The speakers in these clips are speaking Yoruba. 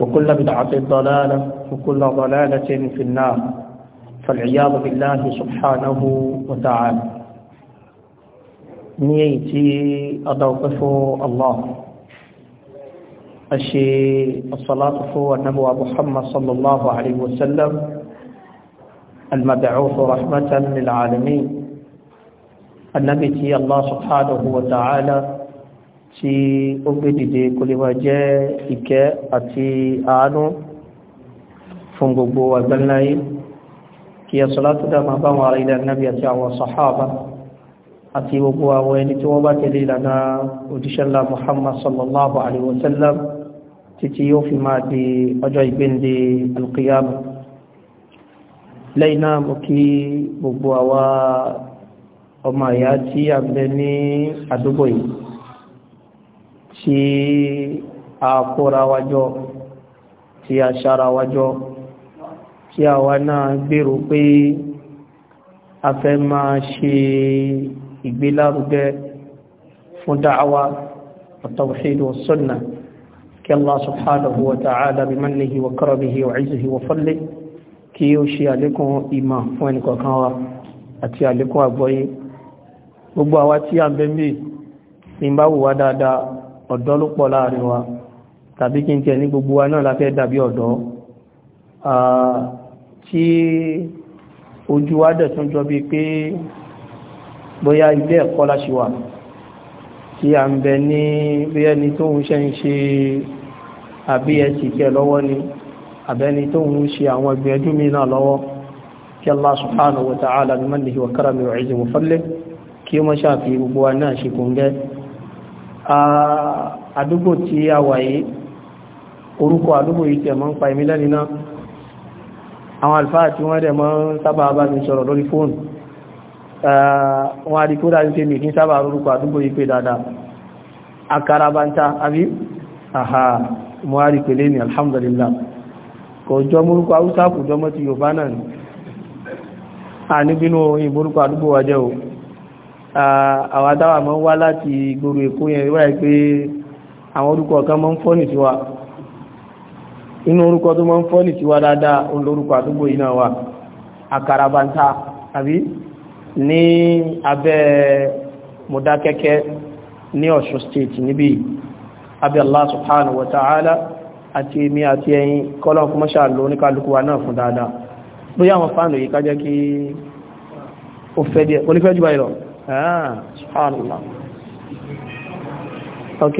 وكل بدعة ضلالة وكل ضلالة في النار فالعياذ بالله سبحانه وتعالى نيتي أدوقف الله أشي الصلاة هو النبوة محمد صلى الله عليه وسلم المبعوث رحمة للعالمين النبي الله سبحانه وتعالى tí ó gbé dìde kó lè máa jẹ́ ìkẹ́ àti àánú fún gbogbo àgbáláyé kí a sọ́látù dáma bá wọn ará ilẹ̀ náàbí àti àwọn sàhábà àti gbogbo àwọn ẹni tí wọ́n bá tẹ̀lé ìlànà òjíṣẹ́lá Muhammad sallallahu alaihi wasallam títí yóò fi máa di ọjọ́ ìgbéǹde alqiyama lẹ́yìn náà mo kí gbogbo àwa ọmọ àyá tí tí a kóra wájọ́ tí a ṣára wájọ́ tí a wá náà gbèrò pé a fẹ́ máa ṣe ìgbélárugẹ fún dáàwà àtàwàṣẹ́dù ọ̀sọ́nà kí Allah subhanahu wa ta'ala bí mannihi wa karamihi wa izzihi wa fadli kí ó ṣe àlékún ìmọ̀ fún ẹnìkọ̀ọ̀kan wa àti àlékún àgbọ́yé gbogbo àwa tí a ń bẹ mí ní bá dáadáa ọ̀dọ́ ló pọ̀ láàrin wa tàbí kí n tẹ̀ ní gbogbo wa náà la fẹ́ dàbí ọ̀dọ́ tí ojú wa dẹ̀ tún jọ bí pé bóyá ilé ẹ̀kọ́ láṣì wà tí a ń bẹ ní bí ẹni tó ń ṣe ń ṣe àbí ẹsì e kẹ lọ́wọ́ ni àbẹ́ni tó ń ṣe àwọn ìgbìyànjú mi náà lọ́wọ́ kí Allah subhanahu wa ta'ala bi mannihi wa karamihi wa 'izzi wa fadlihi kí ó mọ́ ṣàfi gbogbo wa náà ṣe kò ń àdúgbò tí a wà yìí orúkọ àdúgbò yìí tẹ̀ mọ́ ń pa èmi lẹ́ni náà àwọn àlfáà tí wọ́n dẹ̀ mọ́ ń sábà bá mi sọ̀rọ̀ lórí fóònù wọ́n àdíkó dájú pé mi kí sábà orúkọ àdúgbò yìí pé dáadáa akarabanta àbí àhà mọ́hárí pèlé ní alhamdulillah kò jọ mórúkọ haúsá kò jọ mọ́ ti yorùbá náà ní àníbínú ìmórúkọ àdúgbò wa jẹ́ àwọn adáwà mọ́ wá láti gbòrò èkó yẹn wáyé pé àwọn orúkọ kan mọ́ ń fọ́ nì tiwa inú orúkọ tó mọ́ ń fọ́ nì tiwa dáadáa òun àdúgbò yìí náà wà àbí ní abẹ́ mọ̀dákẹ́kẹ́ ní ọ̀ṣun state níbi abẹ́ Allah subhanahu wa ta'ala àti subhanallah ok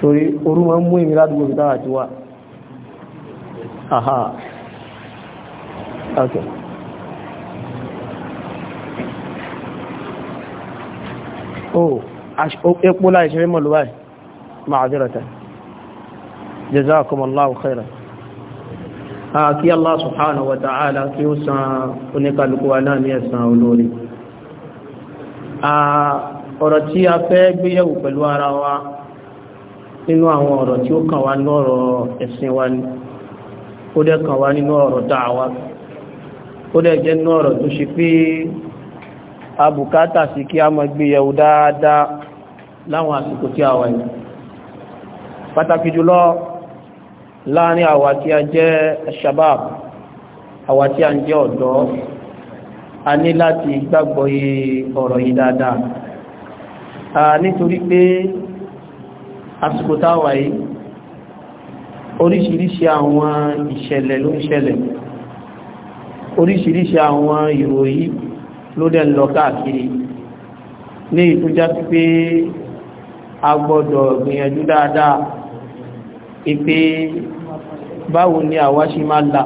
torí orú ma ń mú ìmì ládùgbò fi dára ti wá aha ok oh epo láì ṣe mọ́ lọ́wọ́ ma'azirata jazakumullahu khairan kí Allah subhanahu wa ta'ala kí ó san oníkàlùkù wa náà ní ẹ̀san olórin ọ̀rọ̀ tí a fẹ́ gbéyẹ̀wò pẹ̀lú ara wa nínú àwọn ọ̀rọ̀ tí ó kàn wá nínú ọ̀rọ̀ ẹ̀sìn wa ó dẹ̀ kàn wá nínú ọ̀rọ̀ dáàwá ó dẹ̀ jẹ́ nínú ọ̀rọ̀ tó ṣe pé a bùkátà sí kí a máa gbéyẹ̀wò dáadáa láwọn àsìkò tí a wà ní pàtàkì jùlọ láàrin tí a a ní láti gbàgbọ́ ọ̀rọ̀ yìí dáadáa nítorí pé àsìkò táwà yìí oríṣiríṣi àwọn ìṣẹ̀lẹ̀ ló ń ṣẹlẹ̀ oríṣiríṣi àwọn ìròyìn ló dẹ̀ ń lọ káàkiri ní ìtújá sí pé a gbọ́dọ̀ gbìyànjú dáadáa ìpé báwo ni àwa ṣe máa là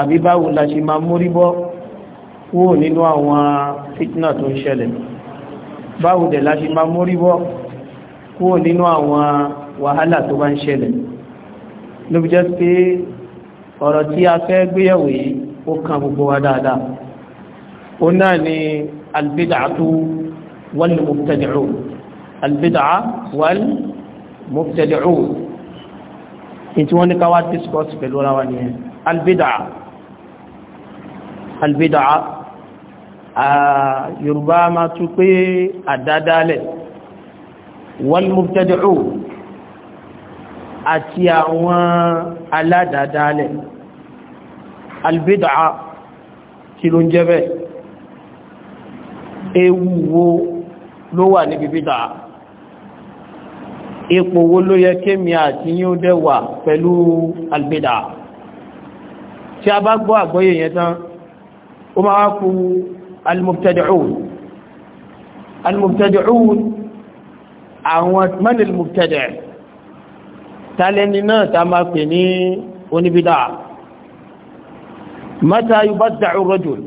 àbí báwo la ṣe máa mórí bọ́ kúrò nínú àwọn fitna tó ń ṣẹlẹ̀ báwo dẹ̀ la ṣe máa mórí bọ́ kúrò nínú àwọn wàhálà tó bá ń ṣẹlẹ̀ ló fi jẹ́ pé ọ̀rọ̀ tí a fẹ́ gbéyẹ̀wò yìí ó kan gbogbo wa dáadáa ó náà ni albid'atu wal mubtadi'un albid'a ìtí wọ́n ní ká discourse pẹ̀lú ara wa albid'a albid'a yorùbá máa tún pé àdádálẹ̀ wal mubtadi'un àti àwọn aládádálẹ̀ albid'a kí ló ń jẹ́ bẹ́ẹ̀ ewu wo ló wà níbi bid'a ipò wo ló yẹ kémi àti yíó dẹ́wà pẹ̀lú albid'a tí a bá gbọ́ àgbọ́yé yẹn tán ó máa kú المبتدعون المبتدعون àwọn man al-mubtadi' tàlẹ́ni náà ta máa pè ní oníbídá mata yubadda'u ar-rajul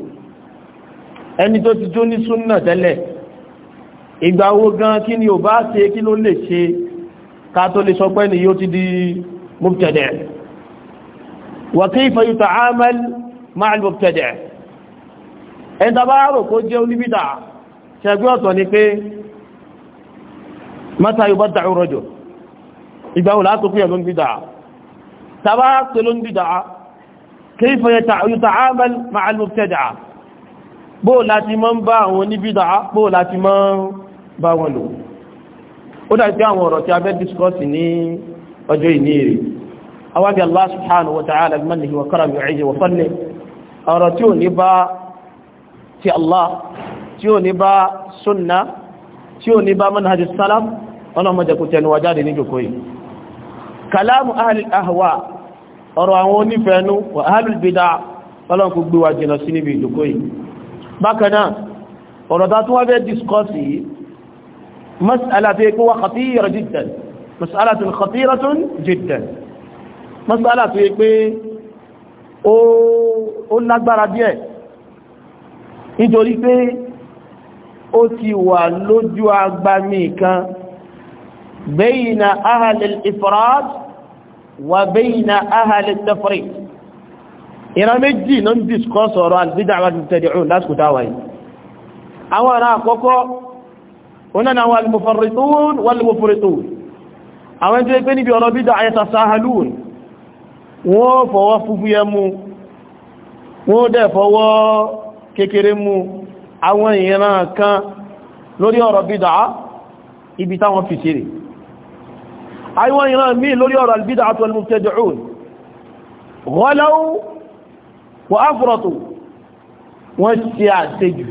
ẹni tó ti jó ní súnnà tẹ́lẹ̀ ìgbà wo gan kí ni ò bá ṣe kí ló lè ṣe ká tó lè sọ pé ni yóò ti di mubtadi' ẹni tàbá rò kó jẹ́ oníbìdà ṣẹgbẹ́ ọ̀tọ̀ ni pé mata yóò bá dàrú rọjò ìgbàwò látòkú yẹ lóníbìdà tàbá pè lóníbìdà kayfa yuta'amal ma'al mubtadi'a bó láti mọ́ ń bá àwọn oníbìdà bó láti mọ́ bá wọn lò ó dà pé àwọn ọ̀rọ̀ tí a fẹ́ discourse ní ọjọ́ ìní rẹ̀ Allah subhanahu wa ta'ala bi mannihi wa karamihi wa fadlihi ọ̀rọ̀ tí ò ní bá ti Allah tí ó ní bá súnna tí ó ní bá manhajjú sálám ọlọ́mọdé kò tẹnu wájáde ní jòkó yìí kalamu ahli ahwa ọ̀rọ̀ àwọn onífẹ́ẹ̀nú wà ahli bid'a ọlọ́run kò gbé wa jìnà sí níbi ìjòkó yìí bákanáà ọ̀rọ̀ tá tún wá fẹ́ discourse yìí mas'ala nítorí pé ó ti wà lójú agbami kan bayna ahli al-ifrad wa bayna ahli at-tafrit ìran méjì ló ń discuss ọ̀rọ̀ al-bid'ah wa mubtadi'un lásìkò táwà yìí àwọn ará àkọ́kọ́ onána wal mufarritun àwọn tí ó pé níbi ọ̀rọ̀ bídá ayẹta sáhàlùn wọ́n fọwọ́ fúfú mú wọ́n dẹ̀ fọwọ́ kékeré mú àwọn ìran kan lórí ọ̀rọ̀ bídá ibi táwọn fi ṣeré àwọn ìran míì lórí ọ̀rọ̀ albídá wal mubtadi'un ghalaw wa afratu wọ́n ṣe àṣejù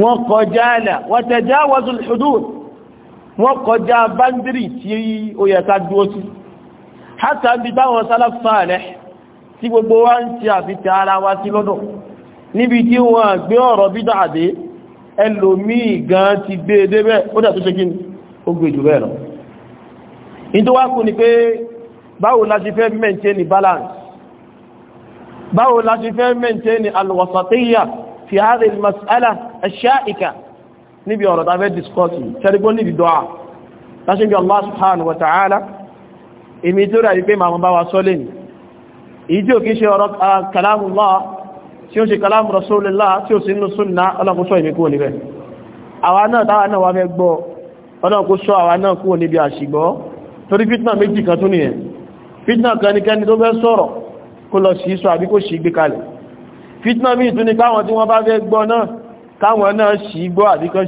wọ́n kọjá àlà wa tajawazu al-hudud wọ́n kọjá báńdírì tí ó yẹ dúó sí hátà bí táwọn salaf salih tí gbogbo wa ń ṣe àfità ara wa sí lọ́dọ̀ níbi tí wọ́n gbé ọ̀rọ̀ bídà àdé ẹlòmíì gan ti gbé e débẹ̀ ó dẹ̀ tó ṣe kí ó gbé jù bẹ́ẹ̀ lọ in tó wá kú ni pé báwo la ti fẹ́ maintain balance báwo la ti fẹ́ maintain alwasatiyya fi hadhihi almas'ala ash-sha'ika níbi ọ̀rọ̀ tàbí discourse tẹ́rígbó níbi dọ́à láṣíbí Allah subhanahu wa ta'ala èmi tó rà wípé màmú bá wa sọ́lé ni èyí tí ò kí ṣe ọ̀rọ̀ ah, kalamullah tí ó ṣe kalamu rasulillah tí ó sì nínú súnà ọlọ́kùnṣọ́ ìmí kúrò níbẹ̀ àwa náà táwa náà wá fẹ́ gbọ́ ọlọ́kùnṣọ́ àwa náà kúrò níbi àṣìgbọ́ torí fitna méjì kan tún nìyẹn fitna kan ní tó fẹ́ sọ̀rọ̀ kó lọ sí sọ àbí kó sì kalẹ̀ fitna míì tún ni káwọn tí wọ́n bá fẹ́ gbọ́ náà káwọn náà sì gbọ́ àbí kan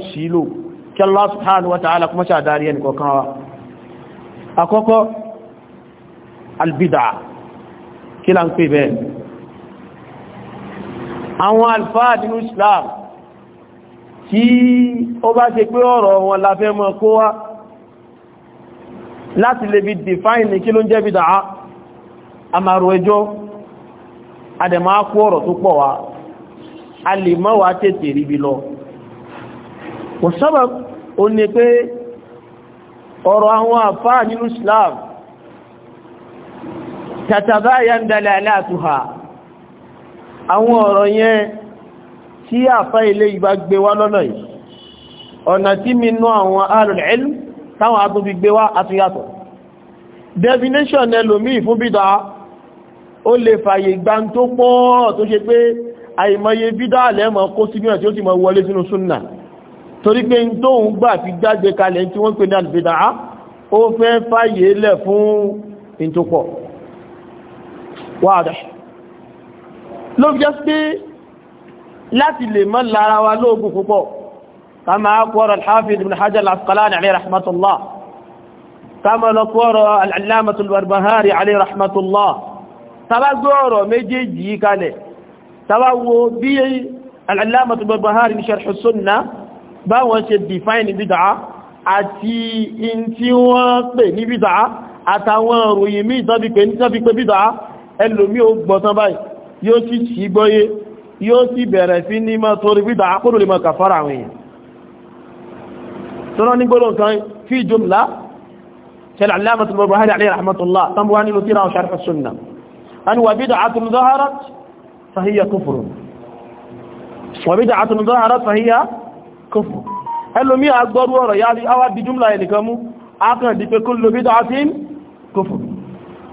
sì kí àwọn alfáà nínú Islam tí ó bá ṣe pé ọ̀rọ̀ wọn la mọ́ kó wá láti lè fi define kí ló ń jẹ́ a máa ẹjọ́ ọ̀rọ̀ tó pọ̀ wá a lè mọ́ wá tètè lọ kò o ní pé ọ̀rọ̀ àwọn àfáà nínú Islam ń dalẹ̀ àwọn ọ̀rọ̀ yẹn tí àfá ilé ìbá gbé wá lọ́nà yìí ọ̀nà tí mi nú àwọn ahlul ilm táwọn agbóbi gbé wá àtúnyàtọ̀ definition ẹlòmíì fún bídá ó lè fàyè gbá tó pọ̀ tó ṣe pé àìmọye bídá lẹ́mọ̀ kó sínú ẹ̀ tí ló fi jẹ́ pé láti lè mọ́ lára wa lóògùn púpọ̀ kama kọ́rọ̀ al-hafiz ibn hajar al-asqalani alayhi rahmatullah kama lọ kọ́rọ̀ al-allamah al-barbahari alayhi rahmatullah tàbá gbọ́rọ̀ méjèèjì yí kalẹ̀ tàbá wo bí al-allamah al-barbahari ní sharh sunnah bá wọ́n ṣe define bid'a àti in tí wọ́n pè ní bid'a àtàwọn òròyìn mí ìtọ́bí pé bid'a ẹlòmí ó gbọ́tán báyìí yóò sì sí gbọ́yé yóò sì bẹ̀rẹ̀ sí ní mọ́ torí gbígbà akúrò lè mọ́ kàfàrà àwọn èèyàn tọ́nà ní gbọ́lọ̀ kan fi jùmlá tẹ́lẹ̀ alámatul Barbahari alayhi rahmatullah tán buwá nínú tíra sharh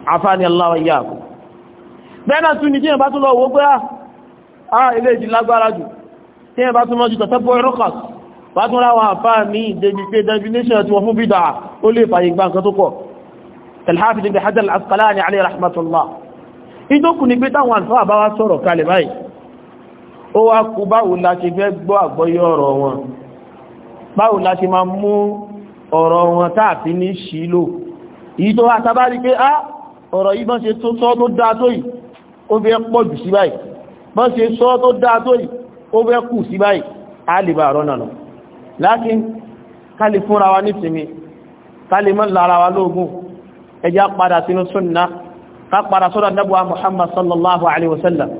afani Allah wa iyyakum bẹ́ẹ̀ náà tún ní tí ẹ̀ bá tún lọ wó pé à ilé ìjì lágbára jù tí ẹ̀ bá tún lọ jù tọ̀tẹ́ bọ́ ẹ̀rọ́kàs bá tún ráwà àfá mi débi pé definition tí wọ́n fún bídà ó lè fàyè gbá nǹkan tó pọ̀ al-Hafiz ibn Hajar al ọ̀rọ̀ wọn ṣe tó wá ah, tó tọ́ tó yìí ó fẹ́ pọ̀ jù sí báyìí bọ́n ṣe sọ tó dáa tó yìí ó fẹ́ kù sí báyìí a lè bá rọ́nà lọ lákín ká lè fúnra wa ní sinmi ká mọ́ lára wa lóògùn ẹjá padà sínú súnna ká padà sọ́dọ̀ anábùwá muhammad sallallahu alaihi wasallam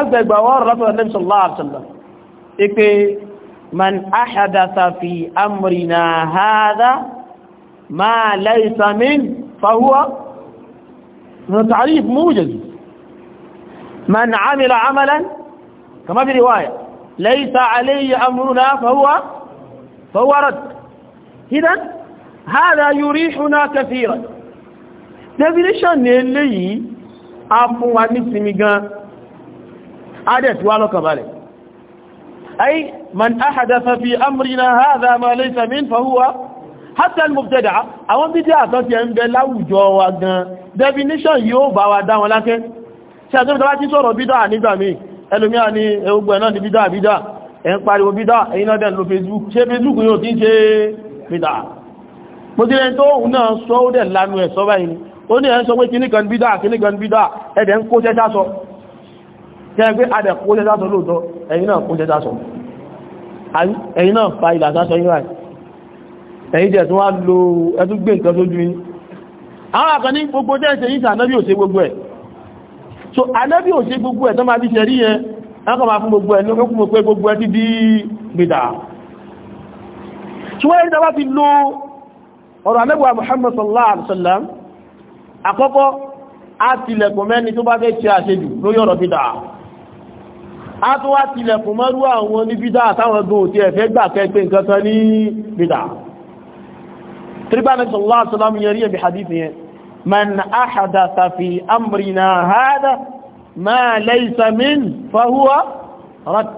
أذى بوار رفض النبي صلى الله عليه وسلم إكي من أحدث في أمرنا هذا ما ليس من فهو تعريف موجز من عمل عملا كما في رواية ليس عليه أمرنا فهو فهو رد إذن هذا يريحنا كثيرا نبي لشان اللي أفوا مثل مقام adẹ̀ tí wá lọ́kàn balẹ̀ ay man ahadatha fi amrina hadha ma laysa min fa huwa hatta al-mubtada àwọn bídí àtọ́ ti ń bẹ láwùjọ wa gan definition yóò bá wa dá wọn lákẹ́ ṣe àti ìdáwà tí sọ̀rọ̀ bídá nígbà míì ẹlòmíà ni ogbò ẹ̀nà ni bídá bídá ẹ̀ ń pariwo bídá ẹ̀yìn náà dẹ̀ Facebook ṣe Facebook jẹ́ pé adẹ̀ kó jẹ́ sásọ lóòtọ́ ẹ̀yin náà kó jẹ́ sásọ ẹ̀yin náà fa ìlà sásọ yín ráì ẹ̀yin jẹ́ tún wá lo ẹtún gbé nǹkan sójú yín àwọn àkan ní gbogbo jẹ́ẹ̀ṣẹ́ yìí sànẹ́bí ò ṣe gbogbo ẹ̀ so anẹ́bí ò ṣe gbogbo ẹ̀ tó máa bí ṣẹ̀rí yẹn ẹkọ̀ máa fún gbogbo ẹ̀ ní okùn mọ̀ pé gbogbo ẹ̀ ti di gbìdà ṣùgbọ́n ẹ̀rí tàbá ti lo ọ̀rọ̀ anẹ́bùwà Muhammad sallallahu alaihi wasallam àkọ́kọ́ á tilẹ̀kùn mẹ́ni tó bá fẹ́ ṣe àṣejù lórí ọ̀rọ̀ gbìdà a tó wá tilẹ̀kùn mọ́rú àwọn ní bídá àtàwọn ọdún òtí ẹ̀fẹ́ gbà kẹ́gbẹ́ nǹkan kan ní bídá tribal sallallahu alaihi wasallam yẹn rí ẹ̀bí hadith yẹn man ahadatha fi amrina hada ma laysa min fa huwa rad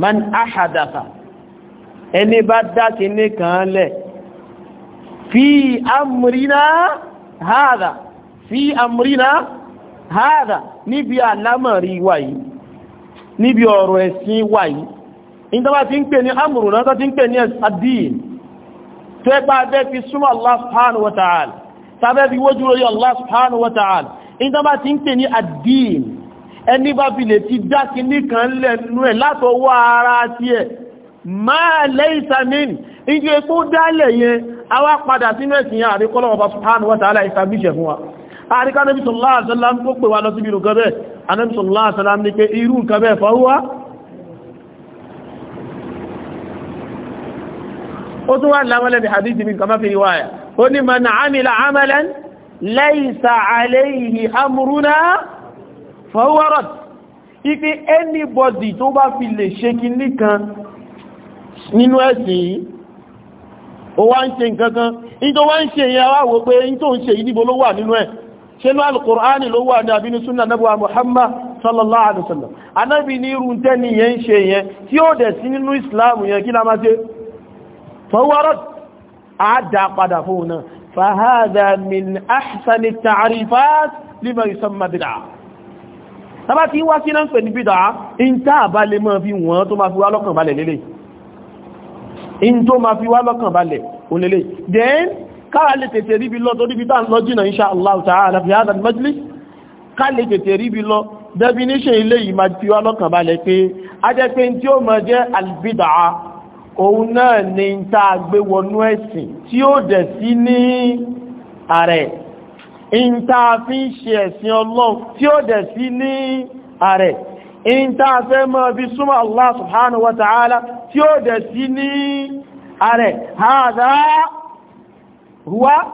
man ahadatha ẹni bá dá kìíní kan níbi ọ̀rọ̀ ẹ̀sìn wà yìí ìjọba ti ń pè ní amúrù náà tó ti ń pè ní adìyìn tó ẹgbà abẹ́ fi súnmọ́ Allah subhanahu wa ta'ala tàbẹ́ fi wójú lórí Allah subhanahu wa ta'ala ìjọba ti ń pè ní adìyìn ẹni bá fi lè ti dá kinní kan lẹ́nu ẹ̀ látọwọ́ ara ti ẹ̀ máa laysa min ìjọ epo dálẹ̀ yẹn awá padà sínú ẹ̀sìn Ànábì sallallahu alaihi wasallam ní pé irú nǹkan bẹ́ẹ̀ fọ́wọ́ ó tún wá lámọ́lẹ̀ ní hadithi bí nǹkan má fi riwaya ó ní man amila amalan laysa alayhi amruna fahuwa rad ipe anybody tó bá fi lè ṣe kinní kan nínú ẹ̀sìn yìí ó wá ń ṣe nǹkan kan ní tó wá ń ṣe ìyàwó pé ní tó ń ṣe ìdíbo ló wà nínú ẹ̀ ṣínú alkùránì ló wà ní àbínú súnà náà Muhammad sallallahu alaihi wasallam anábi ní irun tẹ́ni yẹn ṣe yẹn tí ó dẹ̀ sí nínú islamu yẹn kí lámá ṣe fọwọ́rọ̀ àádá padà fún náà fahada min ahsani ta'rifat lima yusamma bid'ah tàbá tí wá sí náà pè ní bid'ah in tá then káà lè tètè ríbi lọ tó ríbi táà lọ́jìnà insha Allah ta'ala fi hadha al-majlis ká lè tètè ríbi lọ definition ilé yìí máa fi wá lọ́kàn balẹ̀ pé a jẹ́ pé tí ó máa jẹ́ al-bid'a òun náà ni tá a gbé wọnú ẹ̀sìn tí ó dẹ̀ sí ní ààrẹ ìta ààrẹ ààrẹ huwa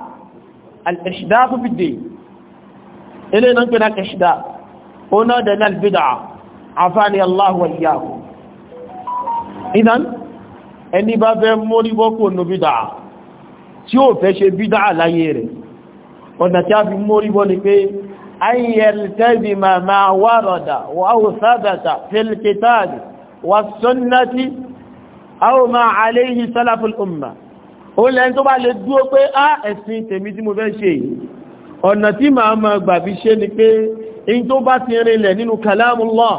al-ishda fi din ilé náà ń pè ní al-ishda ó náà dẹ̀ ní al-bid'a afáàní Allahu wa iyyakum idan ẹni bá fẹ́ mórí bọ́kù nù bídà tí ó fẹ́ ṣe bídà láyé rẹ̀ ọ̀nà tí a fi mórí bọ́ ni pé ayyẹ̀lẹ́tẹ́bì ma wárọ̀dà wáwù sábàtà fil kitabi wa sunnati aw ma alayhi salaful umma ó lẹ́ni tó bá lè dúró pé á ẹ̀sìn tèmi tí mo fẹ́ ṣe yìí ọ̀nà tí màá ma gbàbí ṣe ni pé in tó bá ti rinlẹ̀ nínú kalamullah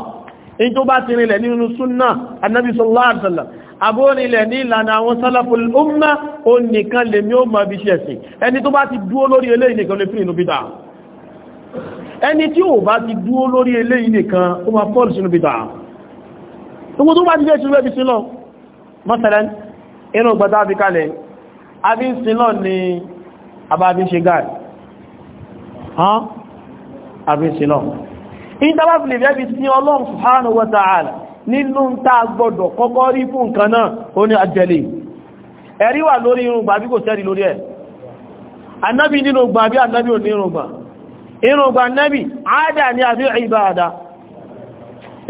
in tó bá ti rinlẹ̀ nínú súnnà anábì sallallahu alaihi wasallam abórinlẹ̀ ní ìlànà àwọn salaful umma ó nìkan lè mí ó ma bí ṣe ẹ̀sìn ẹni àbí sílọ̀ ni àbábí ṣe gáàdì hàn àbí sílọ̀ ìtàbá fi lè bẹ́bí sí ọlọ́run subhanahu wa ta'ala nínú ta gbọ́dọ̀ kọ́kọ́ rí fún nǹkan náà ó ní àjẹ́lẹ̀ ẹ̀rí wà lórí irùngbà bí kò sẹ́rí lórí ẹ̀ anábì nínú gbà bí anábì ò ní irùngbà irùngbà anábì àádà ní àbí ìbáadà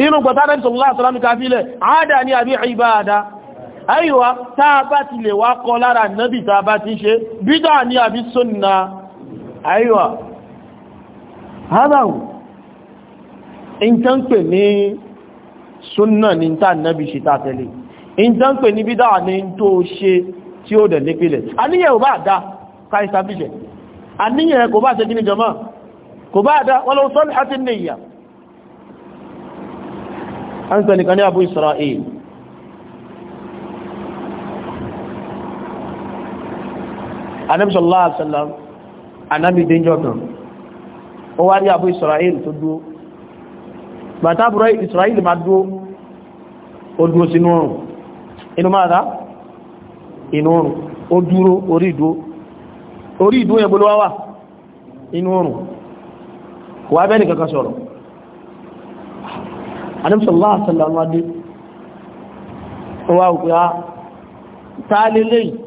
irùngbà tánàbì sallallahu alaihi káfílẹ̀ àádà ní àbí ìbáadà àríwá táa bá ti lè wá kọ lára nábì táa bá ti ṣe bídá ní àbí sọ́nà àríwá hábàwù ìntánpè ní sọ́nà ní tá nábì ṣe tá tẹ̀lé ìntánpè ní bídá ní tó ṣe tí ó dẹ̀ nípìlẹ̀ àníyàn ò bá dá ká abu isra'il Ànábì sallallahu alaihi wasallam Ànábì dénjọ́ kan ó wá rí àbú Israel tó dúó bàtà búrọ́ Israel ma dúó ó dúó sínú ọrùn inú máa dá inú ọrùn ó dúró orí ìdúó orí ìdúó yẹn bolówá wà inú ọrùn wà bẹ́ẹ̀ nìkan kan sọ̀rọ̀ Ànábì sallallahu wá dé ó wá òkú ya tá lélẹ́yìí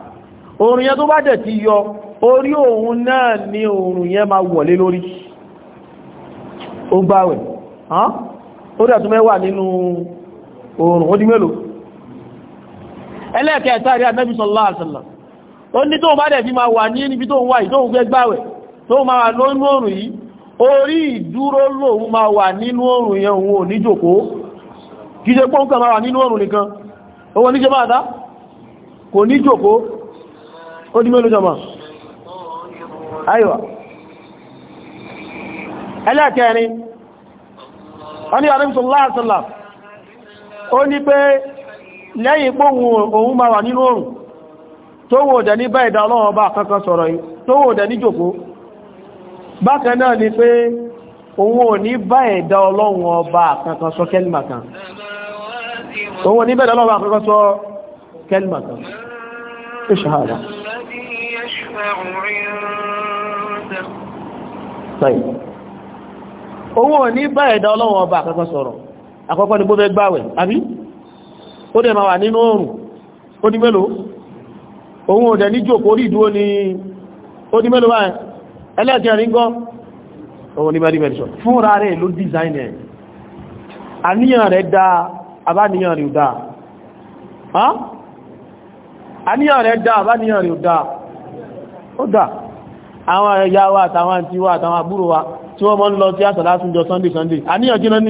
oòrùn yẹn tó bá dẹ̀ ti yọ orí òun náà ni oòrùn yẹn máa wọ̀lé lórí ó gbáwẹ̀ ó dẹ̀ tún mẹ́wàá nínú oòrùn ó di mélòó ẹlẹ́ẹ̀kẹta rí Ànábì sallallahu alaihi wasallam ó ní tóun bá dẹ̀ fi máa wà ní ibi tóun wà yìí tóun fẹ́ gbáwẹ̀ tóun máa wà lónú kò ní jòkóó ó di mélòó jọmọ́ aywa ẹlẹ́kẹrin wọ́n ni àrímsùn láàsìlá ó ní pé lẹ́yìn pòhùn òun ma wà nínú oòrùn tó wò dẹ̀ ní bẹ́ẹ̀dà ọlọ́run bá kankan sọ̀rọ̀ yìí tó wò dẹ̀ ní jòkó bákan náà ni pé òun يشفع عنده طيب owó ní bá ẹ̀dá ọlọ́wọ́ ọba àkọ́kọ́ sọ̀rọ̀ àkọ́kọ́ ni bó fẹ́ gbáwẹ̀ àbí ó dẹ̀ ma wà nínú oòrùn ó ní mélòó òun ò dẹ̀ ní jòkó orí ìdúró ni ó ní mélòó báyẹn ẹlẹ́ẹ̀kẹ́rin gọ́ òun ní mẹ́rìnmẹ́rìnṣọ́ fúnra rẹ̀ ló design ẹ̀ àníyàn rẹ̀ dáa àbáníyàn rẹ̀ dáa àníyàn rẹ̀ dáa àbáníyàn rẹ̀ ó dà àwọn ẹ̀yà wa àtàwọn àti wa àtàwọn àbúrò wa tí wọ́n mọ́ ń lọ sí àtàlá túnjọ sunday sunday àníyàn jí náà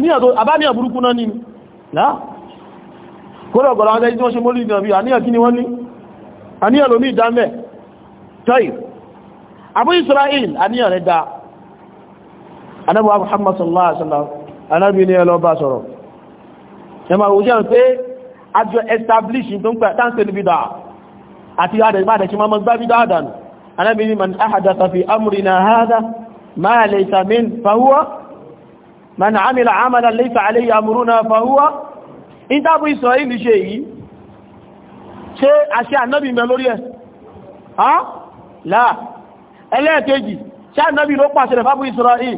ní àbáníyàn burúkú náà ní láà kódà ọ̀gọ̀rọ̀ àwọn ẹjí wọ́n ṣe mólì ìdàbí àníyàn kí ni wọ́n ní àníyàn lómi ìdámẹ́ tọ́yì Abu Israel àníyàn rẹ̀ dáa anábọ̀ Muhammad sallallahu alaihi wasallam anábì ní ẹlọ bá sọ̀rọ̀ ẹmà òjẹ́ pé àjọ establish tó ń pẹ̀ tánṣẹ́ níbi dáa àti àdẹ̀gbàdẹ̀ kí mọ́mọ́ gbábí dáadànù anábìnrin man ahadatha fi amrina hadha ma laysa min fahuwa man amila amalan laysa alayhi amruna fahuwa ìtàbù israeli ṣe yìí ṣe àṣẹ ànábì mẹ́ lórí ẹ̀ ha láà ẹlẹ́ẹ̀kejì ṣe ànábì ló pàṣẹ rẹ̀ fábù israeli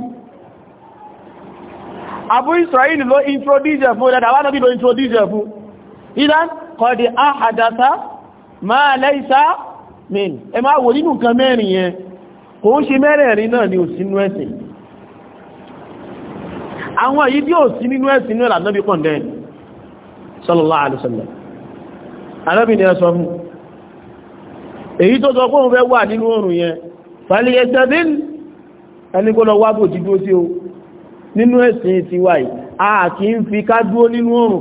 abu israeli ló introduce fún ẹ̀dàwà ànábì ló introduce fún ìdán kọ̀dì ahadatha máa lẹ́ìsá mẹ́rin ẹ máa wò nínú nǹkan mẹ́rin yẹn kò ń ṣe mẹ́rẹ̀ẹ̀rin náà ni ò sínú ẹ̀sìn àwọn èyí tí ò sí nínú ẹ̀sìn náà lànàbí kọ̀ndẹ̀ sallallahu alaihi wasallam alábì ni ẹ sọ fún èyí tó sọ fóun fẹ́ wà nínú oòrùn yẹn o nínú ẹ̀sìn ti wáyé a kì í fi ká dúó nínú oòrùn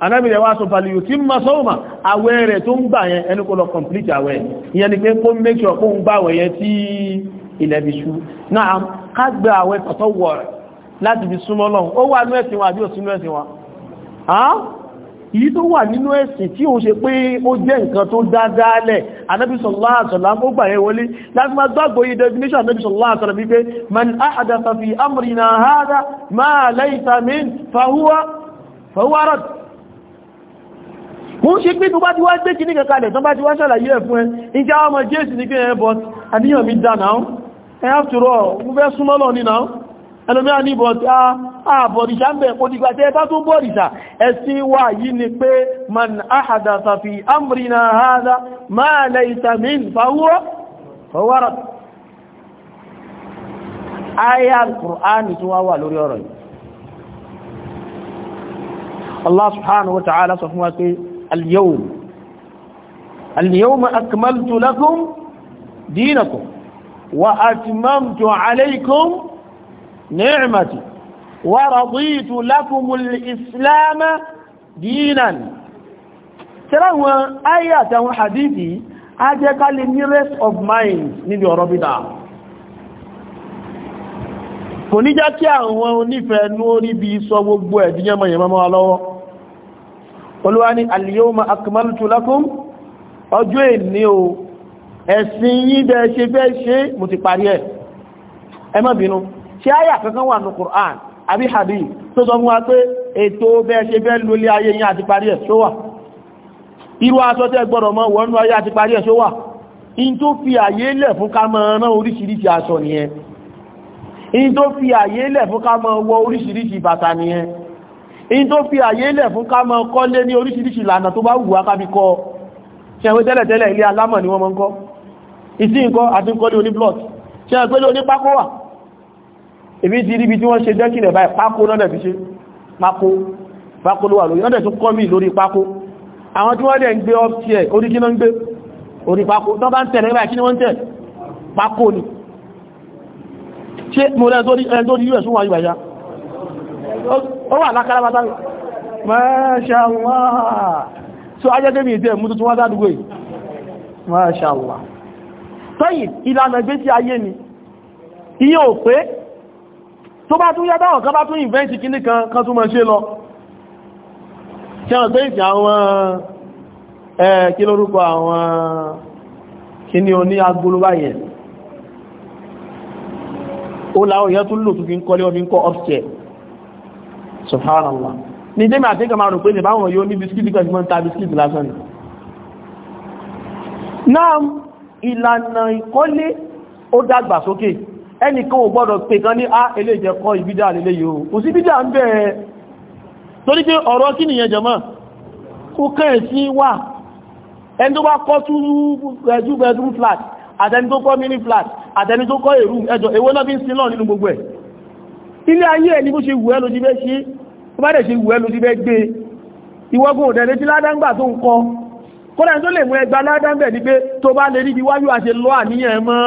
anábìrẹ̀ wá sọ fàlìyù tí ma sọ́wọ́mà àwẹ̀ rẹ̀ tó ń gbà yẹn ẹni kò lọ complete àwẹ̀ ìyẹn ni pé kó make sure kó ń gbà wẹ̀ yẹn tí ilẹ̀ bí ṣú náà ká gbà àwẹ̀ tọ̀tọ̀ wọ̀ rẹ̀ láti fi súnmọ́ lọ́hùn ó wà nú ẹ̀sìn wa àbí òsínú ẹ̀sìn wa èyí tó wà nínú ẹ̀sìn tí ó ṣe pé ó jẹ́ nǹkan tó dáadáa lẹ̀ Ànábì sallallahu alaihi wasallam ó kò ń ṣe pé tó bá ti wá gbé kìíní kẹkàlẹ̀ tó bá ti wá ṣàlàyé ẹ̀ fún ẹ ìjá ọmọ jésì ní pé ẹ but àníyàn mi dá náà ẹ after all mú fẹ́ súnmọ́ ní náà ẹlòmíà ní àbọ̀rìṣà ń bẹ̀ pòdìgbà tẹ́ bá bọ̀rìṣà ẹ̀sìn wa yìí ni pé man ahadatha fi amrina hadha ma laysa min fahuwa fawarad aya al-Qur'an wá wà lórí ọ̀rọ̀ yìí Allah subhanahu wa ta'ala sọ fún wa pé اليوم اليوم أكملت لكم دينكم وأتممت عليكم نعمتي ورضيت لكم الإسلام دينا سلام آيات وحديثي أجاك لنيرس أوف مايند نبي ربي دعا كوني جاكي أهواني فنوري بيسوا وقبوا أدنيا ما يمامو على olúwa ní al-yawma akmaltu lakum ọjọ́ èní o ẹ̀sìn yín dẹ̀ ṣe fẹ́ ṣe mo ti parí ẹ̀ ẹ bínú ṣé àyà kankan wà ní Qur'an àbí hadith tó sọ fún wa pé ètò bẹ́ ṣe fẹ́ lólé ayé yín àti parí ẹ̀ ṣó wà irú aṣọ tẹ́ gbọ́dọ̀ mọ́ wọnú ayé àti parí ẹ̀ ṣó wà in tó fi àyè lẹ̀ fún ká máa rán oríṣiríṣi aṣọ nìyẹn in tó fi àyè lẹ̀ fún ká máa wọ oríṣiríṣi bàtà nìyẹn in tó fi àyè lẹ̀ fún ká mọ́ kọ́ lé ní oríṣiríṣi ìlànà tó bá wù wá kábi kọ́ ṣẹ̀wé tẹ́lẹ̀tẹ́lẹ̀ ilé alámọ̀ ni wọ́n mọ́ ń kọ́ ìsí nǹkan àti nǹkan lé oní blot ṣẹ̀wé pẹ́lú oní pákó wà èmi ti ríbi tí wọ́n ṣe dẹ́kìlẹ̀ báyìí pákó náà fi ṣe pákó pákó ló wà lórí náà tún kọ́ mí lórí pákó àwọn tí wọ́n dẹ̀ ń gbé up tiẹ̀ orí kí náà ó wà lákàrà bátà Masha Allah so ajẹ́gẹ́mì ìdẹ́ mú tuntun wá dádúgbò yìí Masha Allah tọ́yìn ìlànà ìgbé tí ayé ni iye ò pé tó bá tún yábá ọ̀kan bá tún ìvẹ́ǹtì kí ní kan tún mọ́ ṣe lọ tí àwọn pé ìsìn àwọn ẹ̀ kí lórúkọ àwọn kí ní oní agbólúwà yẹn ó láwọn èèyàn tún lò subhanallah ní jẹ́mi àti kàmà rò pé nìbáwọn yóò ní bisikíti kan mọ́ ta bisikíti lásán ni náà ìlànà ìkọ́lé ó dàgbà sókè ẹnìkan ò gbọ́dọ̀ pè kan ní á ah, ilé ìjẹkọ́ ìbídà lélé yóò kò sí bídà ń bẹ̀ẹ̀ torí pé ọ̀rọ̀ kí nìyẹn jẹmọ́ kó kẹ́rẹ̀ sí wà ẹni tó bá kọ́ two bedroom flat àtẹni tó kọ́ mini flat àtẹni tó kọ́ èrú ẹjọ́ èwo náà bí ń sin náà nínú gbogbo ẹ̀ ilé ayé ẹni bó ṣe wù ẹ́ ló ti fẹ́ ṣe ó bá dẹ̀ ṣe wù ẹ́ ló ti fẹ́ gbé ìwọ́gun òdẹ̀lẹ́ tí ládáńgbà tó ń kọ kódà tó lè mú ẹgbà ládáńgbẹ̀ ni pé tó bá lè rí bí wáyú àṣẹ lọ àníyàn mọ́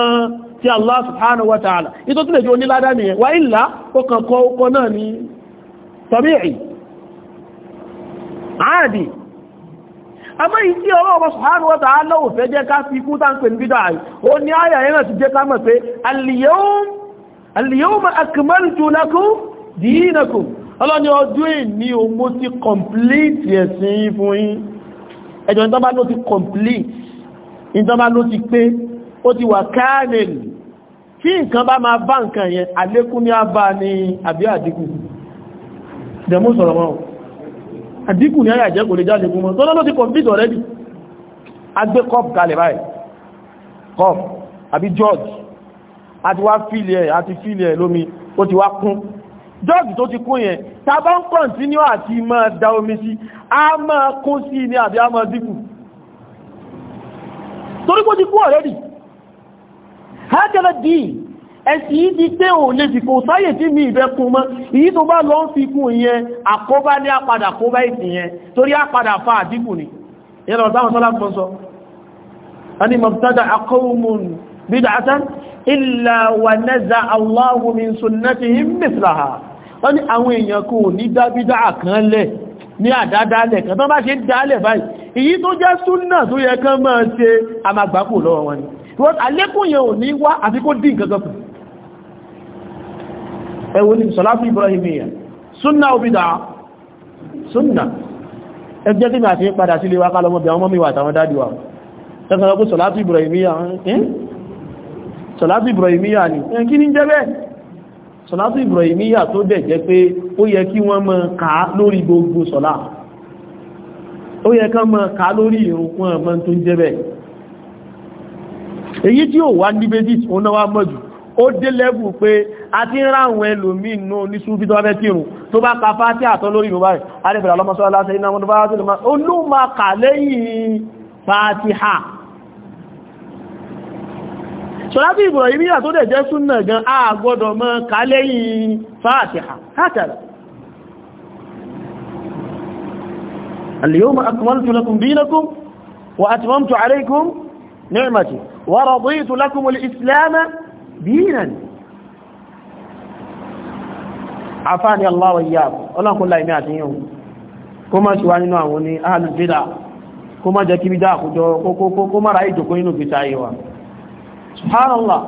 ti Allah subhanahu wa ta'ala ìtò tó lè àmọ́ yìí tí ọlọ́wọ́ subhanahu wa jẹ́ ká fi kú táǹpẹ̀ ní bídà ó ní àyà ẹ̀rọ ti jẹ́ ká mọ̀ pé al-yawm al-yawma akmaltu lakum dinakum ọlọ́ni ọdún ni o mo ti complete ẹ̀sìn fún yín ẹjọ́ ìtọ́bá ló ti complete ìtọ́bá ló ti pé ó ti wà káàlẹ̀lì tí nǹkan bá máa bá nǹkan yẹn àlékún ní àbá ní àbí àdínkù dẹ̀mú sọ̀rọ̀ mọ́ àdínkù ní àyà kò lè jáde gúnmọ́ tó lọ́lọ́ ti complete already agbé cup kalẹ̀ báyìí cup àbí george àti wá fílì ẹ̀ àti fílì ẹ̀ lómi ó ti wá kún jọ́ọ̀gì tó ti kún yẹn ta bá ń kọ̀ntínú àti máa da omi sí a máa kún sí ní àbí a máa dínkù torí kó ti kún ọ̀rẹ́dì hájẹ́lẹ́ dìí ẹ̀sì yìí ti tẹ́ mi ìbẹ́ kún mọ́ èyí tó bá lọ ń fi kún ìyẹn àkóbá ní àpadà kóbá ìsìn yẹn torí àpadà fa àdínkù ni illa wa naza Allahu min sunnatihim mithlaha wọ́n ní àwọn èèyàn kò ní dábídá kan lẹ̀ ní àdádálẹ̀ kan tó bá ṣe dálẹ̀ báyìí èyí tó jẹ́ súnnà tó yẹ kán máa ṣe amagbápò lọ́wọ́ wọn ni wọ́n alékùn yẹn ò ní wá àti kó dín nǹkan kan ẹ wò ní sọ́láfí Ibrahimiyya súnnà òbídà súnnà ẹgbẹ́ tí mi àti padà sílé wákálọ́mọ́bí àwọn mọ́mí wà àtàwọn dádìwà sọ̀látù ibrahimiyya ni kí ní jẹ́ bẹ́ẹ̀ sọ̀látù ibrahimiyya tó dẹ̀ jẹ́ pé ó yẹ kí wọ́n mọ ká lórí gbogbo sọ̀lá ó yẹ ká mọ ká lórí ìrun wọn mọ tó ń jẹ́ bẹ́ẹ̀ èyí tí ó wá níbẹ̀ tí ó náwà mọ́jù ó dé lẹ́bù pé a sọ́lábí ìbùrọ̀yìmíyà tó dẹ̀ jẹ́ súnnà gan a gbọ́dọ̀ mọ́ kálẹ́yìn fàtíhà hátàrà al-yawma akmaltu lakum dinakum wa atmamtu alaykum ni'mati wa raditu lakum al-islama dinan afani Allah wa iyyakum kó má wá nínú jẹ́ kí bid'ah kó jọ kó má ra ìjókòó nínú bid'ah yìí wa subhanallah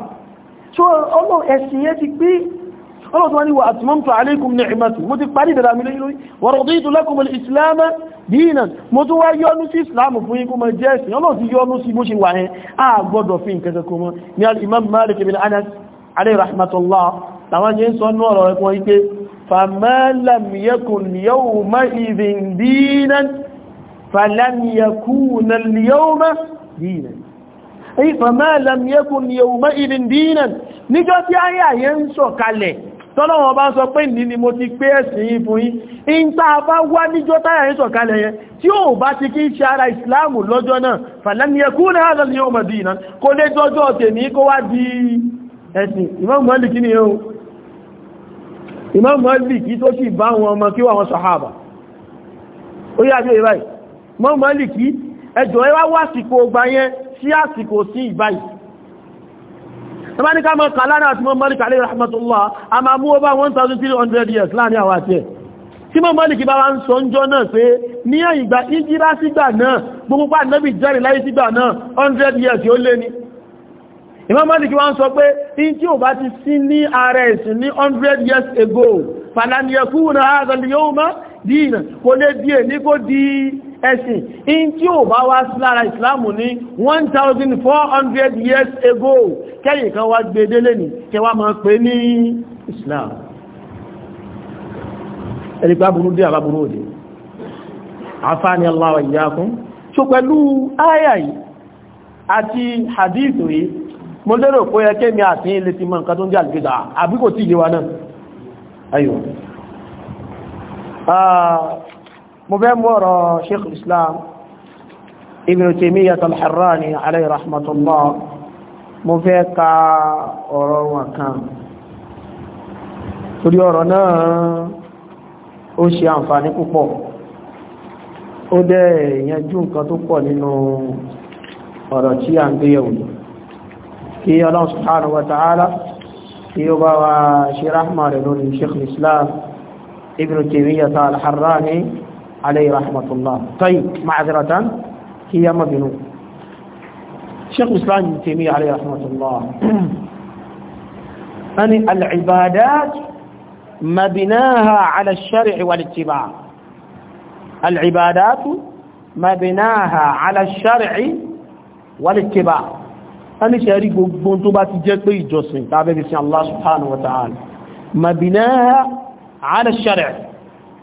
so Allah ẹ̀sìn yẹ́ ti pé ọlọ́tún wani wa atmamtu alaikum ni'mati mo ti parí dara mi lẹ́yìn lórí wa raditu lakum al-islam dinan mo tún wá yọ́nú sí islam fún yín kó máa jẹ́ ẹ̀sìn ọlọ́run ti yọ́nú sí bó ṣe wà yẹn a gbọ́dọ̀ fi nǹkan kan mọ́ ní al-imam فما لم يكن يومئذ دينا níjọ́ tí àyà yẹn ń sọ̀kalẹ̀ tọ́lọ́wọ́n bá sọ pé ní ni mo ti pé ẹ̀sìn ìfún yí in tá a bá wá níjọ́ táyà yẹn sọ̀kalẹ̀ yẹn tí ó bá ti kí ṣe ara ìsìláàmù lọ́jọ́ náà fàlẹ́mìyàkú náà wá di ẹ̀sìn Imam Málíkì ni ó Imam Málíkì tó sì bá wọn ọmọ kí wọn sàhábà Imam Málíkì ẹjọ́ ẹ wá wá sí àsìkò sí ìbáyìí tàbá ní ká mọ́ kà lára àti mọ́ mọ́lìkì alẹ́ rahmatullah a máa mú ọba 1300 years láàrin àwọn àti ẹ̀ tí mọ́ mọ́lìkì bá wá ń sọ ń jọ náà pé ní ìgbà ìjírá sígbà náà gbogbo nẹ́bì járe láyé sígbà náà 100 years yóò lé ní Imam Malik wá ń sọ pé in tí years ago falaniyekú na ààrẹ yóò mọ́ dìínà kò lè díẹ̀ ẹ̀sìn in tí ò bá wá sí lára ìsìláàmù ní 1400 years ago kẹ́yìn kan wá gbé délé ní kẹwàá máa pè ní islam ẹni bá burú dé àbá burú òde àfáàní aláwọ̀ ìyá fún so pẹ̀lú áyà yìí àti hadith yìí mo lérò pé ẹkẹ́ mi àti ilé ti mọ nǹkan tó ń jẹ́ àlùkìdà àbí tí ìyẹwà náà ayò mo fẹ́ mú ọ̀rọ̀ sheikh islam ibn taymiyyah al-harrani alayhi rahmatullah mo fẹ́ ka ọ̀rọ̀ wọn kan torí ọ̀rọ̀ náà ó ṣe àǹfààní púpọ̀ ó dẹ̀ yanjú nǹkan tó pọ̀ nínú ọ̀rọ̀ tí a ń gbé yẹ̀wò kí ọlọ́run subhanahu wa ta'ala kí ó bá wa ṣe rahma rẹ̀ lórí sheikh islam ibn taymiyyah al عليه رحمة الله طيب معذرة هي مبنو شيخ الإسلام ابن تيمية عليه رحمة الله أن العبادات مبناها على الشرع والاتباع العبادات مبناها على الشرع والاتباع أن شريك بنتبات جاكبي جسم تابع بسم الله سبحانه وتعالى مبناها على الشرع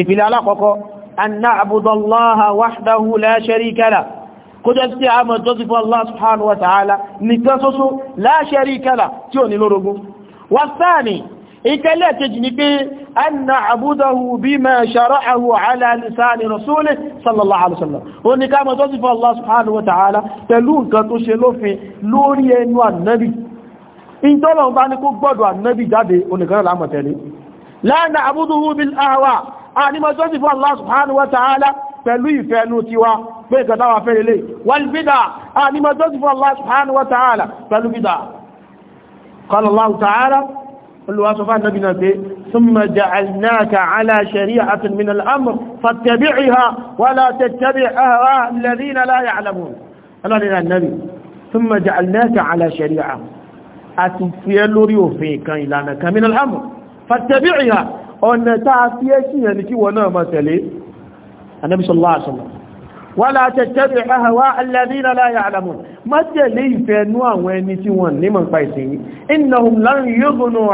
ìpìlẹ̀ alákọ̀ọ́kọ́ anna abudallaha wahdahu la sharika la kó jẹ́ sí àmà joseph allah subhanahu wa ta'ala nìkan ṣoṣo la sharika la tí ò ní lórogún wasani ìkẹlẹ̀ kejì ni pé anna abudahu bima shara'ahu ala lisani rasulih sallallahu alaihi wasallam a ní mọ́ jọ́sìn fún Allah subhanahu wa ta'ala pẹ̀lú ìfẹ́ ti wa pé ìkàtà wà fẹ́ lélẹ̀ wal bid'a a ní mọ́ jọ́sìn fún Allah subhanahu wa ta'ala pẹ̀lú bid'a qala Allah ta'ala olùwàsọ́fà nàbí náà pé ثم جعلناك على شريعة من الأمر فاتبعها ولا تتبع أهواء الذين لا يعلمون الله لنا النبي ثم جعلناك على شريعة أتفيل ريوفيك إلى من الأمر فاتبعها ọ̀nà táa fi ẹ́ sí yẹn ni kí wọ́n náà máa tẹ̀lé Ànábì sallallahu alaihi wasallam wala tattabi' ahwa alladhina la ya'lamun má tẹ̀lé ìfẹ́nú àwọn ẹni tí wọ́n ní mọ̀ pa ìsìn yìí innahum lan yughnu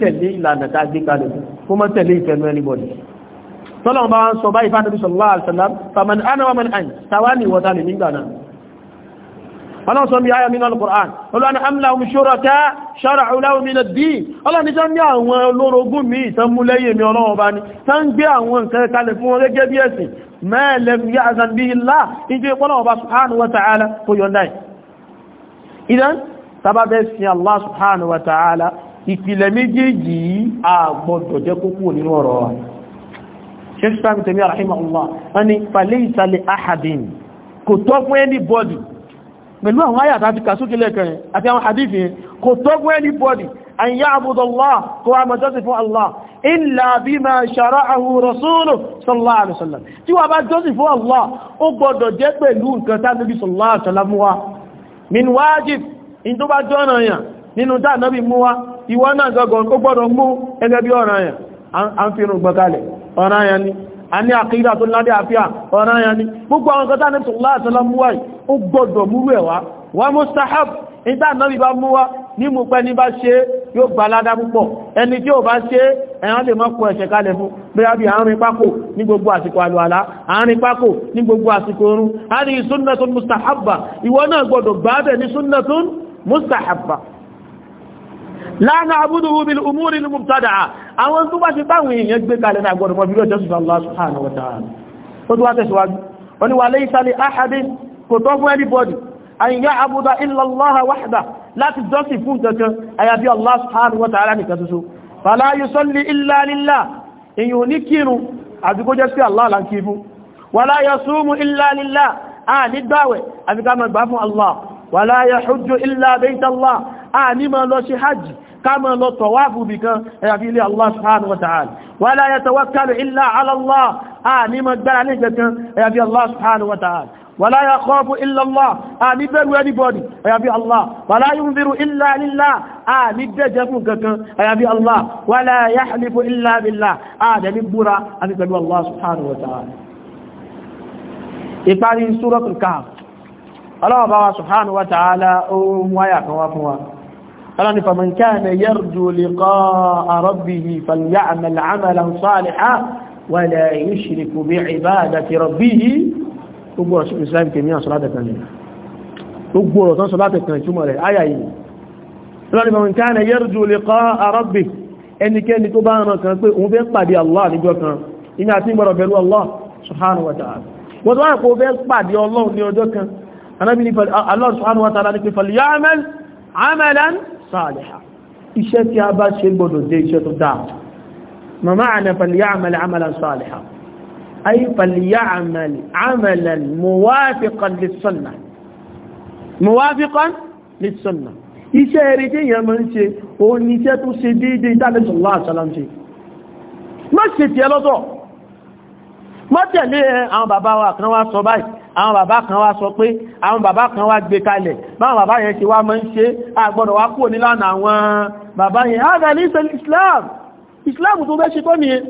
tẹ̀lé ìlànà tá a tọ́lọ̀n bá ń sọ báyìí fánàbí sallallahu alaihi wasallam faman ana wa man an tawani wa zalimi gbana ọlọ́n sọ mi ayọ́ nínú al-Qur'an olóòrùn amláhùn ṣúrọ̀tá ṣọ́rọ̀ ọlọ́run dín ọlọ́ni tán ní àwọn olórogún mi tán mú lẹ́yìn mi ọlọ́run bá ní tán gbé àwọn nǹkan kalẹ̀ fún wọn gẹ́gẹ́ bí ẹ̀sìn mẹ́lẹ̀m yá àzàbí ilá ṣeṣù sáàbì tẹ̀mí rahimahullah wọ́n ni falẹ́ ìsàlẹ̀ ahadin kò tọ́ fún anybody pẹ̀lú àwọn àyàtà àti kàsókè lẹ́kẹ̀ẹ́ àti àwọn hadith yẹn kò tọ́ fún anybody an ya'budu Allah kó a mọ̀ jọ́sìn fún Allah illa bima shara'ahu rasuluhu sallallahu alaihi wasallam tí wà bá jọ́sìn fún Allah ó gbọ́dọ̀ jẹ́ pẹ̀lú nǹkan tá Nabi sallallahu alaihi wasallam wá min wájib in tó bá jọ́nà yàn nínú tá Nabi mú wá ìwọ náà gọ́gọ́ ó gbọ́dọ̀ mú ẹgẹ́ bí ọ̀ràn a ń fi irun gbọ́kalẹ̀ ọ̀rá yẹn ni a ní àkídà tó ládé àfíà ọ̀rá yẹn ni gbogbo àwọn kọta ní tòlá àtọ́lá mú wáyìí ó gbọ́dọ̀ múrú ẹ̀ wá wá mustahab ìta náàbí bá mú wá ní mú pẹ́ ní bá ṣe yóò gba ládá púpọ̀ ẹni tí ó bá ṣe ẹ̀yàn lè mọ́ kọ ẹ̀ṣẹ̀ kalẹ̀ fún bóyá bí àárín pákò ní gbogbo àsìkò àlùwàlá àárín pákò ní gbogbo àsìkò orun a ní sunnatun mustahabba ìwọ náà gbọdọ̀ gbáàbẹ̀ ní sunnatun mustahabba la na'buduhu bil umuri al mubtada'a àwọn tó bá ṣe báwọn èèyàn gbé kalẹ̀ náà gbọ́dọ̀ mọ́ bí ó jẹ́sùn Allah subhanahu wa ta'ala tó tó wá tẹ̀síwájú wọ́n ni wa laysa li ahadin kò tọ́ fún a ní máa lọ ṣe hajj ká máa lọ tọ̀wáfù bìkan ẹ̀yàfi ilé Allah subhanahu wa ta'ala wala yatawakkalu illa ala Allah a ní máa gbára ní ìgbẹ̀kan ẹ̀yàfi Allah subhanahu wa ta'ala wala yakhafu illa Allah a ní bẹ̀rù anybody ẹ̀yàfi Allah wala yunziru illa lillah a ní dẹ̀jẹ̀ fún kankan ẹ̀yàfi Allah wala yahlifu illa billah a dẹ̀ ní búra a ní pẹ̀lú Allah subhanahu wa ta'ala ìparí ọlọ́ni faman kana yarju liqa'a rabbih falya'mal 'amalan salihan wa la yushrik bi'ibadati rabbih gbogbo ọ̀ṣọ́ islam kèmí àṣọ́látẹ̀kan rẹ̀ gbogbo ọ̀tọ́ ṣọ́látẹ̀kan ìtumọ̀ rẹ̀ áyà yìí ọlọ́ni faman kana yarju liqa'a rabbih ẹnikẹ́ni tó bá ràn kan pé òun fẹ́ pàdé Allah níjọ́ kan iná àti ìgbọ̀rọ̀ bẹ̀rù Allah subhanahu wa ta'ala wọ́n tó wáyé kó fẹ́ pàdé Ọlọ́run ní ọjọ́ kan anábìnrin Allah subhanahu wa ta'ala ní pé falya'mal 'amalan saliha iṣẹ́ tí a bá ṣe gbọdọ̀ jẹ́ iṣẹ́ tó dáa mama ana falya'mal amalan saliha ay falya'mal amalan muwafiqan lis-sunnah muwafiqan lis-sunnah iṣẹ́ rere tí èèyàn máa ń ṣe òun ni iṣẹ́ tó ṣe déédéé ìdánilẹ́sọ̀lá àṣàlá wọ́n tẹ̀lé eh, àwọn bàbá wa kan wá sọ báyìí àwọn bàbá kan wá sọ pé àwọn bàbá kan wá gbé kalẹ̀ báwọn bàbá yẹn ṣe wá mọ́ ń ṣe àgbọ̀dọ̀ wá kúrò nílànà àwọn bàbá yẹn hádà ní ìsẹ̀ islam islam tó bẹ́ ṣe tó nìyẹn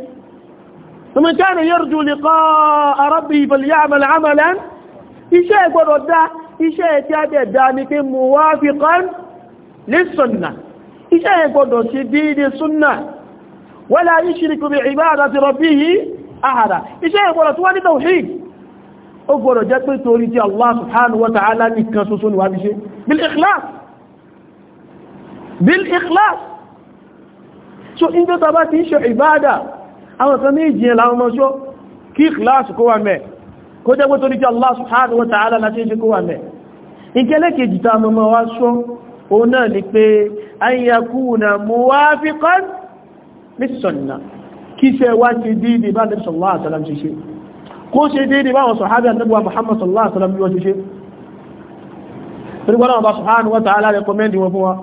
ọmọ ní pé muwafiqan lis-sunnah iṣẹ́ gbọ́dọ̀ ṣe déédé súnnà wala ahada iṣẹ́ ìgbọ́rọ̀ tó wá ní tawhid ó gbọ́rọ̀ jẹ́ pé torí tí Allah subhanahu wa ta'ala nìkan ṣoṣo ni wà ní ṣe bil ikhlas bil ikhlas so in tó tàbá ti ṣe ìbáadà àwọn kan ní ìjìyàn láwọn ọmọ ṣó kí ikhlas kó wà mẹ́ kó jẹ́ pé torí tí Allah subhanahu wa ta'ala kíṣẹ́ wá ṣe déédéé bá Ànábì sallallahu alaihi wasallam ṣe ṣe kó ṣe déédéé bá àwọn sọ̀hábí Ànábì wa Muhammad sallallahu alaihi wasallam bí wọ́n ṣe ṣe torí gbọ́nà ọba subhanahu wa ta'ala rẹ̀kọ́mẹ́ndì wọn fún wa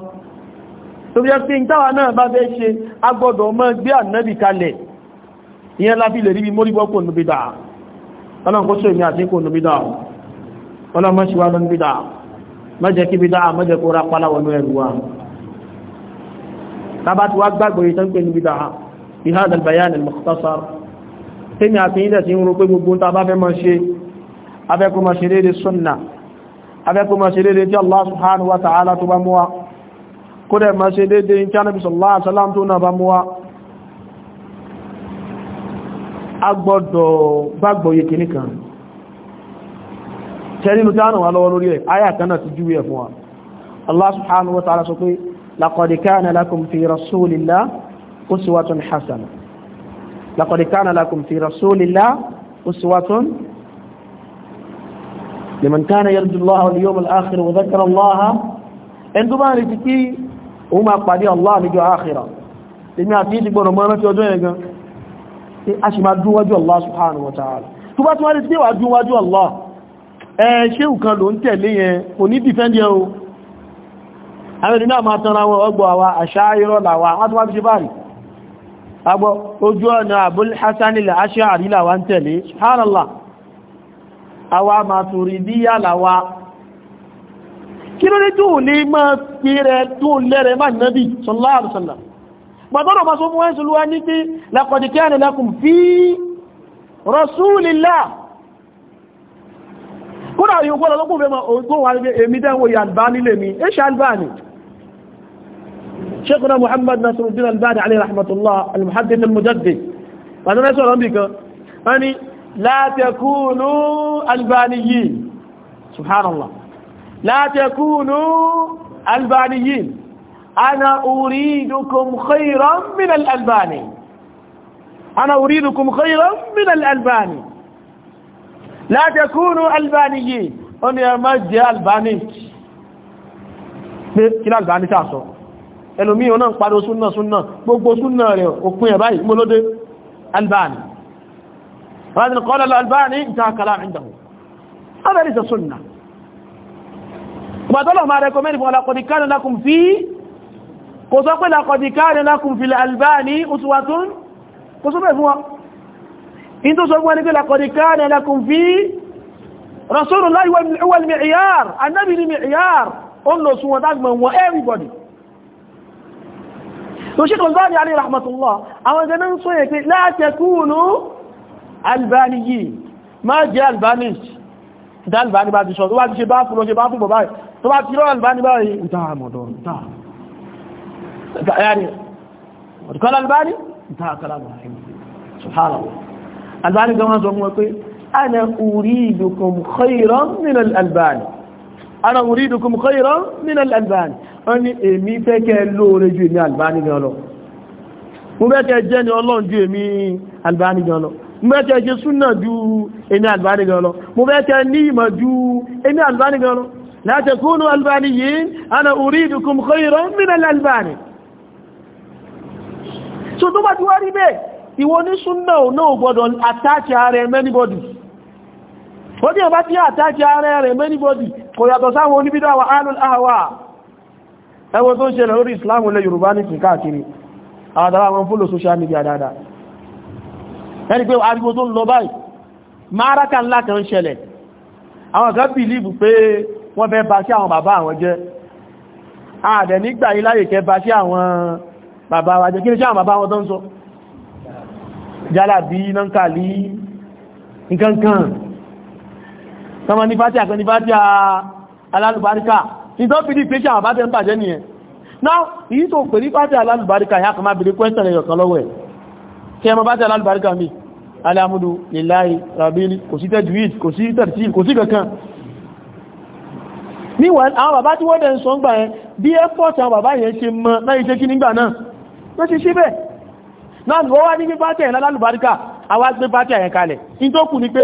tó bí ẹ́ sí ìtawà náà bá fẹ́ ṣe agbọ́dọ̀ mọ́ gbé ànábì kalẹ̀ ìyẹn lábí lè rí bí mórígbọ́ kò nù bídà ọlọ́run kó sóèmí àti kò nù bídà ọlọ́run mọ́ síwá lọ́nù bídà má kí bídà má jẹ́ kó rá wọnú ẹrù wa tábà tí wá gbàgbọ́ yìí tó ń pè ní bídà بهذا البيان المختصر تمي عتين ده سين رو pé gbogbo tá bá fẹ́ máa ṣe a fẹ́ kó máa ṣe déédé sunna a fẹ́ kó máa ṣe déédé tí Allah subhanahu wa ta'ala tó bá mú wá kó dẹ̀ máa ṣe déédé in kana bi sallallahu alaihi wasallam tó na bá mú wá agbọ́dọ̀ gbàgbọ́ ye kini kan tẹ́rínú tánà wà lọ́wọ́ lórí ẹ̀ ayà kanáà ti júwé ẹ̀ fún wa Allah subhanahu wa ta'ala sọ pé laqad kana lakum fi rasulillah uswatun hasana laqad kana lakum fi rasulillah uswatun liman kana yarju Allah wal yawm al akhir wa dhakara Allah en tó bá rí tí ó máa pàdé Allah ní jọ́ akhirah èmi àti ti gboro mo rántí ọjọ́ yẹn gan tí a sì máa dúwájú Allah subhanahu wa ta'ala tó bá tún wá rí tí Allah ẹ ṣé nǹkan ló ń tẹ̀lé yẹn kò defend yẹn o àwọn ènìyàn máa tanra wọn ọgbọ̀ àwa àṣà irọ́ làwà wọ́n tó agbọ́ ojú ọ̀nà Abul Hasan al-Ash'ari làwa ń tẹ̀lé subhanallah àwa Maturidiyya làwa kí ló ní tó lè mọ́ pèrè tó lẹ́rẹ̀ máa Nabi sallallahu alaihi wasallam gbàtọ́rọ̀ ma sọ fún ẹ́sùn lúwá ní pé laqad kana lakum fi rasulillah kódà yóò gbọ́dọ̀ lọ́pùn fẹ́ شيخنا محمد ناصر الدين الباني عليه رحمة الله المحدث المجدد أنا نسأل أمريكا يعني لا تكونوا ألبانيين سبحان الله لا تكونوا ألبانيين أنا أريدكم خيرا من الألباني أنا أريدكم خيرا من الألباني لا تكونوا ألبانيين أني أمجي جاء ألباني كلا ألباني تعصوا ẹlòmí ọ̀nà ń pariwo súnà súnà gbogbo súnà rẹ̀ òpin ẹ̀ báyìí mọ́lódé albani rádìí kọ́lá albani ìtàkàlá ìdàwó abẹ́rẹ́ ìsẹ̀ súnà ìgbàtọ́lọ̀ máa rẹ̀kọ́mẹ́rì fún alákọ̀dìkáàrẹ̀ lákùn fi kò sọ pé lákọ̀dìkáàrẹ̀ lákùn fi albani uswatun kò sọ bẹ́ẹ̀ fún wa in tó sọ fún wa ní pé lákọ̀dìkáàrẹ̀ lákùn fi rasulullahi wal mi'yar annabi ni mi'yar ó lọ sun wọn dágbọn everybody tó ṣe kọlbani alẹ́ rahmatullah àwọn ganin ń sọ yẹ pé la takunu albani yìí má jẹ́ albani ìdá albani bá ti sọ tó bá ti ṣe bá fún lọ ṣe bá fún bọ̀ báyìí tó bá ti rọ albani báyìí ìdá àmọ̀dọ̀ ìdá يعني وقال الباني انتهى كلامه سبحان الله الباني كما زعموا يقول انا اريدكم خيرا من الالباني ana uridukum khayran min al-albani wọ́n ní èmi fẹ́ kẹ́ lóore ju èmi albani gan lọ mo fẹ́ kẹ́ jẹ́ ni ọlọ́run ju èmi albani gan lọ mo fẹ́ kẹ́ ṣe súnà ju èmi albani gan lọ mo fẹ́ kẹ́ ní ìmọ̀ ju èmi albani gan lọ la takunu albaniyin ana uridukum khayran min al-albani so tó bá ti wá rí bẹ́ẹ̀ ìwọ ní súnà ò náà gbọ́dọ̀ attach ara ẹ̀ mẹ́nibọ́dì ó ní ọba tí attach ara ẹ̀ mẹ́nibọ́dì kò yàtọ̀ sáwọn oníbídà wà alul ahwa ẹwọ tó ń ṣẹlẹ̀ lórí islam ilẹ̀ yorùbá ní ti káàkiri àdára wọn fúlò social media dáadáa ẹni pé ariwo tó ń lọ báyìí máraka ńlá kan ń ṣẹlẹ̀ àwọn kan bìlìbù pé wọ́n fẹ́ bá sí àwọn bàbá àwọn jẹ́ ààdẹ̀ nígbà iláyè bá sí àwọn bàbá wa jẹ́ kí ní sí àwọn bàbá wọn tó ń sọ jálàbí nánkàlí nǹkankan tọmọ ní fátíà kan ní fátíà alálùbáríkà ìtọ́pìdí pé kí àwọn bá tẹ́ ń bàjẹ́ nìyẹn náà èyí tó pè ní fátíà alálùbáríkà ya kàmá bèèrè kwẹ́sàn ẹ̀yọ̀ kan lọ́wọ́ ẹ̀ kí ẹmọ fátíà alálùbáríkà mi alámúdù lillahi rabbil kò sí tajwid kò sí tartil kò sí kankan níwọ̀n àwọn bàbá tí wọ́n dẹ̀ ń sọ ń gbà ẹ bí effort àwọn bàbá yẹn ṣe mọ láyé ṣe kí tó kù ni pé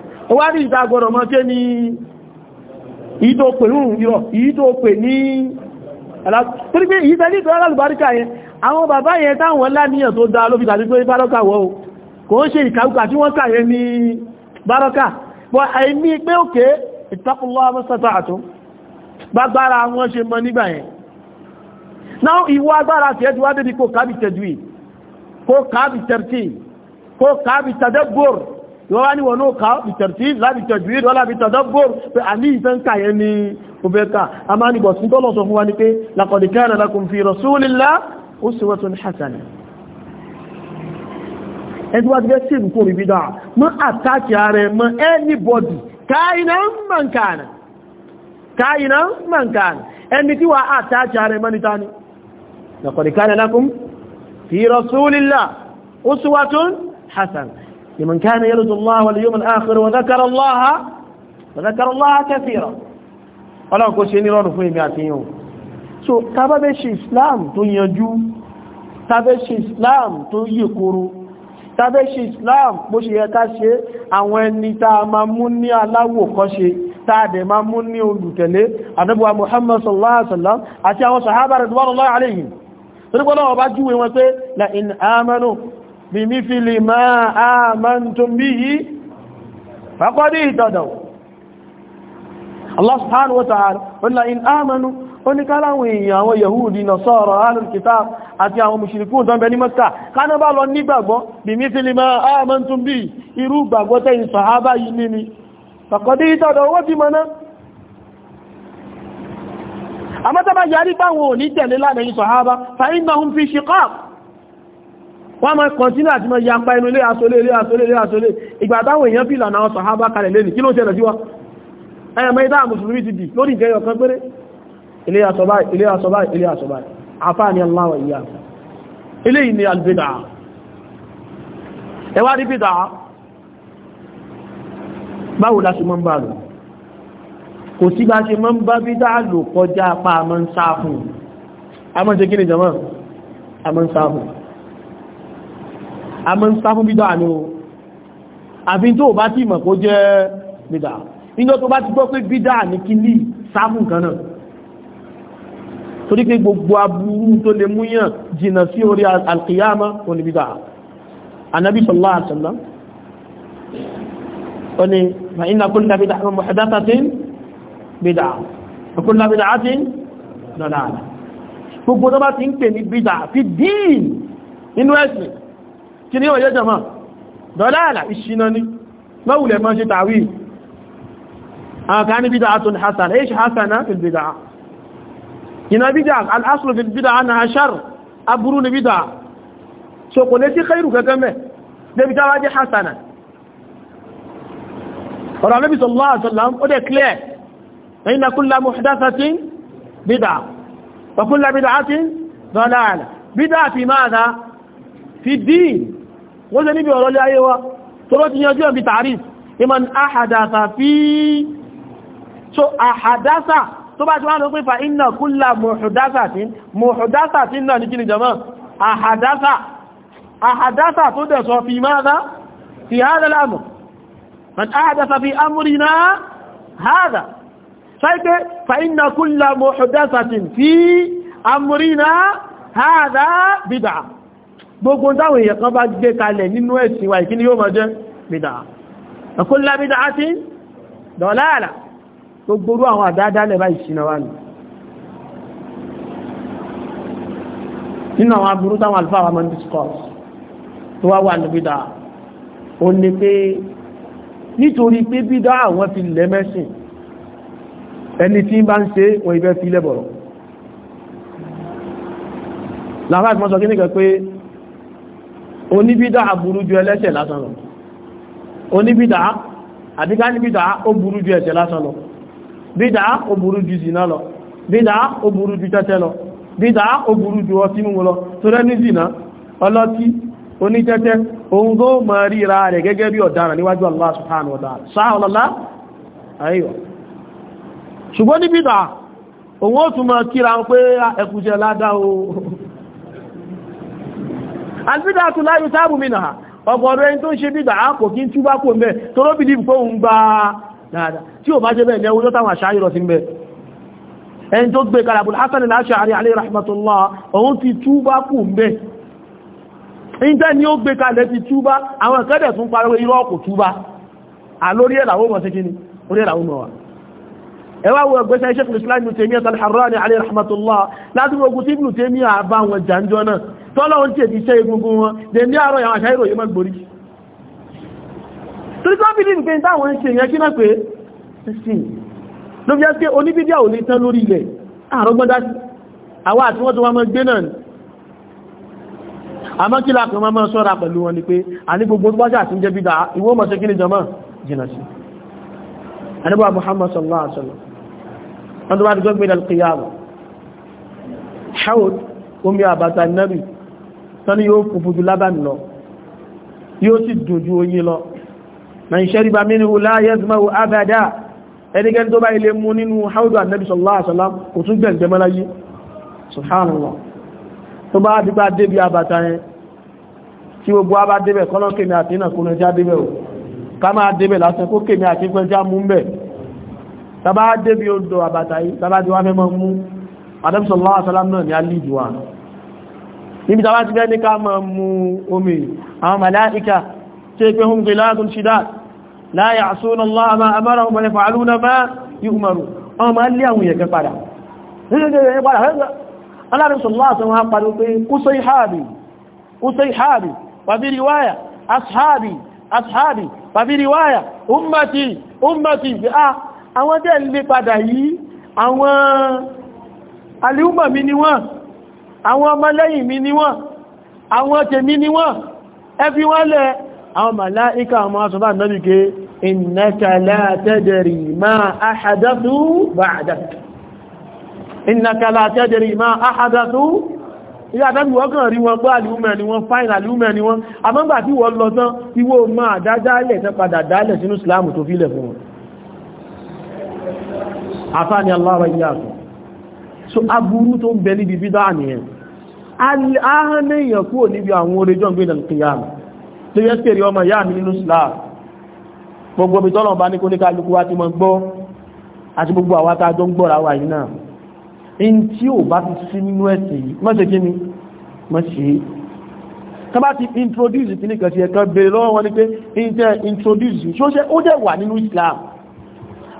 ó wá rí ìdágbọ̀rọ̀ mọ́ tí ní ìdó pè ní ìrọ̀ ìdó pè ní aláàpẹ́ ìyíta ní ìtọ́ alálùbáríkà yẹn àwọn bàbá yẹn táwọn láníyàn tó dá lóbi tàbí pé bárọ́kà wọ́ o kò ń ṣe ìkàrùkà tí wọ́n kà yẹn ní bárọ́kà bọ́ àìní pé òkè ìtàkùnlọ́ mọ́sátà àtún bágbára wọn ṣe mọ́ nígbà yẹn náà ìwọ agbára tí ẹ ti wá débi kó kábi tẹ̀jú wọ́n wá ní wọn náà ká ìtẹ̀rẹ̀tì láti tẹ̀jú ìrìn ọlá fi tadabbur pé àní ìtẹ́ǹkà yẹn ni òbẹ́ka a máa ní bọ̀ sí tọ́lọ̀ sọ fún wa ní pé laqad kana lakum fi rasulillah uswatun hasana ẹni wá ti fẹ́ sí ìrùkú rí bídá mọ́ àtàkì ààrẹ mọ́ anybody káyìnà mọ̀nkànà káyìnà mọ̀nkànà لمن كان يرجو الله واليوم الآخر وذكر الله وذكر الله كثيرا ọlọ́run kó ṣe ní rọrùn fún èmi àti yín so tàbẹ́ ṣe islam tó yanjú tàbẹ́ ṣe islam tó yíkoro tàbẹ́ ṣe islam bó ṣe yẹ ká ṣe àwọn ẹni tàà ma mú ní aláwò kọ́ṣe tààdẹ̀ ma mú ní olùtẹ̀lé àdọ́bùwa muhammad sallallahu alaihi wasallam àti àwọn sahaba radwanullahi alaihim bimithli ma amantum bihi faqad ihtadaw Allah subhanahu wa ta'ala qala in amanu oníkálá àwọn èèyàn àwọn yahudi nasara ahlul kitab àti àwọn mushrikun tó ń bẹ ní Mẹ́kà káná bá lọ nígbàgbọ́ bimithli ma amantum bihi irú gbàgbọ́ tẹ́yìn sàhábà yìí ní ni faqad ihtadaw wọ́n ti mọ́ná àmọ́tàbá yarí báwọn ò ní tẹ̀lé lánàá yìí sàhábà fa innahum fi shiqaq wọ́n máa kọ̀ntínú àti máa yapa ẹnu ilé asọlé ilé asọlé ilé asọlé ìgbà táwọn èèyàn bí ìlànà ọsàn ha bá kalẹ̀ lẹ́nì kí ló ṣẹlẹ̀ sí wa ẹ̀yàmọ́ ìdá mùsùlùmí ti dì lórí ìjẹyọ kan péré ilé asọba ilé asọba ilé asọba afá ni aláwọ̀ ìyá ilé ìní albeda ẹwà rí bídà báwo la ṣe máa ń a máa ń sáfún a máa ń ṣe kí a máa a mọ́ ń sá fún bídá ní o àfi tó bá tí mọ̀ kó jẹ́ bídá iná tó bá ti gbọ́ pé bídá ní kí ní sá fún kan náà torí pé gbogbo aburú tó lè múyàn jìnà sí orí alkiyama kò ní bídá anabi sallallahu alaihi wasallam ó ní fa inna kulla bid'atin muhdathatin bid'ah wa kulla bid'atin dalalah gbogbo tó ti ń pè ní bídá fi dín nínú ẹ̀sìn kí ní ọ̀yẹ́ jọmọ́ dọ́láàlà ìṣìnà ní mọ́wùlẹ̀ mọ́ ṣe tàwí àkàní bídá àtún hassan èṣì hassana ìbìdá iná bídá al'asùn ìbìdá na aṣar aburú ni oye jomo dolaala isina ni lọ́wùlẹ̀ mo se tawi akani bida atun hassan ṣe hassana náà fi bida alasun ibida na bida so kò lè sí kairu kankan mẹ́ débi tàwá jẹ́ bid'a wa kulla bid'atin fi din wọ́n ṣe níbi ọ̀rọ̀ lé ayé wa tó ló ti yanjú ẹ̀bí tààrí iman ahadasa fi so ahadasa tó bá ti wá ní pé fa inna kulla muhdasa tí muhdasa tí náà ní kíni jama ahadasa tó dẹ̀ sọ fi máa fi gbogbo táwọn èèyàn kan bá gbé kalẹ̀ nínú ẹ̀sìn wa ìkíní yóò máa jẹ́ bídà ọkùnlá bídà á ti dọ̀láàlà gbogbo orú àwọn àdádálẹ̀ bá ìṣìnà wa nù nínú àwọn aburú táwọn àlùfáà wa máa ń discuss tó wá wà ní bídà ní pé nítorí pé bídà àwọn fi lẹ́mẹ́sìn ẹni tí ń bá ń ṣe wọ́n ibẹ̀ fi lẹ́bọ̀rọ̀ làwọn àti mọ́sọ̀ kí nìkan pé oníbídà burú ju ẹlẹ́ṣẹ̀ lásán oníbídà àbíká níbídà ó burú ju ẹ̀ṣẹ̀ lásán bídà ó burú ju zìnà lọ bídà ó burú ju tẹ́tẹ́ lọ bídà ó burú ju ọtí lọ tó rẹ́ ní ọlọ́tí onítẹ́tẹ́ ohun tó mọ̀ ríra rẹ̀ gẹ́gẹ́ bí ọ̀daràn níwájú albida tó láyé sáàbù mi náà ọgbọ̀rọ̀ ẹni tó ń ṣe bídà àpò kí n túbá kò mẹ́ tó ló bìlì pé òun gba dáadáa tí ò bá jẹ́ bẹ́ẹ̀ lẹ́wọ́ lọ́tàwọn àṣáyìrọ̀ sí mẹ́ ẹni tó gbé kalabul hasan al-ashari alayhi rahmatullah òun ti túbá kò mẹ́ ta ni ó gbé kalẹ̀ ti túbá àwọn ìkẹ́dẹ̀ ẹwà wo ẹgbẹ́sẹ̀ iṣẹ́ Islam Ibn Taymiyyah al-Harrani alayhi rahmatullah láti ogun tí Ibn Taymiyyah bá wọn jàǹjọ́ náà tọ́lọ́ ń tètè iṣẹ́ egungun wọn lè ní àárọ̀ àwọn àṣàírò yìí mọ́gbòrí trísọ́bìlì nǹkan táwọn ń ṣe yẹn kí náà pé sí ló fi jẹ́ oníbídíà ò lè tán lórí ilẹ̀ àrọ́gbọ́dá àwọn àti wọ́n tó wọ́n mọ́ gbé náà àmọ́ kí láàpẹ̀ wọ́n sọ́ra pẹ̀lú wọn ni pé a ní gbogbo bọ́ṣà àti jẹ́ bídà ìwọ́n mọ̀ sí kí ni jọmọ́ jìnà sí anábọ̀ Muhammad sallallahu alaihi wọ́n tó bá ti gbọ́gbé ìdàlùkìyàwó ṣáwòd omi àbàtà nẹ́bì tán ni yóò fùfú ju lábàmì lọ yóò sì dojú oyin lọ na iṣẹ́ ríba mínú láyẹ́zùmáwò abẹ́dá ẹnikẹ́ni tó bá ilé mú nínú ṣáwòdù ànẹ́bì sallallahu alaihi wasallam kò tún gbẹ̀ǹgbẹ̀ mọ́láyé subhanallah tó bá dìgbà débi àbàtà yẹn tí gbogbo a bá tàbá débi odò àbàtà yìí tàbá tí wá fẹ́ mọ́ mú àdẹ́bùsọ̀lọ́wà sálám náà ni a lè jù wá níbi tàbá ti fẹ́ ní ká mọ́ mú omi àwọn màláìkà tí pé hún gbé lágún ṣídá láyé àsónàlọ́wà máa amára ọmọ ẹfà alúnà máa yí umaru ọmọ máa lé àwọn ìyẹ̀kẹ́ padà ashabi ummati ummati bi ah àwọn tẹ́ ń lé padà yìí àwọn alìúmọ̀ mi ni wọ́n àwọn ọmọlẹ́yìn mi ni wọ́n àwọn tèmi ni wọ́n ẹbí wọ́n lẹ àwọn màláíkà ọmọ asọ́bá náà ke innaka ma ahadathu ba'dak innaka la ma ahadathu ilé àdábì wọ́n kàn rí wọn gbá àlúmẹ̀ ni wọ́n fáìn àlúmẹ̀ ni wọ́n àmọ́gbà tí wọ́n lọ tán iwó máa dá dálẹ̀ tẹ́ padà dálẹ̀ sínú ìsìláàmù tó fílẹ̀ fún wọn àfáàní aláwọ̀ ìyàtọ̀ so aburú tó ń bẹ níbi bídá nìyẹn ahánà èèyàn kúrò níbi àwọn orejọ́ ń gbé nà kìyàmù tó yẹ́ pèrè ọmọ ìyá mi nínú islam gbogbo bí tọ́lọ̀ bá ní kó ní kálukú wá ti mọ́ gbọ́ àti gbogbo àwọn atájọ́ ń gbọ́ra wà yìí náà in tí ò bá ti sí nínú introduce kìnnìkan sí ẹ̀kan bèrè lọ́wọ́ wọn ni pé introduce ṣó ó dẹ̀ wà nínú islam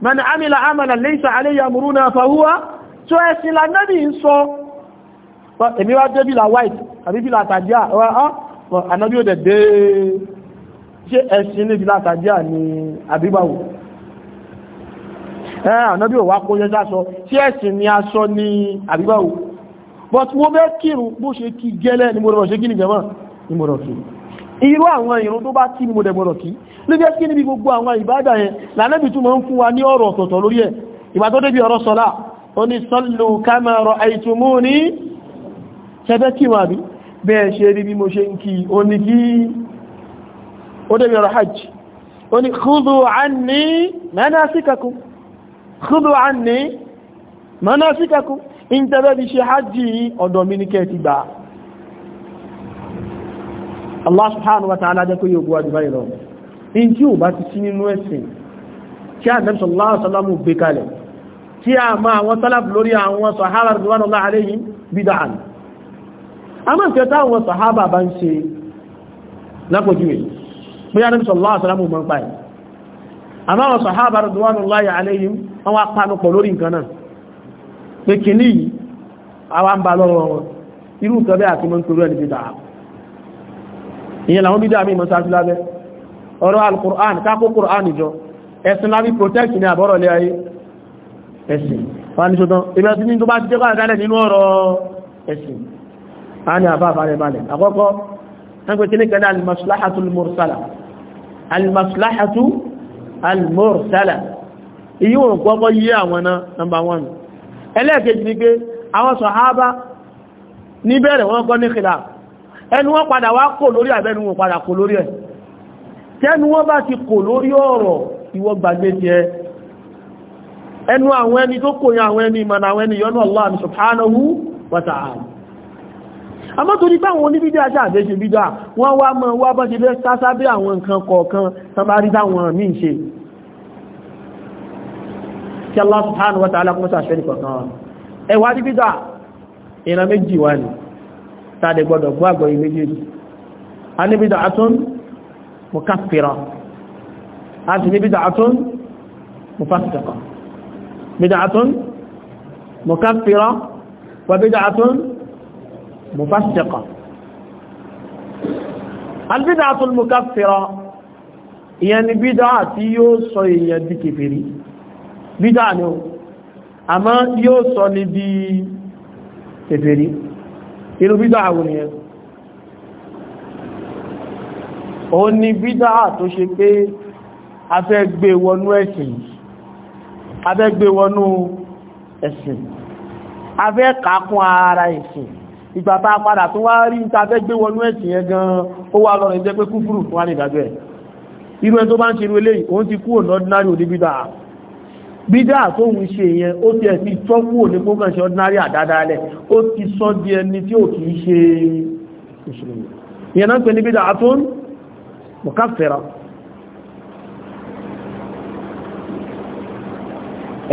man amila amalan laysa alayhi amruna fa huwa so ẹ̀sìn la nabi nso pa èmi wá dé bila white àbí bila tajia wa ah anabi o de de ṣé ẹ̀sìn ni bila tajia ni àbí báwo eh anabi o wa ko je so ṣé ẹ̀sìn ni aṣọ ni àbí báwo but mo be kiru bó ṣe kí gẹ́lẹ́ ni mo ro ṣe kíni jama ni mo ro irú àwọn ìrun tó bá kí ni mo dẹ̀ gbọ́dọ̀ kí ló jẹ́ kí níbi gbogbo àwọn ìbádà yẹn lànàbì tún máa ń fún wa ní ọ̀rọ̀ ọ̀tọ̀ọ̀tọ̀ lórí ẹ̀ ìbá tó débi ọ̀rọ̀ sọ́lá ó kama ra'aytumuni ṣẹbẹ́ kí wà bí bẹ́ẹ̀ ṣe rí bí mo ṣe ń kí ó ní kí ó débi ọ̀rọ̀ hajj ó ní Allah subhanahu wa ta'ala jẹ́ kó yóò gbọ́ àdúgbà in tí ba ti sí nínú a nẹ́bí sallallahu alaihi wasallam a ma àwọn sálàfù lórí àwọn sàhábà rẹ̀dùwánàlá àríyìn a máa fi ọta àwọn sàhábà bá ń ṣe lápòjúwẹ̀ a nẹ́bí sallallahu alaihi wasallam mọ́ ń pa ẹ̀ àmá àwọn sàhábà rẹ̀dùwánàlá àríyìn wọ́n ba lọ́wọ́ wọn irú nǹkan bẹ́ẹ̀ ìyẹn làwọn bídá mi mọ́sáájú lábẹ́ ọ̀rọ̀ al-Qur'an kápó Qur'an jọ ẹ̀sìn lábí protect ní àbọ̀rọ̀ lé ayé ẹ̀sìn wọ́n ni ṣùgbọ́n ibi ọdún ní tó bá ti jẹ́ kọ́nàdálẹ̀ nínú ọ̀rọ̀ ẹ̀sìn a ní àbá àbárẹ̀ balẹ̀ àkọ́kọ́ ẹgbẹ́ kí ní kẹ́lẹ́ al-maslahatu al-mursala níbẹ̀rẹ̀ wọn kọ́ ní khilaf ẹnu wọn padà wá kò lórí àbẹ́nu wọn padà kò lórí ẹ̀ tẹ́nu wọn bá ti kò lórí ọ̀rọ̀ ìwọ gbàgbé ti ẹ ẹnu àwọn ẹni tó kò yán àwọn ẹni ìmọ̀nà àwọn ẹni yọ́nà Allah subhanahu wa ta'ala àmọ́ torí táwọn oníbídá àti àbẹ́ṣe bídá wọ́n wá mọ́ wá bọ́ ṣe fẹ́ sásábé àwọn nǹkan kọ̀ọ̀kan tán bá rí táwọn míì ṣe kí Allah subhanahu wa ta'ala kúmọ́sà ṣẹ́ nìkọ̀ọ̀kan ẹwà ní méjì tàbí gbọdọ̀ gbọ́ àgbọ̀ yìí méjèèjì a ní bid'atun mukaffira a sì ní bid'atun mufassiqa bid'atun mukaffira wa bid'atun mufassiqa albid'atul mukaffira ìyẹn ni bídá àti yóò sọ èèyàn di kèfèrí bídá ni ó àmọ́ yóò sọ ní bí kèfèrí irú bídá àwọn nìyẹn ó ní bídá tó ṣe pé a fẹ́ gbé wọnú ẹ̀sìn a fẹ́ gbé wọnú ẹ̀sìn a fẹ́ kàákún ara ẹ̀sìn ìgbàta padà tó wá rí ta fẹ́ gbé wọnú ẹ̀sìn yẹn gan ó wà lọ́rọ̀ ìjẹ́ pé kúfùrù fún àrídájọ́ ẹ̀ irú ẹ tó bá ń ṣe irú eléyìí òun ti kúrò lọ́dínárì òdíbídá bídá tóun ṣe yẹn ó ti ẹ̀ ti tọ́kù òní kókàn ṣe ordinary àdáadáa lẹ̀ ó ti sọ di ẹni tí ò kìí ṣe mùsùlùmí ìyẹn náà pè ní bídá àtún mùkáfẹ́ra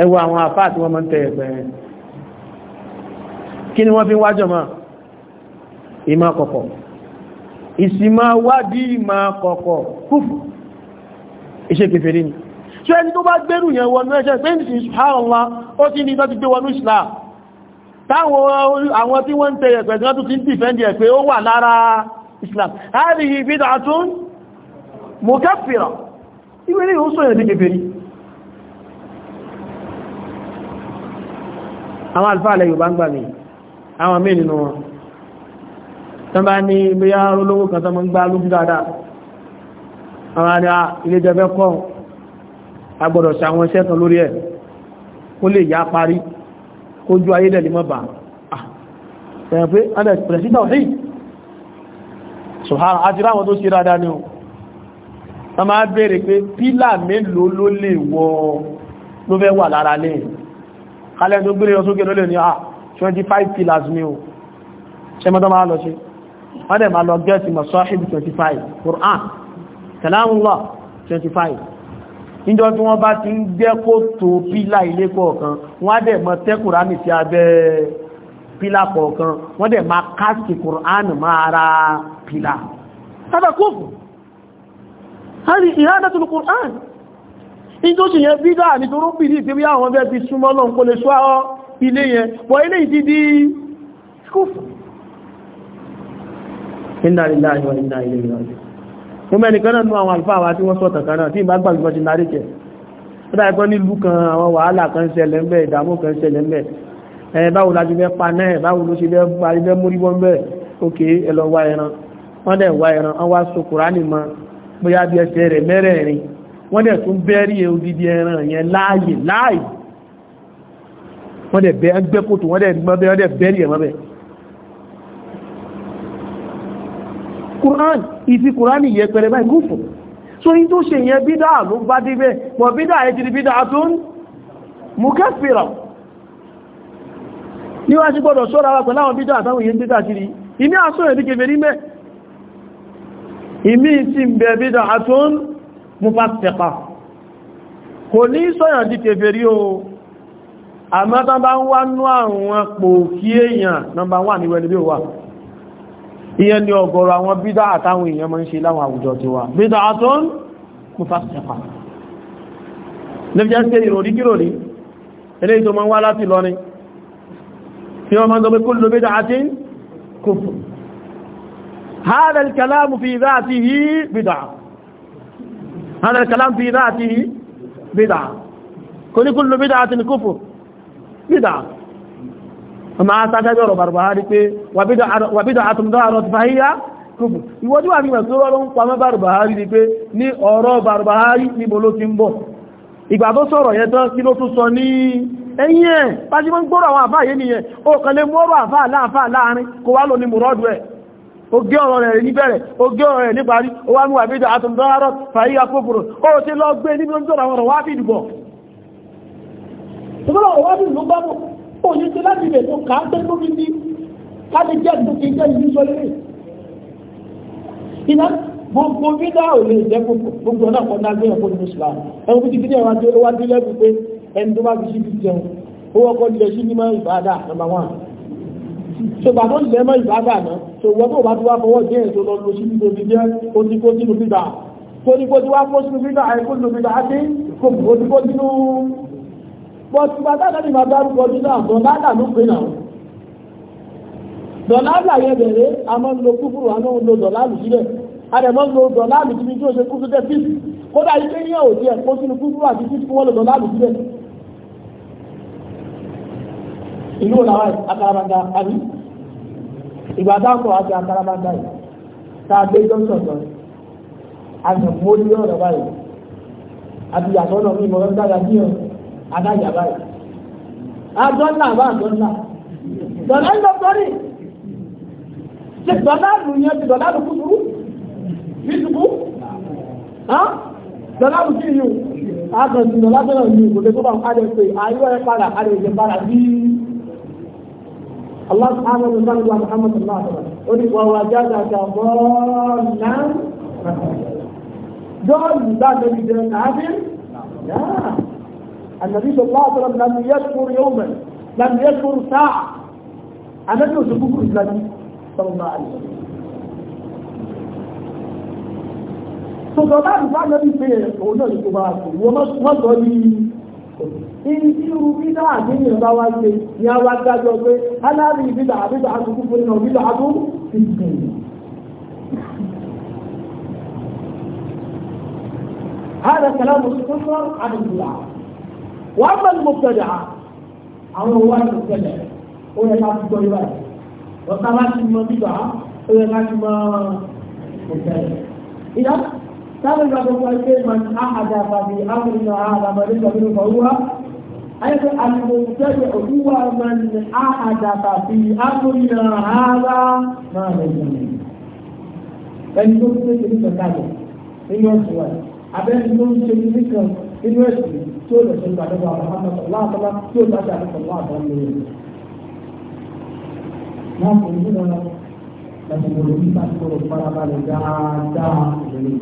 ẹwọ àwọn àfáà tí wọ́n mọ́ ń tẹ̀ ẹ̀pẹ̀ kí ni wọ́n fi wájọ mọ́ ìmọ̀ kọ̀kọ̀ ìsìmọ̀ wádìí ìmọ̀ kọ̀kọ̀ kúfù iṣẹ́ kẹfẹ́rí tí ẹni tó bá gbẹ́rù yẹn wọnú ẹ̀ṣẹ̀ pé ní subhanallah ó ti ní tọ́ti gbé wọnú islam táwọn àwọn tí wọ́n ń tẹ ẹ̀pẹ̀ tí wọ́n tún ti ń dìfẹ́ndì ẹ̀ pé ó wà lára islam hadhihi bid'atun mukaffira ìwé ní ìhúsọ yẹn ní kèfèrí àwọn àlùfáà alẹ́ yorùbá ń gbà mí àwọn míì nínú wọn tán bá ní ibi yá olówó kan tó ń gbá lójú dáadáa àwọn àdá ah, ilé jẹ́ fẹ́ kọ́ agbọ́dọ̀ sí àwọn iṣẹ́ kan lórí ẹ̀ kó lè yá parí kó jú ayé lẹ́lẹ́ mọ́bà ẹ̀yàn pé alex president of hate ṣùgbọ́n àti ráwọn tó ṣe rádá ní ọ máa bèèrè pé ah 25 pillars ní o ṣe mọ́ tó máa lọ sí wọ́n dẹ̀ máa lọ gẹ́ẹ̀sì mọ̀ sọ́ṣìbì 25 níjọ́ tí wọ́n bá ti ń jẹ́ kó tó pílà ilé kọ̀ọ̀kan wọ́n á dẹ̀ mọ tẹ́ kùránì sí abẹ́ pílà kọ̀ọ̀kan wọ́n dẹ̀ máa káàkì kùránì máa ara pílà sábà kófù hàrí ìhádàtúlù kùránì níjọ́ sì yẹn bídà nítorí pìlì ìpé bí àwọn bẹ́ẹ̀ ti súnmọ́ Inna lillahi wa inna ilayhi raji'un mo mẹ́ni kan náà nú àwọn àlùfáà wa tí wọ́n sọ̀tàn kan náà tí ìbá gbàgbọ́ ti narí kẹ̀ ó dáa ẹ̀kọ́ nílùú kan àwọn wàhálà kan ṣẹlẹ̀ ń bẹ ìdààmú kan ṣẹlẹ̀ ń bẹ ẹ báwo la ti fẹ́ pa náà báwo ló ṣe fẹ́ parí fẹ́ mórí bọ́ ń bẹ Quran ìfi Quran yẹpẹrẹ báyìí kúfù so yí tó ṣe yẹn bídá ló bá débẹ̀ pọ̀ bida ẹ̀ ti di bídá tó ń mú kẹfìrà níwájú gbọ́dọ̀ ṣọ́ra wa pẹ̀lú àwọn bídá àtàwọn èyí bídá kiri ìní àṣọ ẹ̀rí kèfèrí mẹ́ ìmí ti ń bẹ bídá tó ń mú bá tẹ̀pa kò ní sọ́yàn di kèfèrí o àmọ́ tán bá ń wá nú àwọn pòkí èèyàn nọmba 1 ìwẹ̀lẹ́bí wà ìyẹn ni ọ̀gọ̀rọ̀ àwọn bídá àtàwọn èèyàn máa ń ṣe láwọn àwùjọ ti wà bídá àtún mú fásitẹ̀fà lẹ́fíjá sí ìròrí kíròrí ilé ìtò máa ń wá láti lọ ni tí wọ́n máa ń gọmẹ́ kullu bid'atin kufr hadha al ọmọ asájájọ́ ọ̀rọ̀ bàrùbáhárí pé wàbídà àtúndọ́rọ̀ ti fàíyá kúfù ìwọ́jú wà ní ìwẹ̀sọ́rọ̀ ló ń pamọ́ bàrùbáhárí ni pé ní ọ̀rọ̀ bàrùbáhárí níbo ló ti ń bọ̀ ìgbà tó sọ̀rọ̀ yẹn tán kí ló tún sọ ní ẹ̀yìn ẹ̀ pàṣẹ mọ́ ń gbọ́rọ̀ àwọn àfáà yé nìyẹn ó kàn lè mú ọ̀rọ̀ àfáà láàfáà láàrin kó wá lò ní mùrọ́dù ẹ̀ ó gé ọ̀rọ̀ rẹ̀ níbẹ̀rẹ̀ o gé ọ̀rọ̀ rẹ̀ níparí ó wá mú àbídà àtúndọ́rọ̀ fàíyà kófùrù ó ti lọ gbé níbi ó ń sọ̀rọ̀ àwọn ọ̀rọ̀ wá fìdìbọ̀ òye ti láti ibẹ̀ tó kà á pé tó fi di káde jẹ́ tó fi jẹ́ ìlú sọlẹ̀ iná gbogbo bídá ò lè jẹ́ gbogbo ọ̀nà kan náà gbéyàwó ní Islam ẹ̀rọ fi ti fi ní ẹ̀wà tó wá dé lẹ́bù pé ẹni tó bá fi síbi jẹun ó wọ́kọ́ lẹ̀ sí ní mọ́ ìbádà nàmbà wán so bàbá ń lẹ́mọ́ ìbádà náà so wọ́n tó bá tó wá fọwọ́ jẹ́ ètò lọ lọ sí níbi òbí jẹ́ oníkó sínú bídà oníkó tí wá kó sínú bídà àìkó sínú bídà á dé kó oníkó sínú bọ́tù bàtà náà ni màá dárúkọ jù náà dọ̀làlà ló pé náà dọ̀làlà yẹn bẹ̀rẹ̀ àmọ́ ń lo kúfùrù àmọ́ ń lo dọ̀làlù sílẹ̀ àdẹ̀mọ́ ń lo dọ̀làlù síbi tí ó ṣe kúfùrù tẹ́tí kódà yìí pé ní ọ̀ tiẹ̀ kó sínú kúfùrù àti títí wọ́n lo dọ̀làlù sílẹ̀ ìlú làwọn akarabanda àbí ìgbà táwọn àti akarabanda yìí tá a gbé jọ́sọ̀ jọ àti mọ́lí ọ̀rọ̀ báyìí àti ìyàtọ̀ náà mi mọ̀ lọ́dọ̀ adájà báyìí adọ́là bá adọ́là dọ̀là ń lọ sọ́rí ṣe dọ̀là lù yẹn ti dọ̀là lù kúkúrú bísùkú dọ̀là lù sí yìí àgbẹ̀sì dọ̀là tọ́lá yìí kò lè tó bá ń kájọ pé ayé ẹ̀ padà kájọ ìjẹ padà bí Allah subhanahu wa ta'ala wa Muhammad sallallahu alaihi wa sallam. Ó ní wàwà jáde àti àbọ̀ náà. Jọ́ọ̀lù bá tẹ̀lé jẹun káàbí. Yáà. النبي صلى الله عليه وسلم لم يذكر يوما لم يذكر ساعة النبي يسبوك إسلامي صلى الله عليه وسلم sọ̀tọ̀ láti bá lẹ́bí pé òun náà tó bá kù wọ́n mọ́ sọ ní irú bídà àdínì bá wá ṣe ní a wá pé aláàrí bídà àbídà bídà àtú ti gbìn. هذا كلام الكفر عن الله wàá bá mọ̀tẹ́dà àwọn owó àti mọ̀tẹ́dà ó yẹ ká ti gbọ́ ibà yìí ọ̀tá láti mọ bíbà ó yẹ ká ti mọ mọ̀tẹ́dà. ìyá sábẹ̀ ìgbà gbogbo ẹgbẹ́ máa ń àhàdà àbàbí àwọn ìlànà àhàdà àbàbí أيضا المبتدع هو من أحدث في أمرنا هذا ما ليس منه. ẹni tó ń ṣe kìnnìkan kalẹ̀ nínú wa abẹ́ni tó ń ṣe kìnnìkan nínú ẹ̀sùn tí ó lè ṣe ìgbà nígbà Muhammad sallallahu alaihi wasallam tí ó dájú àti sallallahu alaihi wasallam lórí rẹ̀. Wọ́n kò ní lọ lọ́sọ̀rọ̀ nípa tí kò farabalẹ̀ dáadáa ìrìn.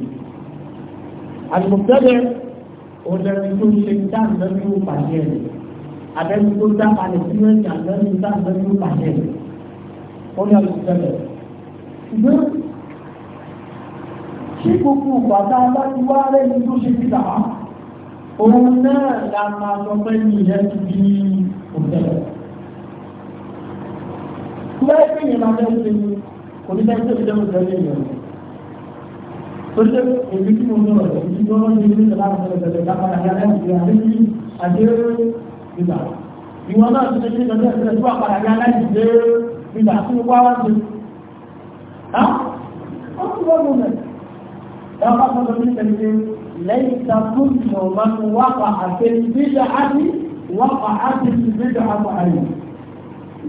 Àlùmọ̀tẹ́lẹ̀ òdẹ̀rẹ̀ tó ṣe dáadáa ní ìpàdé rẹ̀. Àbẹ́ni tó dá Palestinian àbẹ́ni dáadáa ní ìpàdé rẹ̀. Ó ní àlùmọ̀tẹ́lẹ̀. Ṣùgbọ́n ṣé gbogbo ìgbà tá a bá ti wá rẹ̀ ní tó ṣe ti dàá? òun náà la máa sọ pé ní ìyẹn ti di òtẹ́lẹ̀. Bẹ́ẹ̀ bí ìyẹn máa bẹ́ẹ̀ ṣe kò ní bẹ́ẹ̀ tó ti dẹ́kun tẹ́lẹ̀ ìyẹn. Ó ṣe èmi tí mo ń lọ rẹ̀ ní gbọ́dọ̀ ní ilé ìjọba àwọn ọ̀sẹ̀ lápára ní alẹ́ àti àdébí àdé ìgbà. Ìwọ náà ti ṣe ní ìjọba ìṣẹ̀lẹ̀ tó àpàrà ní alẹ́ ìdé ìgbà tí mo wá ṣe. Ó ń gbọ́dọ̀ mẹ́. Ẹ ليس كل من وقع في البدعة وقع في البدعة عليه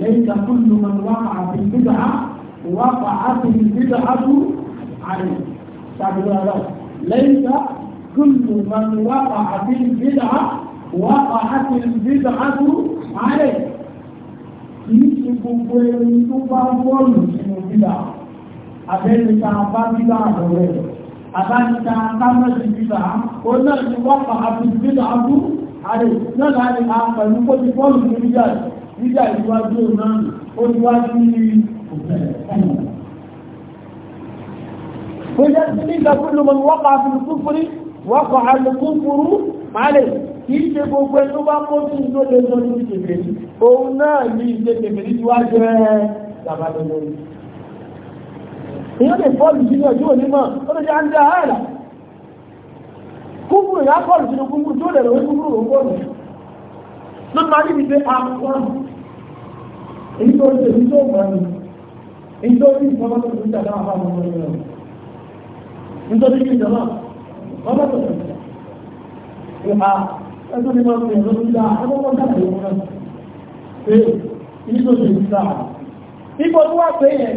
ليس كل من وقع في البدعة وقع في البدعة عليه ليس كل من وقع في البدعة وقعت البدعة عليه kìí ṣe gbogbo ẹni tó bá wọ́ọ̀lù sínú bíbá abẹ́ni tá a bá bíbá àbọ̀rẹ́ rẹ̀ àbájá kámẹ́sì bíbà o náà ti wọ́pàá àbúgbébà abú àrẹ náà láti a pẹ̀lú kó ti bọ́ọ̀lù ní níjà níjà ìwájú náà ó ti wá sí òfẹ́ wọ́pọ̀ àlùkúfúrú máàlè kì í ṣe gbogbo ẹni tó bá kó sí ìlú lè lọ sí ìṣèkèrí òun náà ní ìṣèkèrí tí wá ẹ̀ èyàn lè bọ́ọ̀lù sínú ẹ̀jú onímọ̀ ó lè jẹ́ àndé àárà kúkúrú ìyá bọ́ọ̀lù sínú kúkúrú tí ó lè lọ wí kúkúrú òun bọ́ọ̀lù ló máa níbi pé a wọ́n èyí tó ń ṣe èyí tó ń wọ́n èyí tó ń rí ìfọwọ́ tó ń ṣàdá àwọn ọmọ ọmọ rẹ̀ nítorí kí ìjọba wọ́n bá tọ̀tọ̀ ìhà ẹjọ́ ni wọ́n fi ẹ̀rọ nígbà akọ́kọ́ sáàyè wọn náà ṣe èyí tó ṣe ìgbà ìgbà tó wà pé yẹn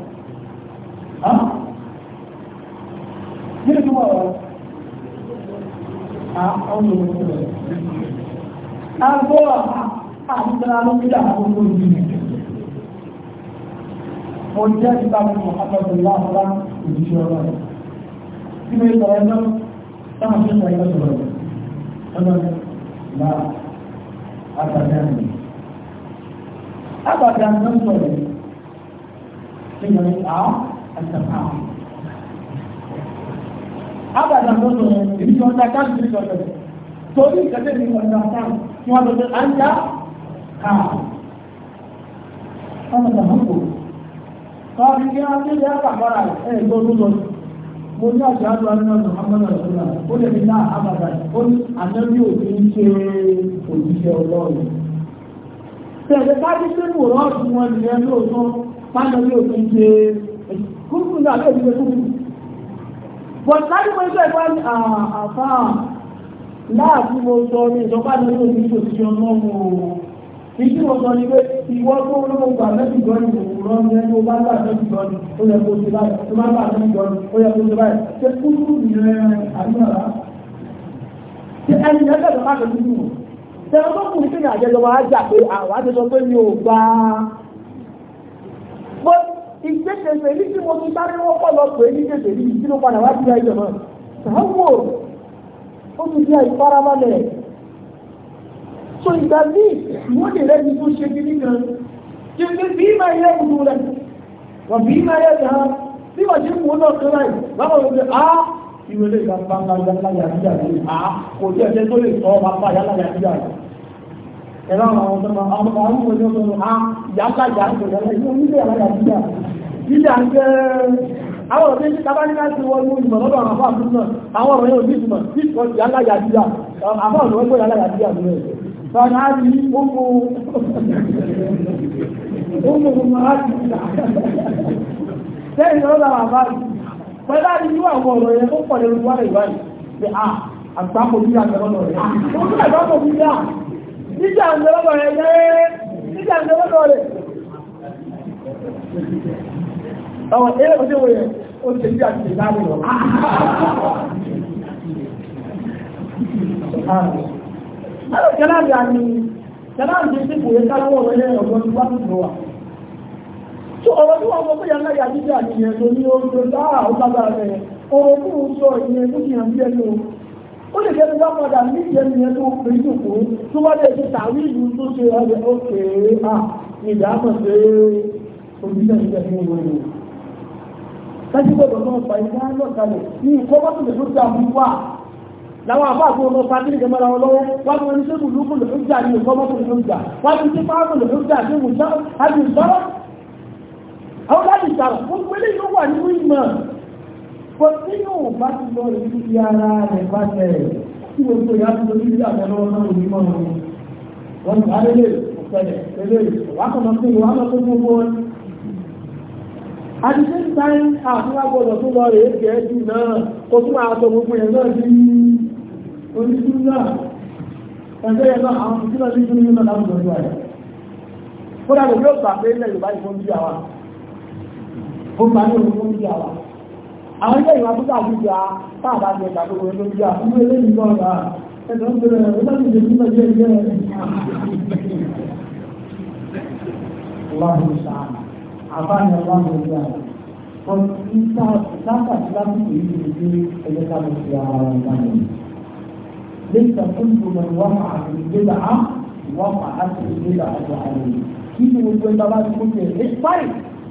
Kí ni túmọ̀ rẹ̀? Àgbọ́ àtìsára ló kí àkókò ìlú rẹ̀. Mo jẹ́ ìgbàmù àpapọ̀ láàpá òjíṣẹ́ ọ̀rọ̀ rẹ̀. Kí ni ìtọ̀rọ̀ ẹgbẹ́ sáà ṣe ìtọ̀rọ̀ ẹgbẹ́ sọ̀rọ̀ rẹ̀? Ọjọ́ náà àtàdé àmì. Àtàdé àmì sọ̀rọ̀ rẹ̀. Abàdà tó sọ èmi tí wọ́n ta káàdì sí ìjọba rẹ̀. Torí ìkẹ́lẹ́ mi wọ́n ta káàdì tí wọ́n lọ sí àńjá káà. Wọ́n mọ̀ta mọ̀ kò. Wọ́n fi kí wọ́n kéde àpàpàrà ẹ̀ tó tó lọ. Mo ní àṣà àdó àdúrà ní Muhammadu Rasulullah. Ó lè fi náà abàdà. Ó ní ànábì òbí ń ṣe òjíṣẹ́ ọlọ́run. Tẹ̀lé káàdì sí ìwòrán ọ̀sùn wọn nìyẹn lóòótọ́. Má kúrúkú náà lè ní ẹkú kúrú but láti mọ ẹgbẹ́ ìgbà àfà láàbí mo sọ ní ìjọba ní orí ìjọ sí ọmọ mo ìdí mo sọ ní pé ìwọ tó olówó gbà mẹ́sì gọ́ọ̀nì òwúrọ̀ ní ẹni o bá gbà mẹ́sì gọ́ọ̀nì ó yẹ kó ṣe báyìí ó má gbà mẹ́sì gọ́ọ̀nì ó yẹ kó ṣe báyìí ṣe kúrúkú nìyẹn àdúrà ṣe ẹni ẹgbẹ́ ìjọba kò ní ìwọ̀n tẹ́lẹ̀ tó kù ní pé ní àjẹjọba á jà pé àwọn àjẹjọ pé mi ò gbà ìgbé kẹsẹ̀ ní tí mo ti sáré wọ́pọ̀ lọ pé ní kẹsẹ̀ ní ìdílé padà wá sí ẹjọ́ náà sàmúwò ó ti di àìfarabalẹ̀ so ìgbà bí wọ́n lè rẹ́ni tó ṣe kí nìkan ṣe pé bí máa yẹ kúrú rẹ̀ wọ́n bí máa yẹ kàn án bí wọ́n ṣe kúrú náà kúrú rẹ̀ báwo ló ṣe á ìwé lè gbà gbangba yàrá yàrá yàrá kò tí ẹ̀ ẹ̀rọ àwọn ọmọ ọmọ ọmọ ọmọ ọmọ ọmọ ha yàtà yàtà yàtà ìlú nílé àlàyé àbíyà yíyà ń jẹ́ àwọn ọ̀rọ̀ méjì tábáníkà ti wọ inú ìmọ̀ lọ́dọ̀ àwọn afáàfin náà àwọn ọ̀rọ̀ yóò ní ìtumọ̀ bí ìkọ̀ yàtà yàtà àfáà ọ̀rọ̀ ẹgbẹ́ yàtà yàtà lórí ẹ̀ sọ̀rọ̀ á rí ọmọ ọmọ ọmọ á rí ìgbà sẹ́yìn lọ́dọ̀ àwọn afáàfin pẹ̀lú àdínú àwọn ọ̀rọ̀ yẹn tó pọ̀ lẹ́nu wálé ìwádìí pé à ah, àgbákò bí àgbẹ̀rọ̀ lọ́rẹ̀ Títà ń lọ́wọ́ rẹ̀ lẹ́rẹ́, títà ń lọ́wọ́ rẹ̀. Àwọn ẹ̀rẹ́ ọjọ́ wo ó ti bí àti ìdáhùn lọ. Àwọn kẹláàbì àmì, kẹláàbì kò yẹ káwọ́ ọ̀rọ̀ wá Tó ọ̀rọ̀ wọ́n ìyẹn tó ó lè jẹ́ nígbà padà ní ìjẹni yẹn tó fi jùkú tó wá lè ṣe tàwí ìlú tó ṣe ọdẹ òkè à ìdámọ̀ pé òbíṣẹ́ ìjẹ́ fún ìwé rẹ̀. Lẹ́yìn tó gbọ̀dọ̀ ọ̀pá ìgbà náà kalẹ̀ ní ìkọ́kọ́sọ̀tẹ̀ tó dà mú wà láwọn àbá àti ọmọ fagídì jẹ mọ́ra wọn lọ́wọ́ wọ́n ti wọ́n ní sẹ́kù lókùn lè fún jà ní ìkọ́mọ́kùn lè fún jà wọ́n ti ti fáwọn lè fún jà sí ìwòsàn àti ìsọ́rọ̀ àwọn láti sàrọ̀ gbogbo eléyìí ló wà nínú ìmọ̀ kò tí yóò bá ti lọ ìlú ti ara rẹ̀ bá tẹ̀ tí gbogbo ìyá ti lórí ilé àtẹ lọ́wọ́ náà òní mọ́ wọn. wọ́n ti sáré lè ọ̀pẹ̀lẹ̀ lélẹ̀ wákàtí pé wọ́n á lọ tó gbogbo wọn. at the same time àfúrá ah, gbọdọ̀ tó lọ rèé jẹ́ jù náà kó tún máa sọ gbogbo yẹn náà sí oníṣú náà. ẹgbẹ́ yẹn náà àwọn ìṣúná ní ìṣúná nínú náà lọ́jọ́ rẹ̀. kódà lè yóò gbà pé ilẹ̀ Yorùbá ìfọ́nbí àwa. ó gbà ní òun fọ́nbí àwa àwọn ilé ìwà tó tàbí ìjà táàbà jẹ ìgbàgbogbo ẹgbẹ́ ìjà fún ilé ìjọ ọ̀gá ẹ̀dọ̀ ń bẹ̀rẹ̀ ẹgbẹ́ ìjọ ìjọ ìjọ ìjọ Ọlọ́run sáà, àbáyọ̀ ọlọ́run ìjọ àwọn. Wọ́n ti ń sáà látàkì lásìkò yìí ti di ẹgbẹ́ ká lọ sí ara wọn dáná. ليس كل من وقع في البدعة وقعت في البدعة عليه. كيف يقول الله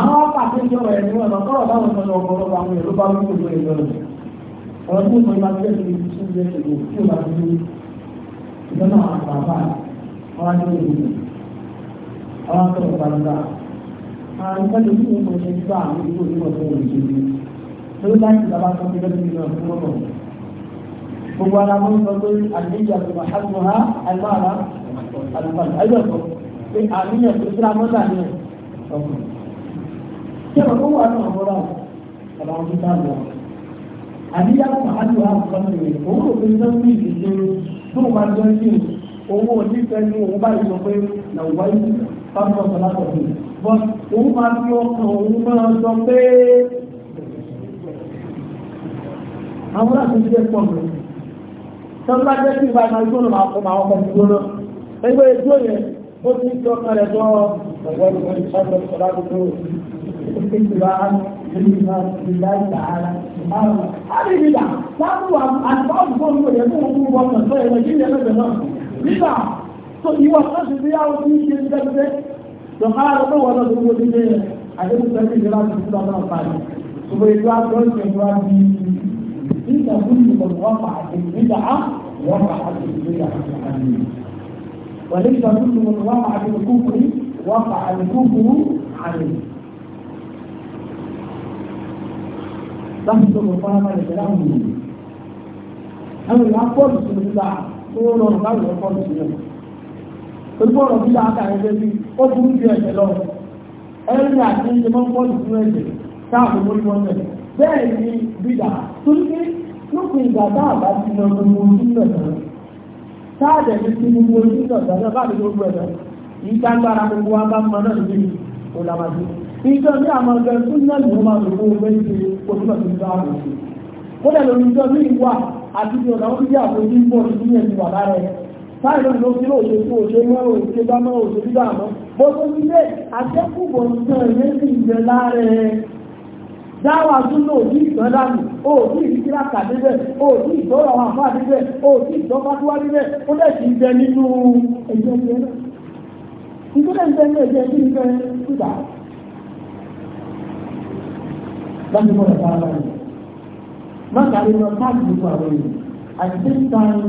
àwọn pàtẹ́jọ rẹ̀ ni wọ́n lọ́kọ́rọ̀ báwọn sọ ọ̀gọ́rọ̀ àwọn èrò bá wọ́n kò lóye lọ́rọ̀ ọ̀rọ̀ tí mo máa tẹ̀lé ní ṣúgbẹ́ ìlú tí ó bá ti ní ìdáná àgbàbà wọn á ní ìlú àwọn akọ̀rọ̀ gbàgbà àwọn ìpàdé tí mo ṣe gbà àwọn ìlú onímọ̀ tó wọ̀ ní lórí gbogbo ara mọ́ sọ pé àdéjì àtùmọ̀ àtùmọ̀ àlùmọ̀ àlùmọ̀ àlùmọ̀ àlùmọ̀ àlùmọ̀ àlùmọ̀ àlùmọ̀ àlùmọ̀ àlùmọ̀ àlùmọ̀ àlùmọ̀ ṣé wọn tó wà ní àbúrò àwọn àwọn tó bá lọ. àníyàwó àjò àbúrò rẹ̀ òun ò fi sọ fún ìdíje tó wà jọ sí owó onífẹ̀ẹ́ ní òun bá yìí sọ pé làwọn wáyé fáwọn ọ̀sán látọ̀ fún un but òun máa fi ọkàn òun máa sọ pé àwọn láti ṣe pọ̀ mọ́ sọ́dọ́ jẹ́ sí ìgbà ìgbà ìgbónà máa kọ́ máa ọkọ̀ ìgbónà ẹgbẹ́ ìjọ yẹn ó ti ń fi rẹ̀ sọ ọ̀rọ̀ ìgbà ìgbà ìgbà اتباعا للإمام لله تعالى سبحان الله هذه بدعة لابد أتباع الظلم يكون هو النصيحة لكن يبدأ نفسه بدعة يوصلش بيها وفي شيء كذا فقال هو رسول الله عليه الصلاة والسلام في الصلاة والسلام سبحان الله سبحان إن كل من وقع في البدعة وقع في البدعة وليس كل من وقع في الكفر وقع الكفر عليه láti sọ̀rọ̀ farabalẹ̀ pẹ̀lú àwọn ènìyàn. àwọn ènìyàn pọ́ọ̀lù sí nígbà tó rọrùn láwọn ènìyàn pọ́ọ̀lù sí náà. ojú ọ̀rọ̀ bí láàkà ẹgbẹ́ bí ó burú ju ẹ̀jẹ̀ lọ. ẹ̀rí àti ẹ̀jẹ̀ máa ń pọ́ọ̀lù sí ẹ̀jẹ̀ káàkiri mórí wọn bẹ̀. bẹ́ẹ̀ ni bídà tó ní pé lópin ìgbà tá a bá ti lọ gbogbo ojú náà táàdẹ̀ ní ti gbogbo ojú náà dáná bá mi ìjọ ní àwọn ọjọ́ ìtúnyẹ́ ìlú máa lò fún owó ìṣe ojúmọ̀ tó ń bá àwọn òṣèlú ó dẹ̀ lórí ìjọ ní ìwà àti ti ọ̀nà oúnjẹ àfojú ń bọ̀ sí ẹni wà lára ẹ̀ báyìí lọ́nà ló fi òṣè fún òṣè mọ́ òṣè bá mọ́ òṣè bíbá àmọ́ bó tó ti lé àjẹkùbọ̀ nǹkan ẹ̀yẹ́ sì ń jẹ lára ẹ̀ dáwà tún lò ní ìtàn dànù ó ní ìrìkìlá kàdébẹ̀ ó ní ìtọ́rọ̀ àwọn àfáà débẹ̀ ó ní ìtọ́fàdúwà débẹ̀ ó dẹ̀ sì ń jẹ nínú ẹ̀jẹ̀ ìjẹ́ náà ìtọ́lẹ̀ ń jẹ ní ẹ̀jẹ̀ ìjẹ́ ìjẹ́ ìgbà That is what I found out. Not that it was hard to At the same time,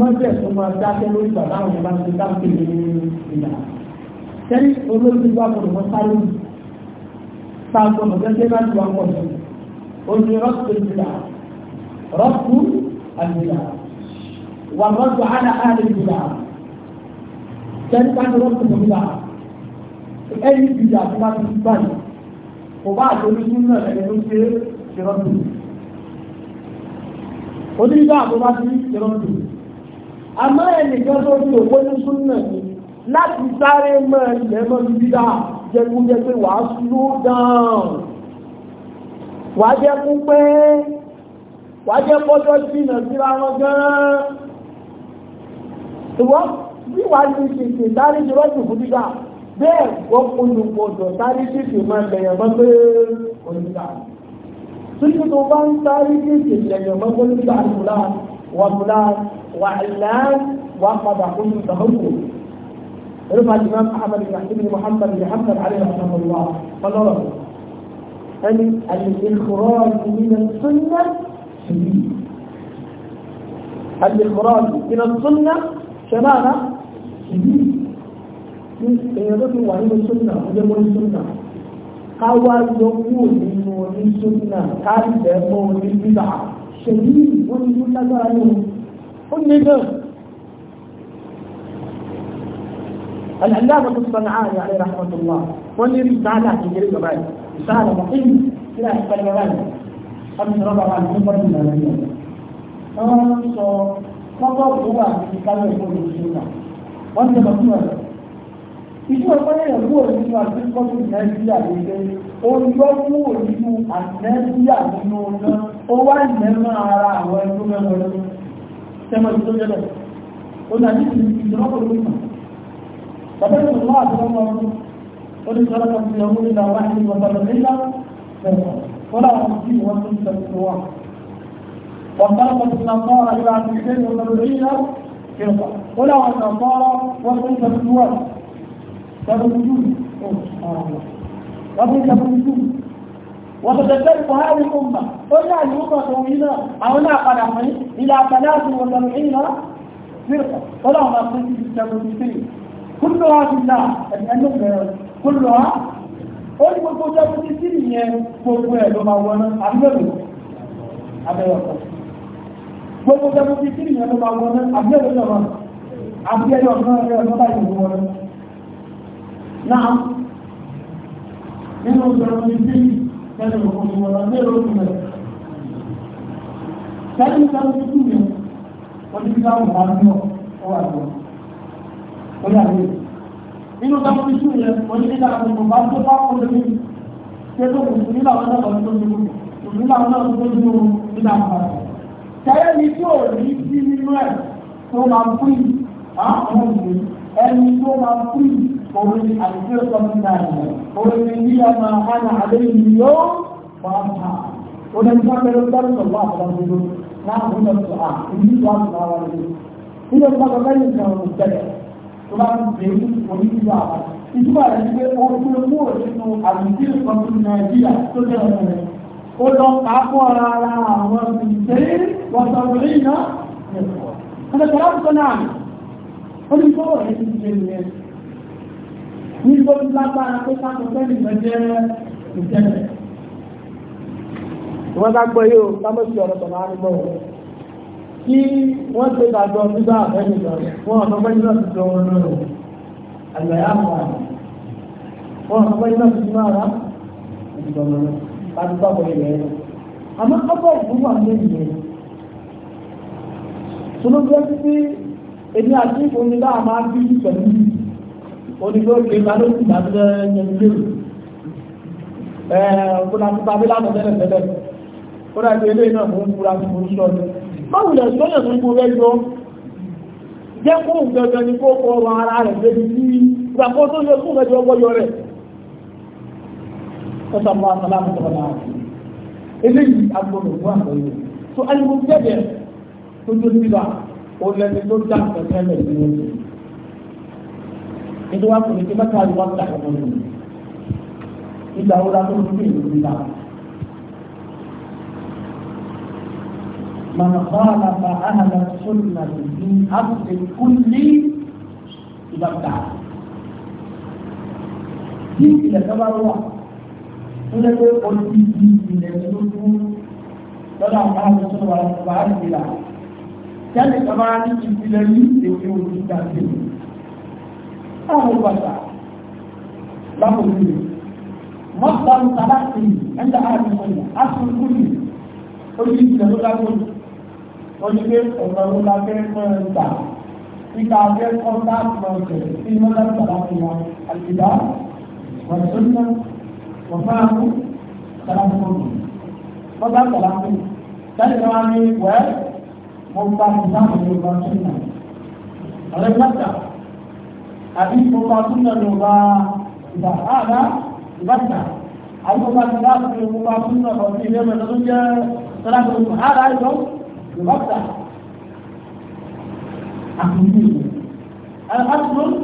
wọ́n jẹ́ ìsọmọ dákẹ́ lórí bàbá àwọn ọmọ àti káàkiri ní ìlà. Tẹ́lẹ̀ olóògbé bá gbọdọ̀ wọ́n sáré yìí. Sáà gbọdọ̀ gẹ́gẹ́ láti wá pọ̀ sí. O ní rọ́pù ìlà. Rọ́pù àlìlà. Wà rọ́pù àlà àlè ìlà. Tẹ́lẹ̀ ká ní rọ́pù ìlà. Ẹni ìlà tó bá ti báyìí kò bá àtòlú nínú ẹ̀rẹ́ ló ṣe ṣẹlọ́dù onígbà tó bá sí ṣẹlọ́dù àmọ́ ẹnìkan tó fi òpó ní súnmọ̀ ní láti sáré mọ́ ilẹ̀ mọ́ ní dídá jẹkújẹ pé wàá slow down wàá jẹkú pé wàá jẹ kọjọ jìnnà síra wọn gan-an ìwọ bí wàá ní ṣèṣe sáré ṣẹlọ́dù fún dídá bẹ́ẹ̀ wọ́n olùpọ̀jọ̀ sáré tètè máa lẹ̀yàn mọ́ pé onígbà tuntun tó bá ń sáré tètè lẹ̀yàn mọ́ pé onígbà àtúlá wàtúlá wàhálà wàpadà kúndù sàmókò رفع الإمام أحمد بن حسين بن محمد بن حسن عليه رحمه الله قال له أن الإخراج من السنة شديد الإخراج من السنة شمالة شديد èèyàn tó ti wà nínú sunna ọjọ́ mọ́ ní sunna ká wá yọ kúrò nínú ní sunna ká ìbẹ̀ mọ́ ní bíbà ṣèyí ó ní ní lágbára ní o ó ní náà. العلامة الصنعاني عليه رحمة الله واللي رسالة في جريمة بعد رسالة مقيمة إلى أحسن بعد خمس ربع عن عمر من الأمير أنا أقصى فقط هو في كلمة يقول السنة وأنت مقيمة iṣẹ́ ọ̀pẹ́lẹ̀yàn kúrò nínú àtúnkọ́tù nàìjíríà ló jẹ́ olùgbọ́ kúrò nínú àtìlẹ́yà nínú ọ̀nà ó wá ìmẹ́mọ́ ara àwọn ẹgbẹ́ mẹ́wọ́n lọ́wọ́ tẹ́mọ̀ tó jẹ́ bẹ̀rẹ̀ ó nà ní ìdánwò lókàn bàbá ìlú náà àti ọmọ ọdún ó ní sọ́dọ̀ kan ti ọmọ nílà wá ní ìwọ̀n bàbá nílà bẹ̀rẹ̀ wọ́n làwọn tí wọ́n tó ń tẹ̀sí wa wọ́n bá wọn ti nà mọ́ àyíká àti ìṣẹ́ ìwọ̀n bàbá nílà kí wọ́n làwọn nà mọ́ wọ́n tó ń tẹ̀sí wa تبوجون وفي تبوجون وتتفرق هذه الأمة قلنا الأمة طويلة أولا قناحي إلى ثلاث وسبعين فرقة ولا ما في التبوجين كلها في الله لأنهم كلها قل كنت تبوجين هي كلها لما هو أمره أبيه gbogbo tẹmọ ti kiri yẹn ló máa wọlé àbí ẹ̀rọ náà àbí náà nínú ìgbàlódé ní sí ẹni òkùnkùn wọn lọ lérò òkùnkùn rẹ̀ sẹ́yìn ìgbàlódé tó kú yẹn wọ́n ti fi dáhùn wọn ní ọwọ́ àgbọ̀ ó yà lé nínú ìgbàlódé tó yẹn wọ́n ti fi dáhùn wọn bá tó bá kó lé ní ṣé tó kù sí nígbà wọn náà lọ sí lójú nígbà wọn náà lọ sí lójú nígbà wọn náà sẹ́yìn tí ò ní sí nínú ẹ̀ tó máa fún yìí ẹni tó máa fún yìí قل الفرقة الثانية قل هي ما أنا عليه اليوم وأصحابي ولم تعمل الدرس الله رسوله لا هنا السؤال إني قال الله عليه إذا قال لا يمكن المبتدع طبعا بين ومن جاء إجماع الشيء أو كل مرة إنه الفرقة الناجية تجاهل قل أقوى على وسبعين وسبعين هذا كلام صناعي قل صور هذه الجنة nígbó lágbára pé sáfẹ́fẹ́ nìkan jẹ́ ìjẹ́fẹ́. wọ́n bá gbọ́ yóò sábẹ́sì ọ̀rọ̀ tọ̀nà àrígbọ́ wọn kí wọ́n ṣe dàgbọ́ nígbà àbẹ́ni lọ wọn ọ̀nà bẹ́ni náà ti jọ wọn lọ́rọ̀ àgbẹ̀ àmọ́ wọn ọ̀nà bẹ́ni náà ti jọ ara ìjọba lọ́rọ̀ láti gbàgbọ́ ilẹ̀ ẹ̀ àmọ́ ọgbọ́ ìgbówó àgbẹ̀ ìlẹ̀ tó ló gbé sí èmi àti ìfòmílà máa bí pẹ̀lú onígbòkè balógun gbàgbé ẹgbẹ̀rún ọ̀pọ̀lọpọ̀ abẹ́lá tẹ́lẹ̀ tẹ́lẹ̀ ó rà pé ilé náà mú fúra fún orí sọ́ọ̀dọ̀ báwo lẹ̀ sọ́yẹ̀ tó ń gbó rẹ́jọ jẹ́ kó ń ní kó kọ́ ọrọ̀ ara rẹ̀ débi tí ìgbàkó tó yẹ fún ẹjọ́ ọgbọ́ yọ rẹ̀ ẹ̀sà mọ́ àtàlà àtàlà náà ilé yìí agbọ́dọ̀ fún àgbọ́yọ̀ tó ẹni mo jẹ́jẹ́ tó jó síbà ó lẹ́ni tó dá àtẹ̀tẹ̀lẹ̀ sí nítorí wọn kò ní kí mẹ́ta ni wọ́n ta ẹ̀kọ́ lónìí nígbà wo la tó ń gbé ìlú nígbà. من خالف أهل السنة في أصل كل إذا ابتعد. دي إلى كما هو ilé pé odidi ilẹ̀ lójú lọ́dọ̀ àwọn àmọ́sọ̀rọ̀ àwọn àdìgbà. Jẹ́lẹ̀ kọ́má ní ìpìlẹ̀ yìí èyí ojú dáadé. أهل بشر له دين مصدر تلقي عند أهل السنة أصل كل oyin ti lọ lágbo onílé ọ̀rọ̀ ló la fẹ́ mọ́ ẹ gbà nígbà fẹ́ kọ́ láti lọ sẹ̀ sí mọ́lá ìgbàlá fún wa àtìgbà wọ́n tó ná wọ́n máa mú ìgbàlá fún mi wọ́n bá ìgbàlá fún mi láti lọ́wọ́ ní wẹ́ mo gba ìgbàlá fún mi lọ́sùn náà ọ̀rẹ́ gbàgbà. أبي مقاتلنا نبا إذا هذا بدا أي مقاتلات مقاتلنا ففي يوم الدنيا ثلاثة هذا أيضا يبدا عقلية الأصل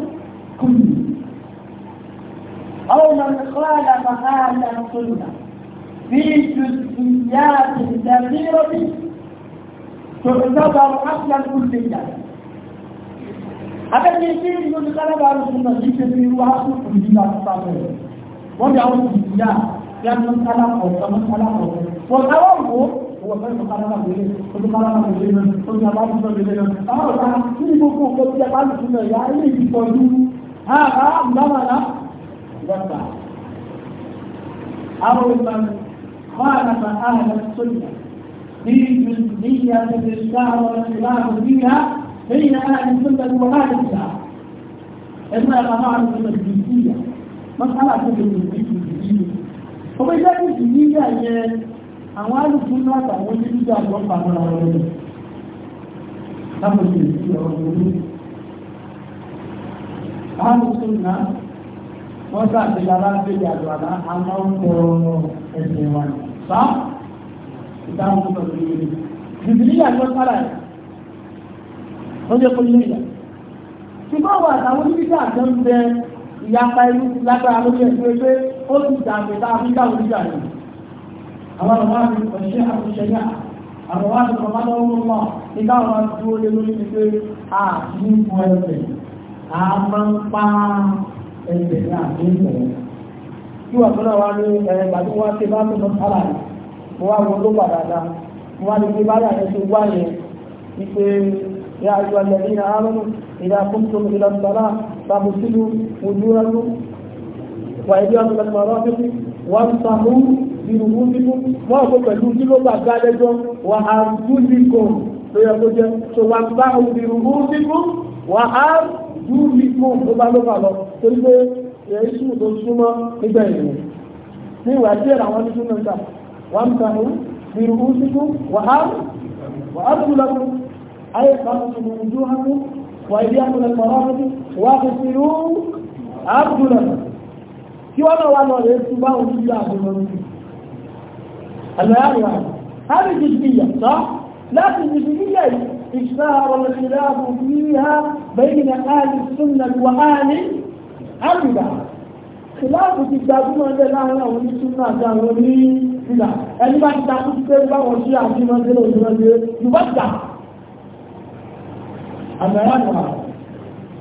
كلي أو من خالف هذا السنة في جزئيات كثيرة تعتبر أصلا كلية abẹ́jẹ́ tí ìlú ní kálábà rẹ̀ nínú yìí ṣe fi irú áṣùkù yìí láti sáfẹ́ rẹ̀ wọ́n bí àwọn ìjìyà tí a ní kálábà ọ̀sán ní kálábà ọ̀sán wọ́n táwọn wò ó wọ́n fẹ́ ní kálábà lélẹ̀ ojú kálábà lélẹ̀ náà ojú abájútó lélẹ̀ náà àwọn ọ̀sán ní gbogbo nǹkan tí a bá lù sílẹ̀ yá ilé ìtọ́jú àbámàlà wọ́ta àwọn ìgbàn máa nàfà àhàlà sọ́jà bí ìgbìyànjú بين أهل السنة وأهل الشعب إما الأمارة المجلسية مسألة المجلسية وبإذا المجلسية هي àwọn alùpùpù àtàwọn onídìjà àwọn pàmòrà ọ̀rọ̀ rẹ̀ láwọn ṣe ìṣe ọ̀rọ̀ òní. alùpùpù náà wọ́n ṣàṣeyà alágbèjà àgbàlá àwọn ọkọ̀ ẹ̀sìn wa sá ìdáhùn tó lọ sí ìrìn. bìbìlì àjọ sára yìí wọ́n jẹ́ kọ́lé ìyá. ṣùgbọ́n wà àtàwọn oníbíjà àjọ ń bẹ ìyapa ẹlú lágbára lórí ẹ̀sùn pé ó ti dàgbé bá áfíríkà oníjà yìí. àwọn ọmọ àti ọ̀ṣẹ́ àtúnṣẹ́yà àwọn wá tuntun bá lọ́wọ́ mọ̀ nígbà wọn dúró lé lórí ti pé a ní ìfọ ẹsẹ̀ a máa ń pa ẹsẹ̀ ní àdéhùn ẹ̀. kí wọ́n fúnra wa ní ẹ̀ gbàdú wá ṣe bá tuntun sára yìí wọ́n wá wọ́n ló padà dá wọ́n wá ní pé báyà ẹ̀ ṣe wá yẹn ní يا أيها الذين آمنوا إذا قمتم إلى الصلاة فاغسلوا وجوهكم وأيديكم إلى المرافق وامسحوا برؤوسكم wọ́n kó pẹ̀lú kí ló bá gbádẹ́jọ́ wà á dúlikùn tó yẹ kó tó bá ló bá lọ tó ń gbé èésù tó súnmọ́ nígbà ìlú ní ìwà díẹ̀ làwọn tó súnmọ́ nígbà wà ń bá òbí rúrúsíkùn wà á dúlikùn أي من وجوهكم وإيديكم إلى المرافق واغسلوا أرجلكم kí wọ́n náà wà lọ rẹ̀ tún bá هذه جزئية صح؟ لكن جزئية اشتهر الخلاف فيها بين أهل السنة وأهل البدع. خلاف في التابعين عند الله أو السنة كانوا لي بدع. يعني ما كتبت بقى وشيعة في منزل وفي منزل يبدع. àmọ̀ràn wà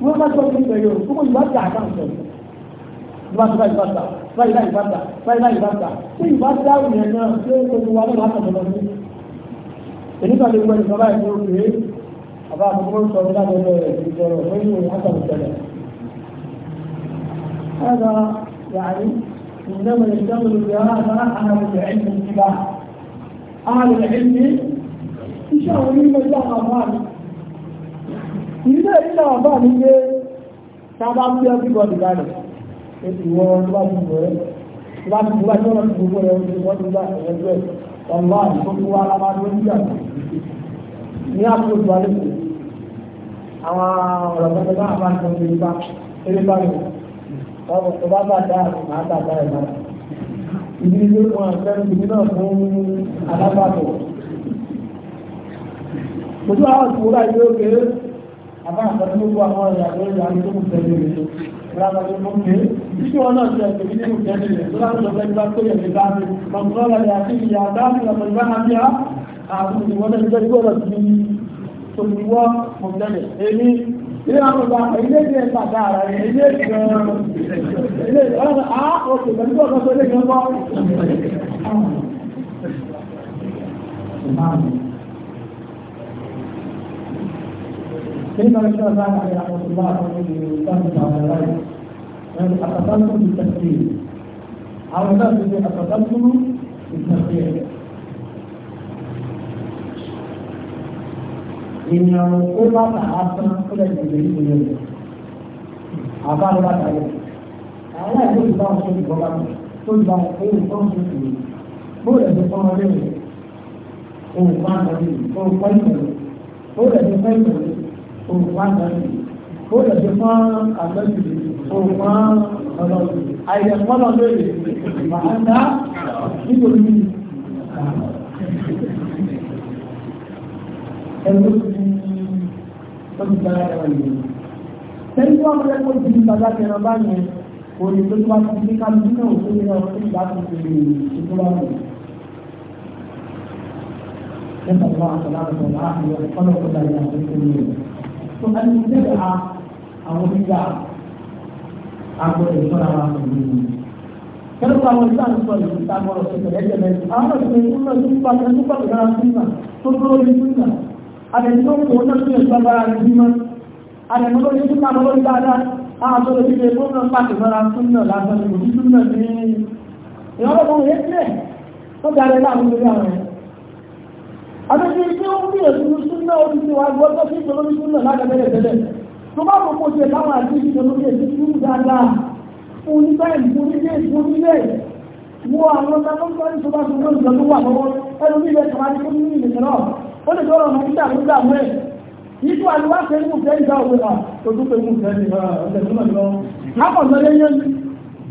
wọ́n bá tó kí n bẹ̀rẹ̀ o kókò ìwà tà àkàn sọ ìwà tó bá ìwà tà báyìí náà ìwà tà báyìí náà ìwà tà tí ìwà tà ò yẹn náà tí ó kó ti wà lọ́wọ́ àtàwọn ọmọ mi. èyí kan lè wọ ìjọba ìlú òkè àbá àkókò sọ ní lábẹ́lẹ́ rẹ̀ ìjọrọ̀ lórí òun àtàwọn ìṣẹ̀lẹ̀. هذا يعني إنما يشتغل بهذا أهل العلم الاتباع أهل العلم يشاورون الله أمامك ilé ìlà ọba mi gbé sábà ń gbé ọdún bọ́ọ̀dù balẹ̀ ètò ìwọ tó bá ti wọ̀ ẹ́ tó bá ti wọ̀ ẹ́ tó bá ti wọ̀ ẹ́ tó bá ti wọ̀ ẹ́ tó bá ti ọlọ́ àtúntò wa la máa ló ń jà ní àtúntò alẹ́ kù àwọn ọ̀rọ̀ tó bá bá tó ń bá eré bá mi ọ̀rọ̀ tó bá bá dá àmà bá dá ẹ̀ máa ìdí ilé wọn àfẹ́ ìdí náà fún alábàtọ̀. Mo tún àwọn ìṣòro àìlè òkèèrè àbára pẹ̀lú gbogbo àwọn ọ̀rẹ́ àgbẹ̀rẹ̀ ìlànà tó kù tẹ̀lé rẹ̀ lára tó mú pé títí wọn náà ti ẹ̀sẹ̀ ní kù tẹ̀lé rẹ̀ tó láti lọ́pẹ́ nígbà tó yẹ̀ nígbà mi mọ̀tòlọ́lá rẹ̀ àti ìyá dáàbì ọ̀pọ̀ ìgbà náà bí a àwọn ìwọ́n náà jẹ́ gbọ́dọ̀ ti tòmíwọ́ mọ̀tẹ́lẹ̀ èmi ilé àwọn ọba ilé ìgbẹ́ ìpàdà ara rẹ̀ ilé ìgbẹ́ ilé ìgbẹ́ a ah, òkè pẹ̀lú ọ̀pọ̀ ilé ìgbẹ́ كيف نشاء الله عليه رحمه الله ويثبت على ذلك يعني أقسمتم بالتكفير على ذلك أقسمتم بالتكفير ènìyàn ó bá ta asán tó lè gbèsè ní ìlú rẹ̀ àbá ló bá ta yẹ àwọn ẹgbẹ́ ìlú bá wọn ṣe ìjọba tó ìgbà wọn pé òun tó ń ṣe ìlú bóòlù ẹ̀sìn fún ọmọdé òun àgbàdì ó lè fi mọ́ àgbàdì òun mọ́ ọ̀rọ̀ àìyẹ̀mọ́lọ́ lórí màá dá nítorí ẹ̀rọ ti olùdarí ẹ̀rọ yìí. Sẹ́yìn tí wọ́n fẹ́ kó ti di bàbá kẹrọ báyẹn, kò ní tó tó bá ti di ká nínú òkú ní ọ̀rọ̀ tó bá ti di ìlú wa mọ̀. Nípa ìwà àtàlà àtàlà àti ọ̀pọ̀lọpọ̀ dáadáa tó tó ní ìlú tó bá ní ilé ha àwọn nígbà agbọ̀dọ̀ ìfọ́nà wa kò ní ìlú. Kẹ́lẹ́ bá wọn sáà ń sọ ìlú tá a gbọ́dọ̀ ṣe tẹ̀lé ẹ̀jẹ̀ mẹ́rin. Àwọn ọ̀sẹ̀ ìlú náà tó ń pa ẹ̀ tó pàtó náà sí ìgbà tó dúró ní sí ìgbà. Àbẹ̀tí tó ń kó náà sí ẹ̀sọ́ bára ní bímọ. Àbẹ̀tí tó ń yé sípà lọ́wọ́ dáadáa. Àwọn ọ̀sẹ̀ ìlú tó ń náà pàtó náà sí ìgbà lásán ní òbí àbẹ̀bí tí ó ń bí èsùn súnmọ́ orí tí wàá gbọ́ tọ́sí ìjọba ní súnmọ́ lágbàbẹ̀rẹ̀ tẹ́lẹ̀ tó bá mọ̀ kó tiẹ̀ káwọn àti ìjọba ní èsùn súnmọ́ dáadáa fún ní bẹ́ẹ̀ fún ní ilé fún ní ilé wo àwọn ọmọ tó ń sọ ní ìjọba súnmọ́ ìjọba tó wà lọ́wọ́ ẹnu ní ilẹ̀ kàwá ní fún ní ilẹ̀ náà ó lè tọrọ ọmọ níta ló dà wẹ́ yíkú àlùwá fẹ́ mú fẹ́ ìjà òwe wa tó tún fẹ́ mú fẹ́ ní ọ̀sẹ̀ tó lọ. lápò lọ yẹ yẹn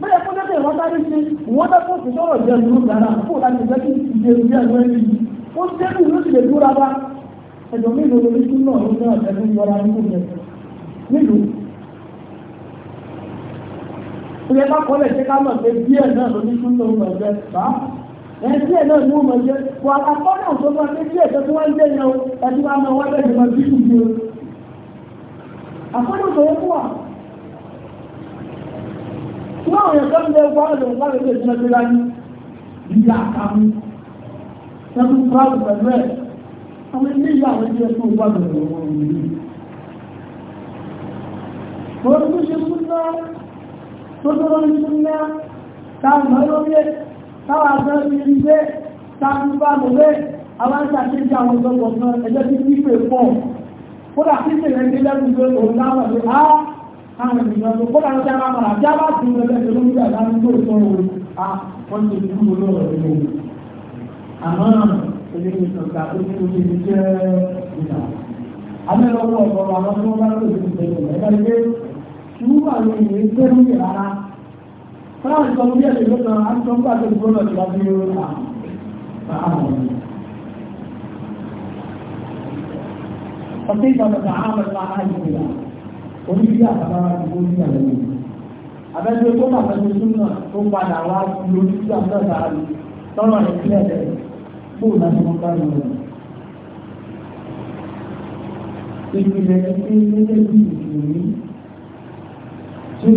bẹ́ẹ̀ fún tẹ́tẹ̀ wọ́n sáré sí wọ́n tẹ́tẹ̀ fún sọ̀rọ̀ jẹ́ lóru dára fún láti fẹ́ kí ìdè ìdè ẹ̀rọ ẹ̀rí yìí ó sẹ́kù ló sì lè dúra bá ẹ̀dọ̀ mélòó lórí tún náà ló náà ẹ̀dọ̀ yọra nínú rẹ̀ mélòó. Ìyẹ bá kọ́lẹ̀ ṣe ká mọ̀ pé díẹ̀ náà lórí tún náà ó mọ̀ jẹ́ bá. Ẹ díẹ̀ náà ni ó mọ̀ jẹ́. Wà á kọ́ náà tó máa pé díẹ̀ tó wá ń jẹ́ yẹn o, ẹ̀dí máa mọ wá bẹ́ẹ̀ máa bíkù bí o. Àkọ́nà tó ń wà. Wọ́n àwọn èèyàn ń bẹ wá lọ́wọ́ tẹ́kùn tíráàlù pẹ̀lú ẹ̀ àwọn ilé ìyàwó jẹ́ tó gbàgbọ́ ọmọ òní Orí tó ṣe fún náà, tó tó lórí fún náà, táàmù lórí ẹ̀, táwà fẹ́ rí rí bẹ́, táàmù bá lò bẹ́, àwọn ìṣàkéjì àwọn ọ̀dọ́gbọ̀n náà ẹjọ́ tí pípé pọ̀. Kódà pípé rẹ̀ dé lẹ́nu pé òun láwọn ìwé á, àwọn ènìyàn tó kódà ló àmọ́ èdè ìsọ̀tà tó ti tó ti di jẹ́ ìlà. Amẹ́lẹ́ ọwọ́ ọ̀pọ̀ àwọn tó bá lò sí ìbẹ̀rẹ̀ ẹ̀ka ilé ṣùgbọ́n wà ní ìwé tẹ́ ní ìlara. Fọláwọ̀ sọ fún yẹ̀lẹ̀ ló kan àti sọ́kọ́ àti ìgbóná ti wá bí ó rà. Ọ̀sẹ̀ ìjọba ta àmọ̀ ìlà àìsíra. Oníbi àbábá wa ti gbóni àlẹ́ mi. Abẹ́jọ́ tó bàtà tó súnmọ̀ tó fóònù láti wọ́n bá lọ rẹ̀. Ìpìlẹ̀ ẹgbẹ́ gẹ́gẹ́ bí ìṣòrí tí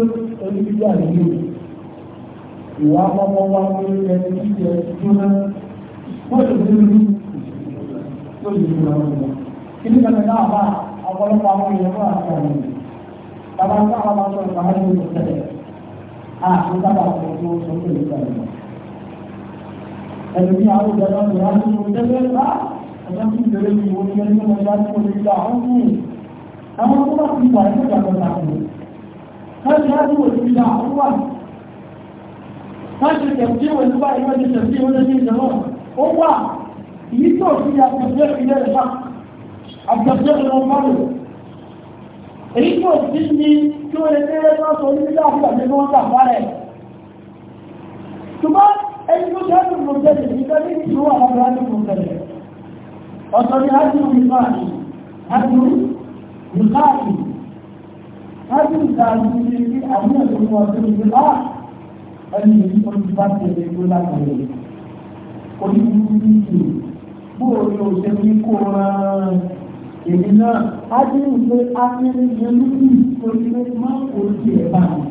onígbà yìí ìwà ọmọ wa ní ẹni jíjẹ jóná wọ́n lè fi rí tó lè fi rọrùn lọ. Kìí kẹta náà bá ọ̀pọ̀lọpọ̀ àwọn èèyàn wà ní àwọn ènìyàn. Bàbá sábà máa sọ ìpàdé ìlú tẹ̀lé. Àà ń sábà sọ tó sọ pé yìí ẹ̀lùmí àwọn ìjọba ìrìn àti ìrìnlẹ̀ bá ọjọ́ tí ìjọba ìrìn òun yẹn ní ọjọ́ tí ó lè gba àwọn fún un àwọn tó bá ti wà ní ìjọba ìtàkùn káṣí á ní òní ìjà àwọn wà káṣí tẹ̀sí òní bá ìwé ti tẹ̀sí òní ní ìjọba ó wà ìyí tó fi àtẹ̀sí ìlẹ̀ rẹ̀ bá àtẹ̀sí ìlẹ̀ wọn èyí tó fi ní kí ó lè tẹ́lẹ̀ tó onídàáfíà ní wọ́n tà fárẹ̀ ṣùgbọ́n ẹni tó jẹ́ àdùn mọ̀tẹ́lẹ̀ nígbà ní ìlú àwọn àdùn mọ̀tẹ́lẹ̀ ọ̀sọ̀ ni àdùn nìfààní àdùn nìfààní àdùn ìdààmú ní ibi àwọn ẹ̀sùn ọ̀sẹ̀ ìlú bá ẹni yìí tó ti bá tẹ̀lé tó lágbàáyé oníkúkú ní ìlú bóò ni o ṣe ní kó rán èmi náà ádùn pé ákéré yẹn lórí ìtòlú máa ń kó tiẹ̀ bá wọn.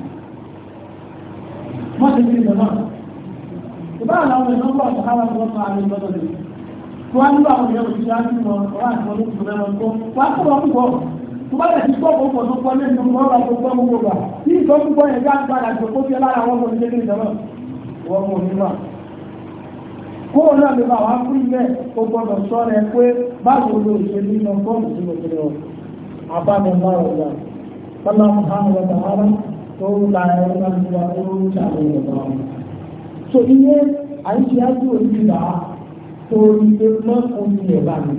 Má ṣe ṣe ìjọba. ìbára làwọn na bọ̀ sàkárà tó wọ́n sọ àmì ìgbọ́dọ̀ lè tó wá nígbà àwọn èèyàn òṣìṣẹ́ á ti mọ ọ̀rá àti ọdún tó lẹ́wọ̀n yẹn kó lára wọn so ilé àìsíájú òyìnbá torí pé mọ́ fún mi ẹ̀ bá mi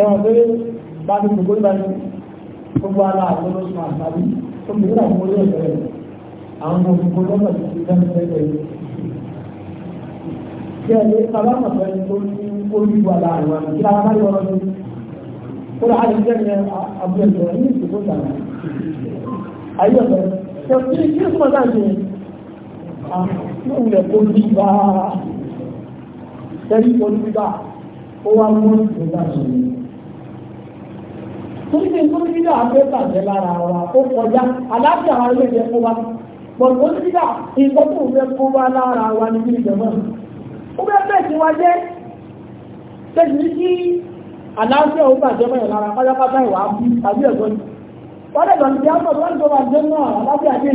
ẹ̀wọ̀n pé bá mi gbogbo ìgbà ní gbogbo ara àgbọ̀dọ̀ sùn àtàlí tó mi rà mọ́ lẹ́yìn rẹ̀ àwọn ọmọ gbogbo lọ́pàá ti fi dáná lẹ́yìn rẹ̀ kí ẹ̀ lé bàbá màmá ẹni tó ní orí wà láàrin wa kí lára bá yọ ọ́ lọ́dún ó lọ́ fún ilẹ̀ tó ní bá tẹ́lí tó ní bá ó wá mú ìgbésà sí i. Torí pé tó ní bá fẹ́ bàjẹ́ lára wa ó kọjá aláàbíà wa lè jẹ́ kó wa. Bọ̀dù tó ní bá ìgbọ́ tó fẹ́ kó wa lára wa ní bí ìjọba. Ó fẹ́ bẹ́ẹ̀ sí wa jẹ́ tẹ́sí ní kí aláàbíà ó bàjẹ́ mọ́yàn lára pátápátá ìwà àbí ẹ̀gbọ́n. Wọ́n dẹ̀ lọ sí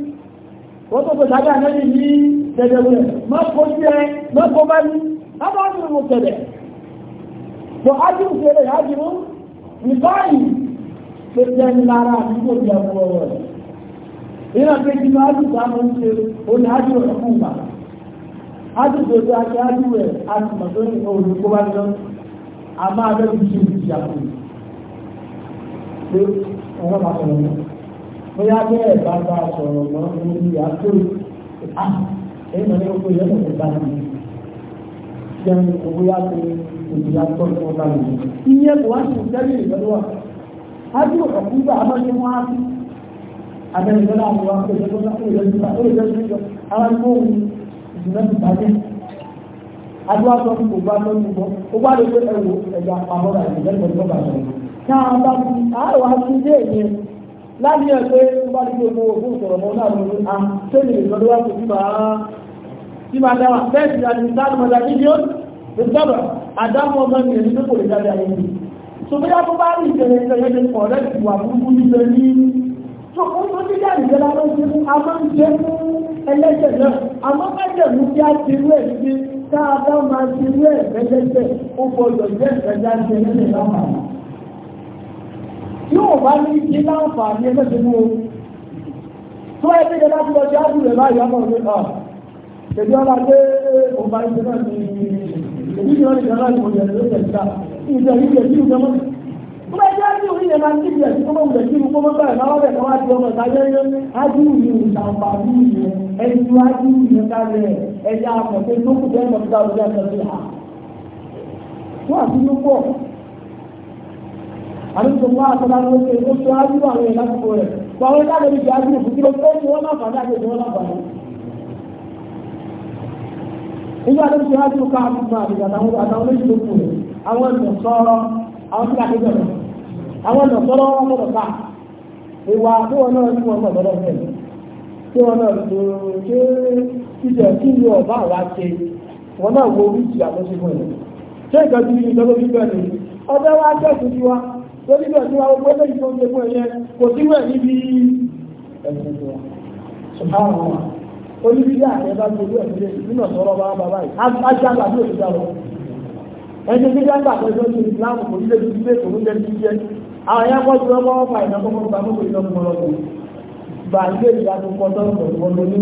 wọ́n tó gbèsè àgbà nẹ́bí ní dẹ̀dẹ̀wẹ̀ mọ́kò jẹ́ mọ́kò bá ní abájú mo tẹ̀lẹ̀ bọ̀ ájú ìṣẹ̀lẹ̀ ájú ní báyìí pé jẹ́ni lára àdúgbò jẹ́ ọmọ rẹ̀ ìrìnà pé kí máa ájú sáà mọ́ ń ṣe oní ájú rẹ̀ fún ìgbà ájú tó ṣe àti ájú rẹ̀ àti mọ̀tò ní olùkó bá jọ àmọ́ abẹ́rù ṣe ìṣàkóso pé ọ̀rọ̀ bóyá bẹ́ẹ̀ bá bá sọ̀rọ̀ mọ́ orí àtúrò à èyí mọ̀ ní oko ìyẹ́sẹ̀ tó bá mi jẹun owó yá pé òjì àtọ́ tó bá mi. iye kò wá sí ìtẹ́lẹ̀ ìgbẹ́lú wa ájú ọ̀kú gbà á máa ń wá sí abẹ́rẹ́gbẹ́lá àwọn wa pé ìjọba ó lè lọ́jọ́ ó lè lọ́jọ́ àwọn tó ń ìdùnnà ti bàjẹ́. adúlá sọ fún gbogbo àtọ́ ní gbọ́ ó bá lè gbé ẹ̀wò ẹ̀dá àmọ́ra ìgbẹ́lẹ̀ láàrin ẹ̀ pé tó bá ní pé mo wò fún ìsọ̀rọ̀ mọ́ náà lórí àtẹ́lẹ̀ ìlọ́dọ́ wá kò sí máa sí máa dáwà bẹ́ẹ̀ sì àti ìsáàlù mọ́ta kí ni ó ti sábà àdámọ́ ọmọ mi èmi tó kò lè jáde ayé mi. tó bí bá rí ìṣẹ̀lẹ̀ ìṣẹ̀lẹ̀ ní kọ̀rẹ́ ìwà ti jáde jẹ́ lábẹ́ ṣe fún a máa ti rú ẹ̀ tí ò bá ní ṣe láǹfààní ẹgbẹ́sẹ̀ mú o tó ẹgbẹ́ yẹn láti lọ sí ábùrù rẹ̀ báyìí ọmọ rẹ̀ kà tẹ̀lé ọlá pé òun ah, bá náà ní èyí ni wọ́n ní ìdáná ìmọ̀ ìyẹn ló tẹ̀lé ta ìjẹ́ yìí lè kíru gẹ́mọ́ tó bá jẹ́ kí òun yẹn máa kí ìjẹ́ tí kọ́mọ́ ìjẹ́ kíru kọ́mọ́ bẹ̀rẹ̀ náà wọ́n bẹ̀ kọ́ wá di ọmọ ìdájẹ́rẹ́ ájúù ni ìjàmbá ájúù yẹn ẹjú ájúù yẹn àdúgbò wá àtàlà ló ṣe ó ṣe ájú àwọn èèyàn lásìkò rẹ̀ tó àwọn ẹ̀dá lórí ìjà ájú òfin kí ló fẹ́ ṣe wọ́n máa fàdé àti ìṣòro náà fàdé. nígbà tó ṣe ájú ká àtúntò tó wọn gbọ́dọ̀ ká wọn náà ti wọn tí wọn náà tó ṣe ìjẹ kí ni ọba àwa ṣe wọn náà wo orí ìjìyà tó ṣe fún ẹ ṣé ìgbà tí ìjọba fi bẹ̀rẹ̀ ọbẹ̀ wa jẹ́ ìtújú wa lórí bẹ́ẹ̀ ní àwọn ọgbẹ́ lẹ́yìn tó ń gbogbo ẹ̀yẹ kò sí wẹ̀ níbi ẹ̀sìn tó wà. oníbílẹ̀ ààrẹ bá gbogbo ẹ̀sìn lé nínú ọ̀sọ́rọ̀ bá bá báyìí ajá gbà bí òṣìṣẹ́ lọ. ẹni tí wọ́n gbà pẹ̀lú ọdún ìsìláàmù kò nílé ibi ilé tòun lẹ́nu jíjẹ́ àwọn ẹ̀yà pọ̀ jùlọ mọ́ ọ̀fà ìná kọ́kọ́ gba mọ́kò ìlọ gbà ilé ìdájọ́ pọ́tọ́ ìwọ̀n ní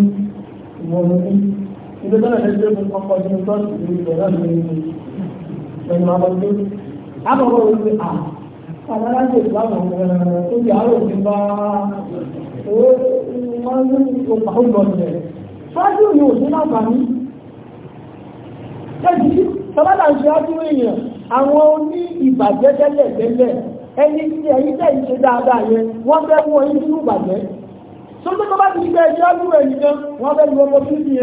ìwọ̀n ní ìgbésẹ̀ náà lẹ́sẹ̀ fún ọkọ̀ ìdíjọ́ ìgbésẹ̀ náà aláṣẹ ìsìlámù tó ti àárò ti bá ní ìbàjẹ́ tẹ́lẹ̀ tẹ́lẹ̀ ẹni tí ẹ̀yí tẹ̀ ń dáadáa yẹn wọ́n fẹ́ mú ẹyin sínú ìbàjẹ́ sọ́jọ́ tó bá ti ṣe ẹjọ́ ọdún ẹ̀yìn kan wọ́n fẹ́ lu ọmọ fífi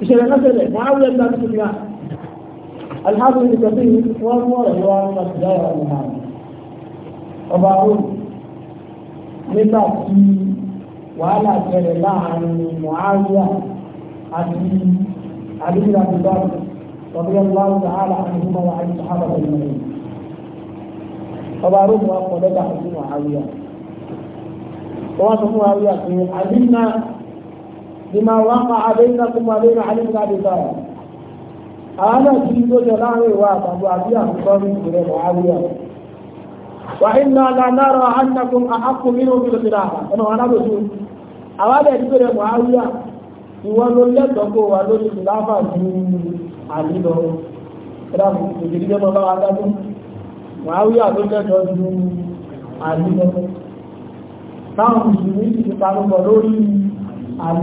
ìṣẹ̀lẹ̀ náà ṣẹlẹ̀ wọ́n á rẹ̀ الحافظ ابن كثير وهو رضوان الدار المهاجر ọba ó nígbà tí wàhálà ṣẹlẹ̀ láàrin muhawiya àti àdúgbò àdúgbò ọdún ọlọ́wọ́ sàhálà àdúgbò wa àti sàhálà ọdún ọdún ọba ó mú ọkọ̀ lẹ́gbà àti muhawiya wọ́n sọ fún muhawiya pé àdínà ni máa wá pa àdínà kó máa lé ní àdínà àdínà àwọn náà ti tó jọ láàrin ìwà àtàbí àbí àkùkọ ní ìpínlẹ̀ Muawiya. wà á iná lánàrọ̀ àtàkùn àhàkùn nínú òfin ìlà ẹnu wọn alábòsí àwọn àbẹ̀ ìpínlẹ̀ Muawiya ìwọ ló lẹ́tọ̀ọ́ kó wà lórí ìlàfà ju àlílọ ìdáàbò ìdílé mọ́ ló lẹ́tọ̀ọ́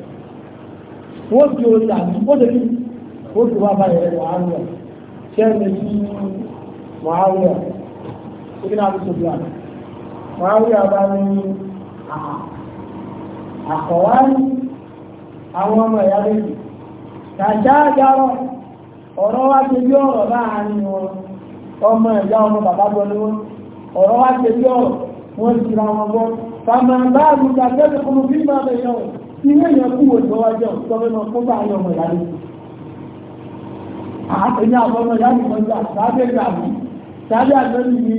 wọ́n fi orí àti bóde kí wọ́n fi wá báyẹ̀rẹ̀ wàhálà ṣẹ́ẹ̀mẹ̀ yìí wàhálà ìgbìnà àbúṣe bí bá ní àkọ̀wárí àwọn ọmọ ìyá lẹ́yìn tàṣáàjárọ̀ ọ̀rọ̀ wá ṣe bí ọ̀rọ̀ láàárín wọn ọmọ ìyá ọmọ bàbá gbọ́ ni wọn ọ̀rọ̀ wá ṣe bí ọ̀rọ̀ wọn ti ra wọn gbọ́ ilé yẹn kú wo ìgbọ́wájọ́ tọ́wọ́ lọ fún bá ayọ̀ ọmọ ìyá lóko. àtẹ̀yìn àbọ̀mọ̀ ìyá mi kọjá sáábẹ̀ gàbí sáábẹ̀ àgbẹ̀rù mi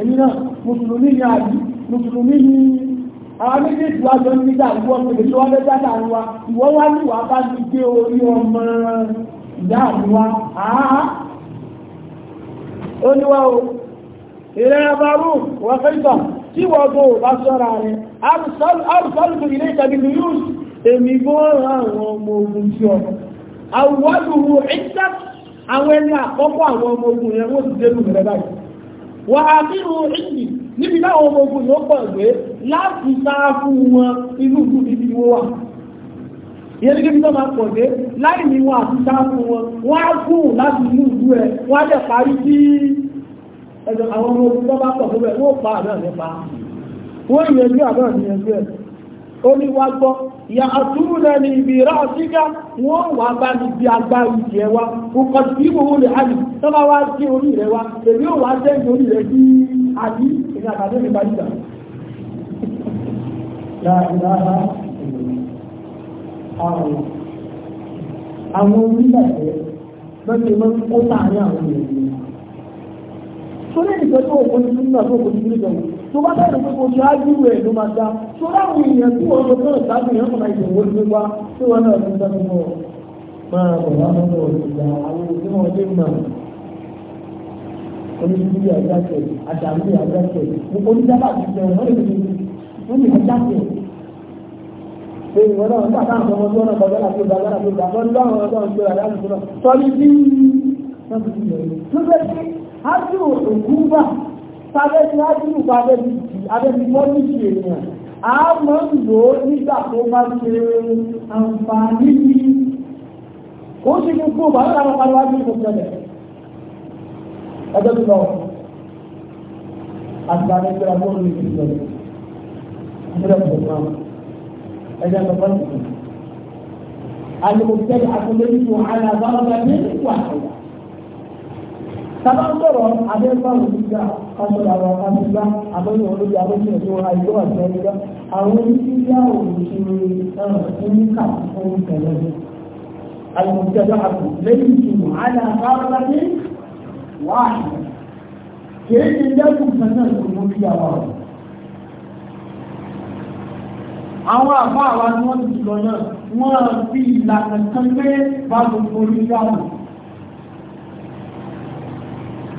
ẹni náà mùsùlùmí ni àbí mùsùlùmí ni àwọn méjèèjì wá jọ nígbà ìwọ pèlè tí wọn fẹ́ dáta wa ìwọ wá ní wàá bá ti gé orí ọmọ ìyá àríwá àá ó ní wá o ìrẹ́ abarú wọ́n fẹ́ tọ̀ tí wọ́n tó o bá sọ́ra rẹ̀ arùsọ́lùkù ilé ìtàbí lùyùs èmi gbọ́nà àwọn ọmọ ogun tí ọ àwọ̀lùwò ìtà àwọn ẹni àkọ́kọ́ àwọn ọmọ ogun yẹn wọ́n ti dé lù rẹ̀ báyìí wà á nínú ìdí níbi láwọn ọmọ ogun ló pọ̀ gbé láti sáá fún wọn inú kú níbi wọ́n wà ìyẹn ní kébí tó máa pọ̀ dé láì ní wọn àti sáá fún wọn wọ́n á kú láti inú ìlú wọ́n yẹjú àbá ní ẹgbẹ́ ẹ̀ ó ní wá gbọ́ ìyá àtúmùnà ní ibi ìrá àfíkà wọ́n wà bá ní ibi agbárí jẹ wa kò kọ̀ sí ìwòwò lè hàbì tó wá sí orí rẹ wa èmi ò wá sẹ́yìn orí rẹ sí àbí ìní àtàdé mi bá nígbà. Láàárá àwọn àwọn onígbàgbẹ́ lọ́sẹ̀ tó bá bẹ̀rù pé kò ṣáájú rẹ̀ ló máa dá tó láwọn èèyàn tí wọ́n lọ fẹ́ ṣáájú yẹn kọ́nà ìdòwò ló wá tí wọ́n náà ti sẹ́nu mọ́ máa bọ̀ wá lọ́wọ́ ìgbà àwọn òbí wọn lè mọ̀ onídìrí àjáṣẹ̀ àdàlú àjáṣẹ̀ onídàbà ti jẹ wọn lè fi wọn lè àjáṣẹ̀ pé ìwọ náà ń bàtà àwọn ọmọdé ọ̀nà bàbá àti bàbá àti bàbá lọ́wọ́ ọ̀nà ọ̀gbẹ́ àdáàbò tó náà sọ́ni bí wọ́n ti jẹ sábẹ́ tí wọ́n dúró bá abẹ́ mi jì abẹ́ mi mọ́ ní ìṣe èèyàn a máa ń lò ó nígbà tó bá ṣe àǹfààní ní ó ṣe gbogbo bàbá àwọn pariwo ní ìlú tẹ́lẹ̀ ọjọ́ tó lọ àgbà ní ìgbà tó lórí ìlú tẹ́lẹ̀ ìgbà tó lọ ẹgbẹ́ tó lọ àlùkò tẹ́lẹ̀ àtúndé nínú àyàbá ọ̀gá ní ìwà àyà sábà ń sọ̀rọ̀ abẹ́fàwọ̀ nígbà kásọ̀rọ̀ àwọn abẹ́fà abẹ́yẹ olóbi abẹ́fẹ́ tó àìsó àti ẹgbẹ́ àwọn oníṣíṣẹ́ òṣèré ẹ̀rùn ní kàkó tẹ̀lé alùpùpù àti lẹ́yìn ìtumù àdá àbáwọlá ní wáhì kìí ṣe lẹ́kùn kan náà tó mú bí àwọn ọ̀rọ̀ àwọn àbá àwa ni wọ́n ti lọ náà wọ́n fi ìlànà kan gbé bá gbogbo oníṣẹ́ àwọn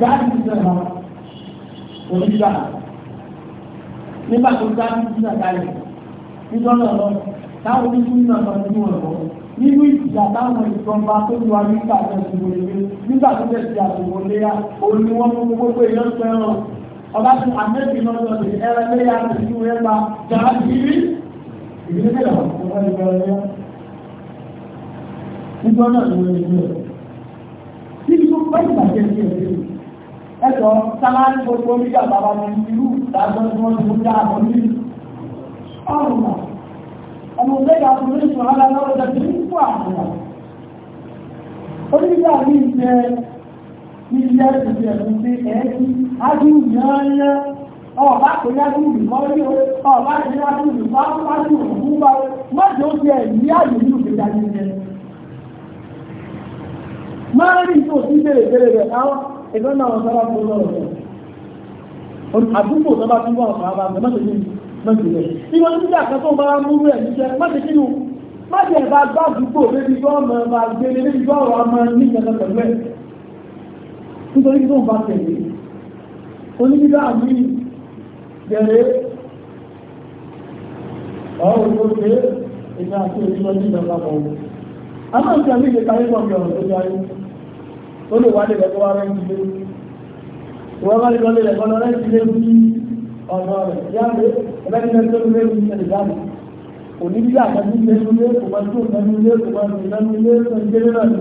dáàbì sílẹ̀ lọ nígbà tó dáàbì sílẹ̀ kalẹ̀ nítorí ọ̀rọ̀ táwọn oníṣẹ́ náà lọ nínú ọ̀rọ̀ nínú ìjà táwọn ìjọba tó lu amíkà tẹ̀sí wọlé nígbà tó tẹ̀sí àtòwò léyà òun ni gbogbo èèyàn fẹ́ràn ọba tí amẹ́bí náà lọ sí ẹrẹ léyà tẹ̀sí wọlé pa dáàbì rí ìgbésẹ̀ ọ̀rọ̀ ìgbàlódé nítorí ọ̀rọ̀ ìgbàlódé níbi tó pẹ́ ìbàjẹ́ ẹ̀sọ́ sálárí gbogbo nígbà bàbá ní irú ìdájọ́ tí wọ́n ti mú dá àbọ̀ ní ọ̀rùn ọmọ ìgbẹ́gbẹ́ àkùnrin ìṣòro aláwọ̀ ìjọba ní ìpò àbúrà onígbà ní ìjẹ ilé ẹ̀sìn ẹ̀sìn sí ẹ̀ẹ́sì ájúù yányá ọ̀bá kò yájú ìrùkọ́ rí o ọ̀bá kò yájú ìrùkọ́ ájú òkú bá o má jẹ́ ó jẹ́ ìní àyè ní òkèjà ní ìjẹ máa rí ìtòsí bèrè bèrè rẹ̀ náà ẹgbẹ́ náà wọn sábà fún lọ́rọ̀ rẹ̀ àdúgbò sábà tún bọ̀ ọ̀sán àbá mẹ́ta ní mẹ́ta rẹ̀ bí wọ́n ti dà kẹ́kọ̀ọ́ bá múrú ẹ̀ níṣẹ́ mẹ́ta kí ni má ti ẹ̀ bá gbá àdúgbò lébi tó ọmọ ẹ̀ máa gbé lébi tó ọ̀rọ̀ ọmọ ẹ̀ ní ìjọba pẹ̀lú ẹ̀ nítorí tó ń bá tẹ̀lé oníbíbá mi bẹ̀rẹ̀ ọ̀rọ̀ ìgbòkè ìgbà àti ìjọba ìjọba pọ̀ àmọ́ ìjọba ó lè wá lẹ́gbẹ̀ẹ́ tó wá rẹ̀ ń gbé ìwọ́n bá lè lọ lè lẹ́gbẹ̀ẹ́ lọ rẹ̀ ń gbé ní ọ̀nà rẹ̀ yáàbẹ̀ ẹgbẹ́ tó lè rí ilẹ̀ ìdáàbò kò ní bí àtàkì ilé ilé kò máa tó ìlànà ilé kò máa tó ìlànà ilé kò ń gbélé náà ni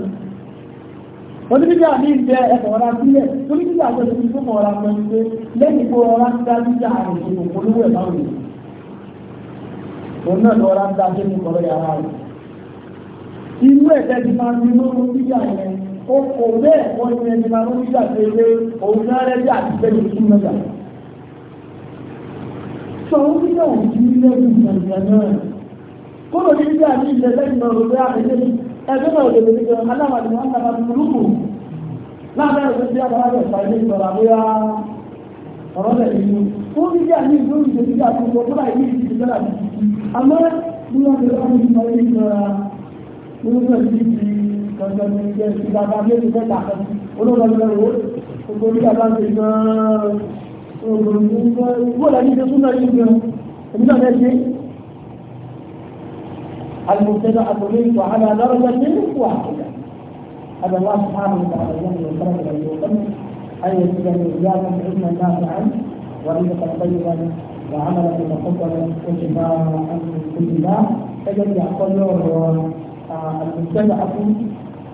wọ́n ní bíbí àmì ìjẹ ẹ̀kọ́ ọ̀la sílẹ̀ tó ní tó kọ̀ pẹ̀lú lẹ́yìn kó ọ̀la ń àrùn ìṣòro ẹ̀ oko bẹ́ẹ̀ wọ́n ní ẹni máa ń gbà pé pé òun náà rẹ́ bí àti bẹ́ẹ̀ tún mẹ́ta. sọ wọn ní náà òun ti lẹ́nu ìgbàgbà náà kódò ní bí àti ilẹ̀ lẹ́yìn náà ló bẹ́ àti lẹ́yìn ẹgbẹ́ náà lè lè gan aláwàdì wọn kàkà tó lùkù láàbẹ̀ rẹ̀ bí àwọn àgbẹ̀ fà ilé ìtọ́ra bóyá ọ̀rọ̀ lọ́jọ́ ní ilé ìgbà bá المبتدا بنيت على درجة واحدة هذا الله سبحانه وتعالى يمنع الفرد الذي يقدم أن يزيدني إياكم علما نافعا ورزقا طيبا وعملا متقبلا وجزاء من كل ما فجد يعقل المبتدا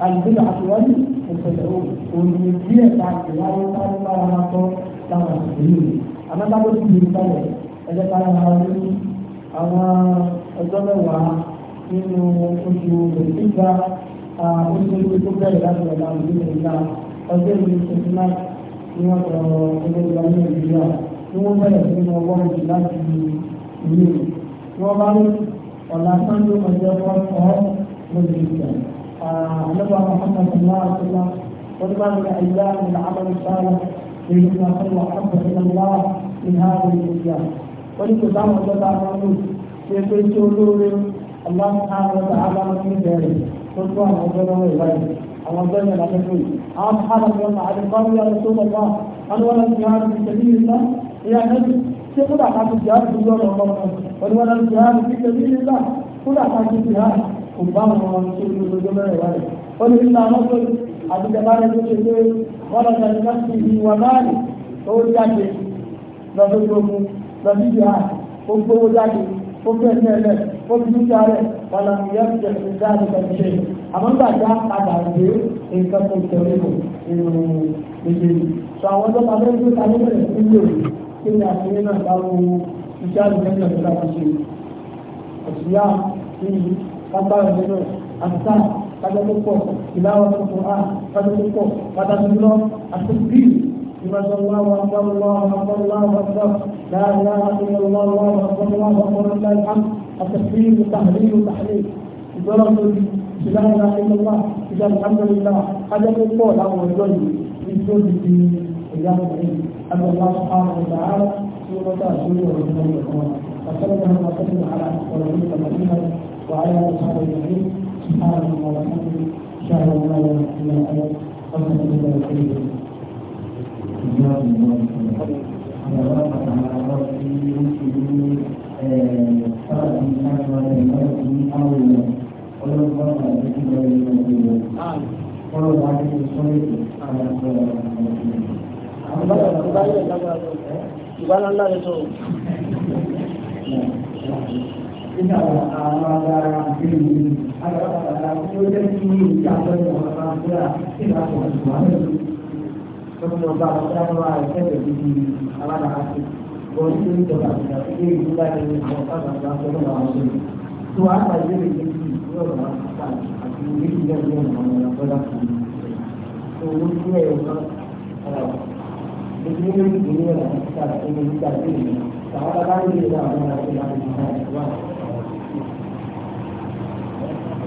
àdúgbò àtiwájú ìṣẹ̀lẹ̀ òní díẹ̀ káàkiri láyé sáré bára máa tọ́ láwọn àṣìṣe àmọ́tàbó ti di ìsọ̀rọ̀ ẹ̀jẹ̀ kára máa ní àwọn ọjọ́ mẹ́wàá nínú oṣù òṣìṣà oṣù tó bẹ̀rẹ̀ láti ọ̀la òṣìṣà ìlà ọjọ́ ìlú twenty nine ni wọ́n sọ ọjọ́ ìlú ayé ìlú ni wọ́n bẹ̀rẹ̀ nínú ọgọ́rùn-ún jù láti ìlú ni wọ́n bá ní نبى محمد صلى الله عليه وسلم وما من ايام العمل الصالح فيهما خير وحب الى الله من هذه الايام ولكتاب الله تعالى في سلوك الله سبحانه وتعالى من ذلك قلت له وجل وغيره أو وجل العدل عام حالة يوم علي قال يا رسول الله هل ولا الجهاد في سبيل الله يا نبي تقول عن الجهاد في يوم الله هل ولا الجهاد في سبيل الله قل عن الجهاد kò bá wọn tó ní ojú mẹ́rin wá rẹ̀. ó ní nípa mọ́tò àtijọba rẹ̀ tó ṣe pé wọ́n lọ sọ nípa sí ìlú wọn báyìí ó jáde lọ́dún gbogbo lọ́dún ìyá ó gbówó jáde ó bẹ̀rẹ̀ ẹ̀lẹ̀ ó fi dúkìá rẹ̀ wọn lọ sí yẹn jẹ̀ sí dáàbò kan ṣe. àmọ́ gbàgbá padà dé nǹkan tó tẹ̀lé mọ̀ nínú méjèèjì. sọ àwọn tó máa fẹ́ gbé kalẹ́ bẹ̀rẹ̀ sí ilé òní kí ni àṣírí náà bá wo iṣẹ́ àlùfẹ́ lágbára nínú àtúntà kájọ́pọ̀ ìlàwọ̀ tuntun a kájọ́pọ̀ pàtàkì lọ àti bí ìmọ̀sánwó àpọ̀lọ́ àpọ̀lọ́ àpọ̀lọ́ láàrín àti ìlọ́wọ́ àpọ̀lọ́ àpọ̀lọ́ láìpẹ́ التكبير والتهليل والتحليل الضرب لا اله الا الله اذا الحمد لله هذا من قول او الجن من جن في ايام العيد ان الله سبحانه وتعالى سوره سوره الرحمن وصلى الله وسلم على رسول محمد وعلى آله وصحبه أجمعين سبحانك اللهم وبحمدك أشهد أن لا إله إلا أنت أستغفرك وأتوب إليك جزاكم الله خيرا على رأسك على رأسي يمكن فرد من أكبر المرض من أولا ولو فرد بكبر المسؤول فرد nígbà àwọn agbára ìlú agbára tí ó jẹ́ kí ìjà lọ́wọ́ àwọn agbára tí ìgbà tó ń sùn àwọn ìlú tó ń lọ bá àwọn agbára ìṣẹ̀lẹ̀ bíi alágbára sí wọ́n ti ń jọba ìjà tó dé ìlú láti ní àwọn agbára tó ń lọ àwọn ìlú tó wàá pàdé lè dé kí ìlú ọ̀rọ̀ àti ìlú ìjọba ìjọba ìjọba ìjọba tó ń fi ẹ̀yọ̀ kan ìdílé ìdílé ọ̀rọ̀ àti ìgbà tó ń gbà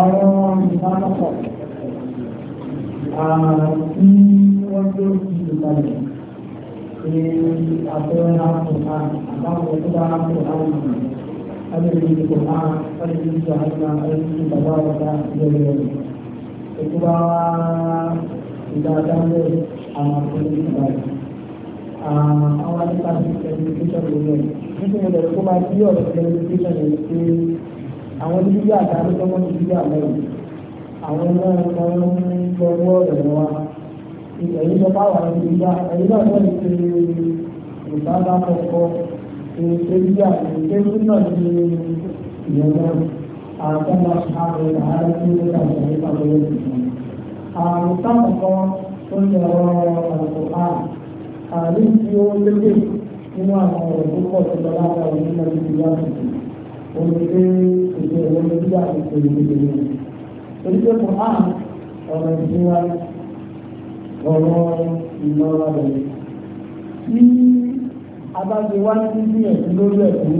Àwọn ìbálòpọ̀ tí wọ́n tó ti ìbàlẹ̀ ní àpẹẹrẹ àpòta àbáwọ̀ tó bá àpòta ìbàlẹ̀ adadin Qur'an adadin su hanya aiki da ba da ta yau yau da kuma da ta yau a makon da a awon ta su da rikicin rome nítorí da kuma bí ọ̀rọ̀ da rikicin rome pé àwọn bíbí àtàrí tó wọ́n bíbí àmọ́yìn àwọn náà wọ́n ń gbọ́wọ́ rẹ̀ wá èyí tó bá wà ní bíbí àtàrí náà wọ́n ti ṣe ìbára kọ̀ọ̀kan ìgbéga ọ̀rọ̀ àlùkò ọ̀rọ̀ tó rẹ̀. torí abájọ wá ní gbìyànjú lórí ẹ̀kú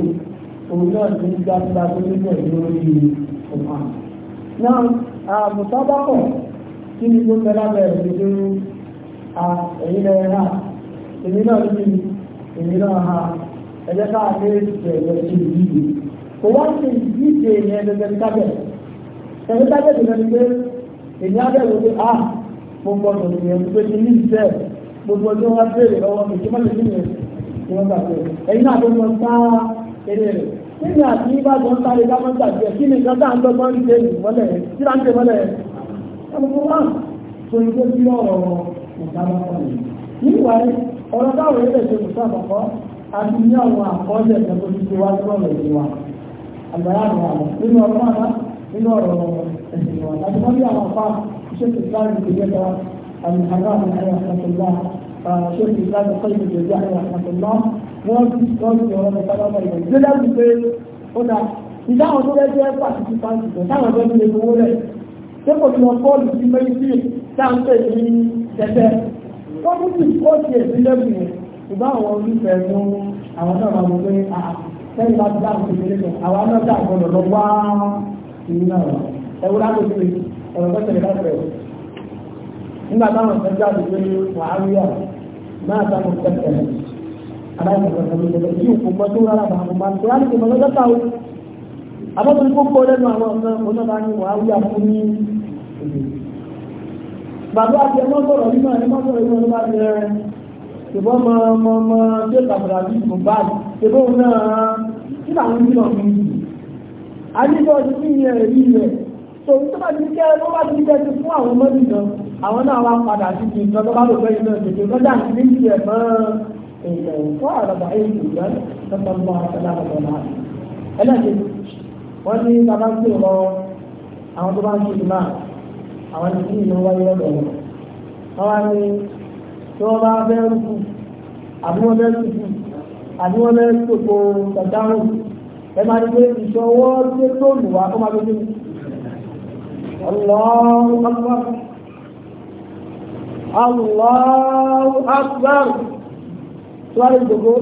òun náà ti ń gbàgbà tó ní pẹ̀lú lórí ọ̀pá. náà àmùsábàkọ̀ kí ni tó fẹ́ lábẹ́ ìdílé ẹ̀yìn rẹ̀ ha èmi náà ní èmi náà ha ẹ̀jẹ̀ ká lé ìṣẹ̀lẹ̀ sí ìdíje. kò wá ṣe ìdíje yẹn gẹ́gẹ́ bí tábẹ̀. ẹ̀mí tábẹ̀ ti lẹ́nu pé èmi abẹ́wò pé a ah, mo gbọ́dọ̀ ìyẹn pé kí ní ìṣẹ́ gbogbo ọjọ́ wá béèrè lọ́wọ́ mi kí má lè tí wọ́n gbàgbé ẹ̀yin náà tó lọ sá eré rẹ̀ nígbà tí bá jọ ń sáré bá máa gbàgbé kí ni nǹkan tá à ń dọ́gbọ́n rí dé ìmọ́lẹ̀ tí là ń dé mọ́lẹ̀ ọmọ wa tó ń gbé sí ọ̀rọ̀ ìdámọ́kọ́ rẹ̀ níwà ọ̀rọ̀ táwọn ilé ìṣe ìṣàkọ́kọ́ àti ní àwọn àkọọ́lẹ̀ ẹ̀kọ́ tó ti wá sí ọ̀rọ̀ ìṣe wa àgbàrá àwọn àmọ́ nínú ọ̀rọ̀ àmọ́ nínú ọ̀rọ̀ ẹ̀sìn wa àti wọ́n bí àwọn afá iṣẹ́ tó sáré ìgbéyẹ̀wá àmì àgbà àwọn ẹ̀yà ṣé kí n láti kọ́ ìlú ìjọba àwọn àpapọ̀ náà wọ́n ti wọ́n ti ọ̀rọ̀ nípa lọ́wọ́ ìwé ìjọba ti pé ó dà ìdáhùn tó lẹ́jọ́ ẹ̀kọ́ àti ti pàǹtì tó táwọn ọ̀dọ́ ti lè gbowó rẹ̀ ṣé kò ní ọkọ́ ìlú ti méjì táǹpẹ̀ ní tẹ̀tẹ̀ wọ́n tún ti kó ti èsì lẹ́bùn yẹn ṣùgbọ́n àwọn olùfẹ́ mú àwọn náà máa mú pé sẹ́yìn bá ti dáhùn tó lé lọ àwọn náà dáhùn lọ wá ìlú náà ẹ̀wúrẹ́ àgbègbè ọ̀rọ̀ nígbà táwọn ìfẹ́ jáde pé wàhálà máa táwọn ìfẹ́ tẹ̀lé aláìsàn yìí kò mọ tó rárá bàbá máa ń tó láti mọ lọ́jọ́ ta o abọ́tò ní kókó lẹ́nu àwọn ọ̀nà onáta ní wàhálà fún ní bàbá àti ẹmọ sọ̀rọ̀ nínú ẹmọ sọ̀rọ̀ nínú ọdún bá ti rẹ ṣùgbọ́n mọ mọ mọ tí ó tàbí àbí ìbò báyìí ṣùgbọ́n náà kí làwọn ń lọ fún yìí àyíkọ́ ti fi ìyẹn rí rẹ̀ tòun tó bá ti kẹ́ ló bá ti kẹ́ ti fún àwọn ọmọdé náà àwọn náà wá padà sí ti nǹkan tó bá lò fẹ́ iná tètè lọ́jà sí ní ìlú ẹ̀mọ́ èèyàn ìfọ́ àràbà èyí ìgbà lọ́pọ̀ mọ́ àtàlà àtàlà ẹlẹ́sìn wọ́n ní bàbá ń pè lọ àwọn tó bá ń ṣe ìmá àwọn ní kí ìlú wáyé lọ́dọ̀ wọn wá ní tí wọ́n bá fẹ́ rúkú àbí wọ́n fẹ́ rúkú àbí wọ́n fẹ́ Allahu Akbar tíwájú gbogbo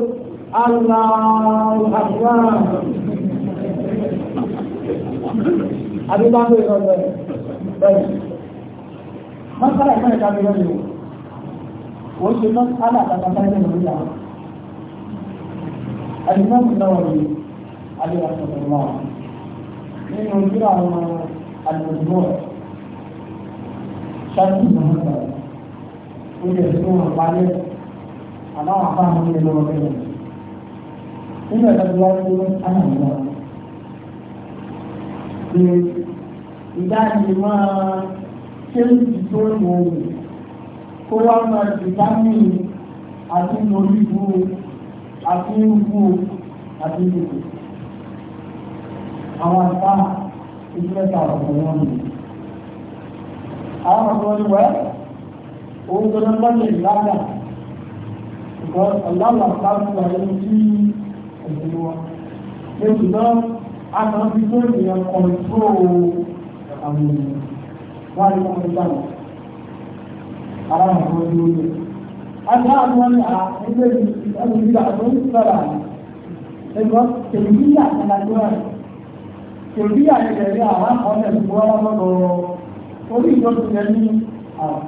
Allahu Akbar àdúgbàgbé ìrọ̀lẹ́ bẹ́ẹ̀ mọ́sálà ìfẹ́ ìkàbí lọ́yọ̀ wọ́n ṣe mọ́sálà àtàkàtà ilẹ̀ ìrọ̀lẹ́ àwọn alimọ́mù náà ni alẹ́yàtọ̀lọ́wọ́ nínú ìdúrà àwọn alùpùpù ṣáàtì mọ́sálà ó lè fún wọn parí àbáwọn afáàmù lè lọ́wọ́ bẹ́ẹ̀ nínú ẹ̀ka tó wá sí ánàmì lọ pé ìdájì máa ṣé ń ti tó ìwò òwò kó wá máa ti dání àti mọ̀lúbù àti ìwò àti ìwò àwọn àgbà ìgbésà ọ̀pọ̀ wọn ni àwọn ọ̀pọ̀ ni wẹ́ẹ́ òun gbọ́dọ̀ lọ́jọ́ ìlànà ìgbọ́ ọ̀làwà bá ń gba ẹni tí ẹ̀sìn wa lójú náà a kàn fi tó ènìyàn kọ̀ǹtró àwọn ènìyàn wá ní wọn gbà wọn ara àwọn ọmọ ìlú ajá àwọn ní à ẹgbẹ́ ìlú ìgbà tó ń sọ̀rọ̀ ẹgbọ́ tèmi àtàlà tó rẹ̀ tèmi àtẹ̀lẹ́ àwọn akọ̀ọ́lẹ̀ tó wọ́n orí ìjọba yẹn ní àwọn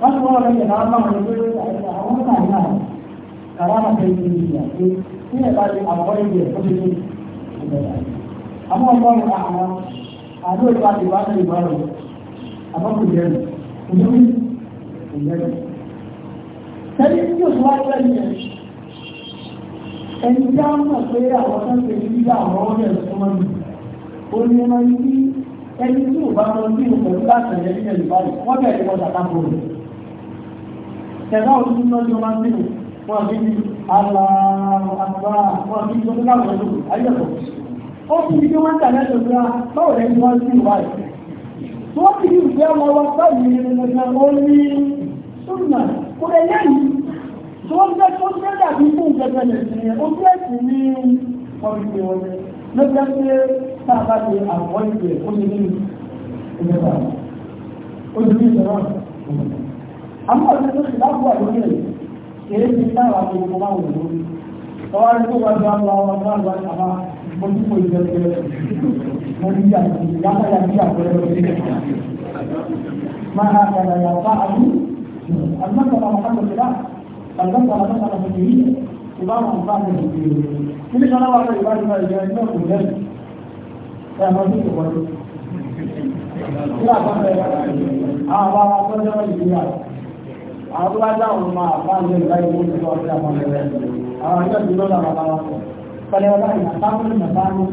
wọ́n ti wọ́n lọ sí ìlànà àwọn ọmọdé àwọn ọmọdé àyà rẹ̀ kàrà di àwọn ọmọdé yẹ kó tètè ìbẹ̀rẹ̀ àwọn ọmọdé àwọn àdó ìgbà tí wọ́n ti wà lọ àbọ̀kù jẹ́rì ìdókì ìjẹ́rì. Tẹ́lẹ̀ tí yóò wá pẹ́ yẹn ẹni tí a mọ̀ pé àwọn tó ń pè ní bíbá àwọn ọmọdé ẹ̀ tó máa ń bì ó ní ẹ máa ń bí ẹni tí ò bá lọ sí òkè nígbà tẹ̀lé ní ẹ̀lú báyìí wọ́n bẹ̀rẹ̀ wọ́n dàgbà rẹ̀ tẹ̀lá òṣìṣẹ́ náà jọ máa ń bèèrè wọ́n àti bí àlà àgbà wọ́n àti ìjọba láwọn ẹ̀dùn ayẹ́kọ̀ọ́. ó fi ibi wọn tàlẹ́ tó gbá ah, báwo lẹ́yìn wọn sí ìwà ẹ̀. wọ́n ti yí ìgbé ọmọ wa báyìí nìkan ó ní súnà kò lè lẹ́yìn. tó ń jẹ́ tó ń jẹ́ dàbí fún ìjọba sí ní ọ̀rìnkè ìjọba àmọ́ ọ̀sẹ̀ tó sì láàbù wà lórí rẹ̀ kìí ṣe táwọn àti ìfọ̀ máa wò lórí ọwọ́ ẹni tó wá ju àwọn ọmọ náà lọ àmà ojúkò ìjẹsẹ̀ mo ní bí àti ìyáfà yà bí àpẹẹrẹ lórí rẹ̀ máa ha kàrà yà fà àdú àgbàkàrà mọ̀kàtà sílá àgbàkàrà mọ̀kàtà sílá ìbáwọn nǹkan àti ìdílé níbi kan náà wà lórí ìbáraẹni náà ìjọba ìjọba àwọn akọ́jọ́ ìgbéyàwó àwọn tó bá dá àwọn ọmọ àbáńdé ìbáyé owó tó lọ sí àwọn ẹ̀rẹ́ àwọn ẹgbẹ́ tó lọ́dọ̀ àwọn bàbá wọn pẹ̀lẹ́ ọlá ìnàkáwọn ìnàkáwọn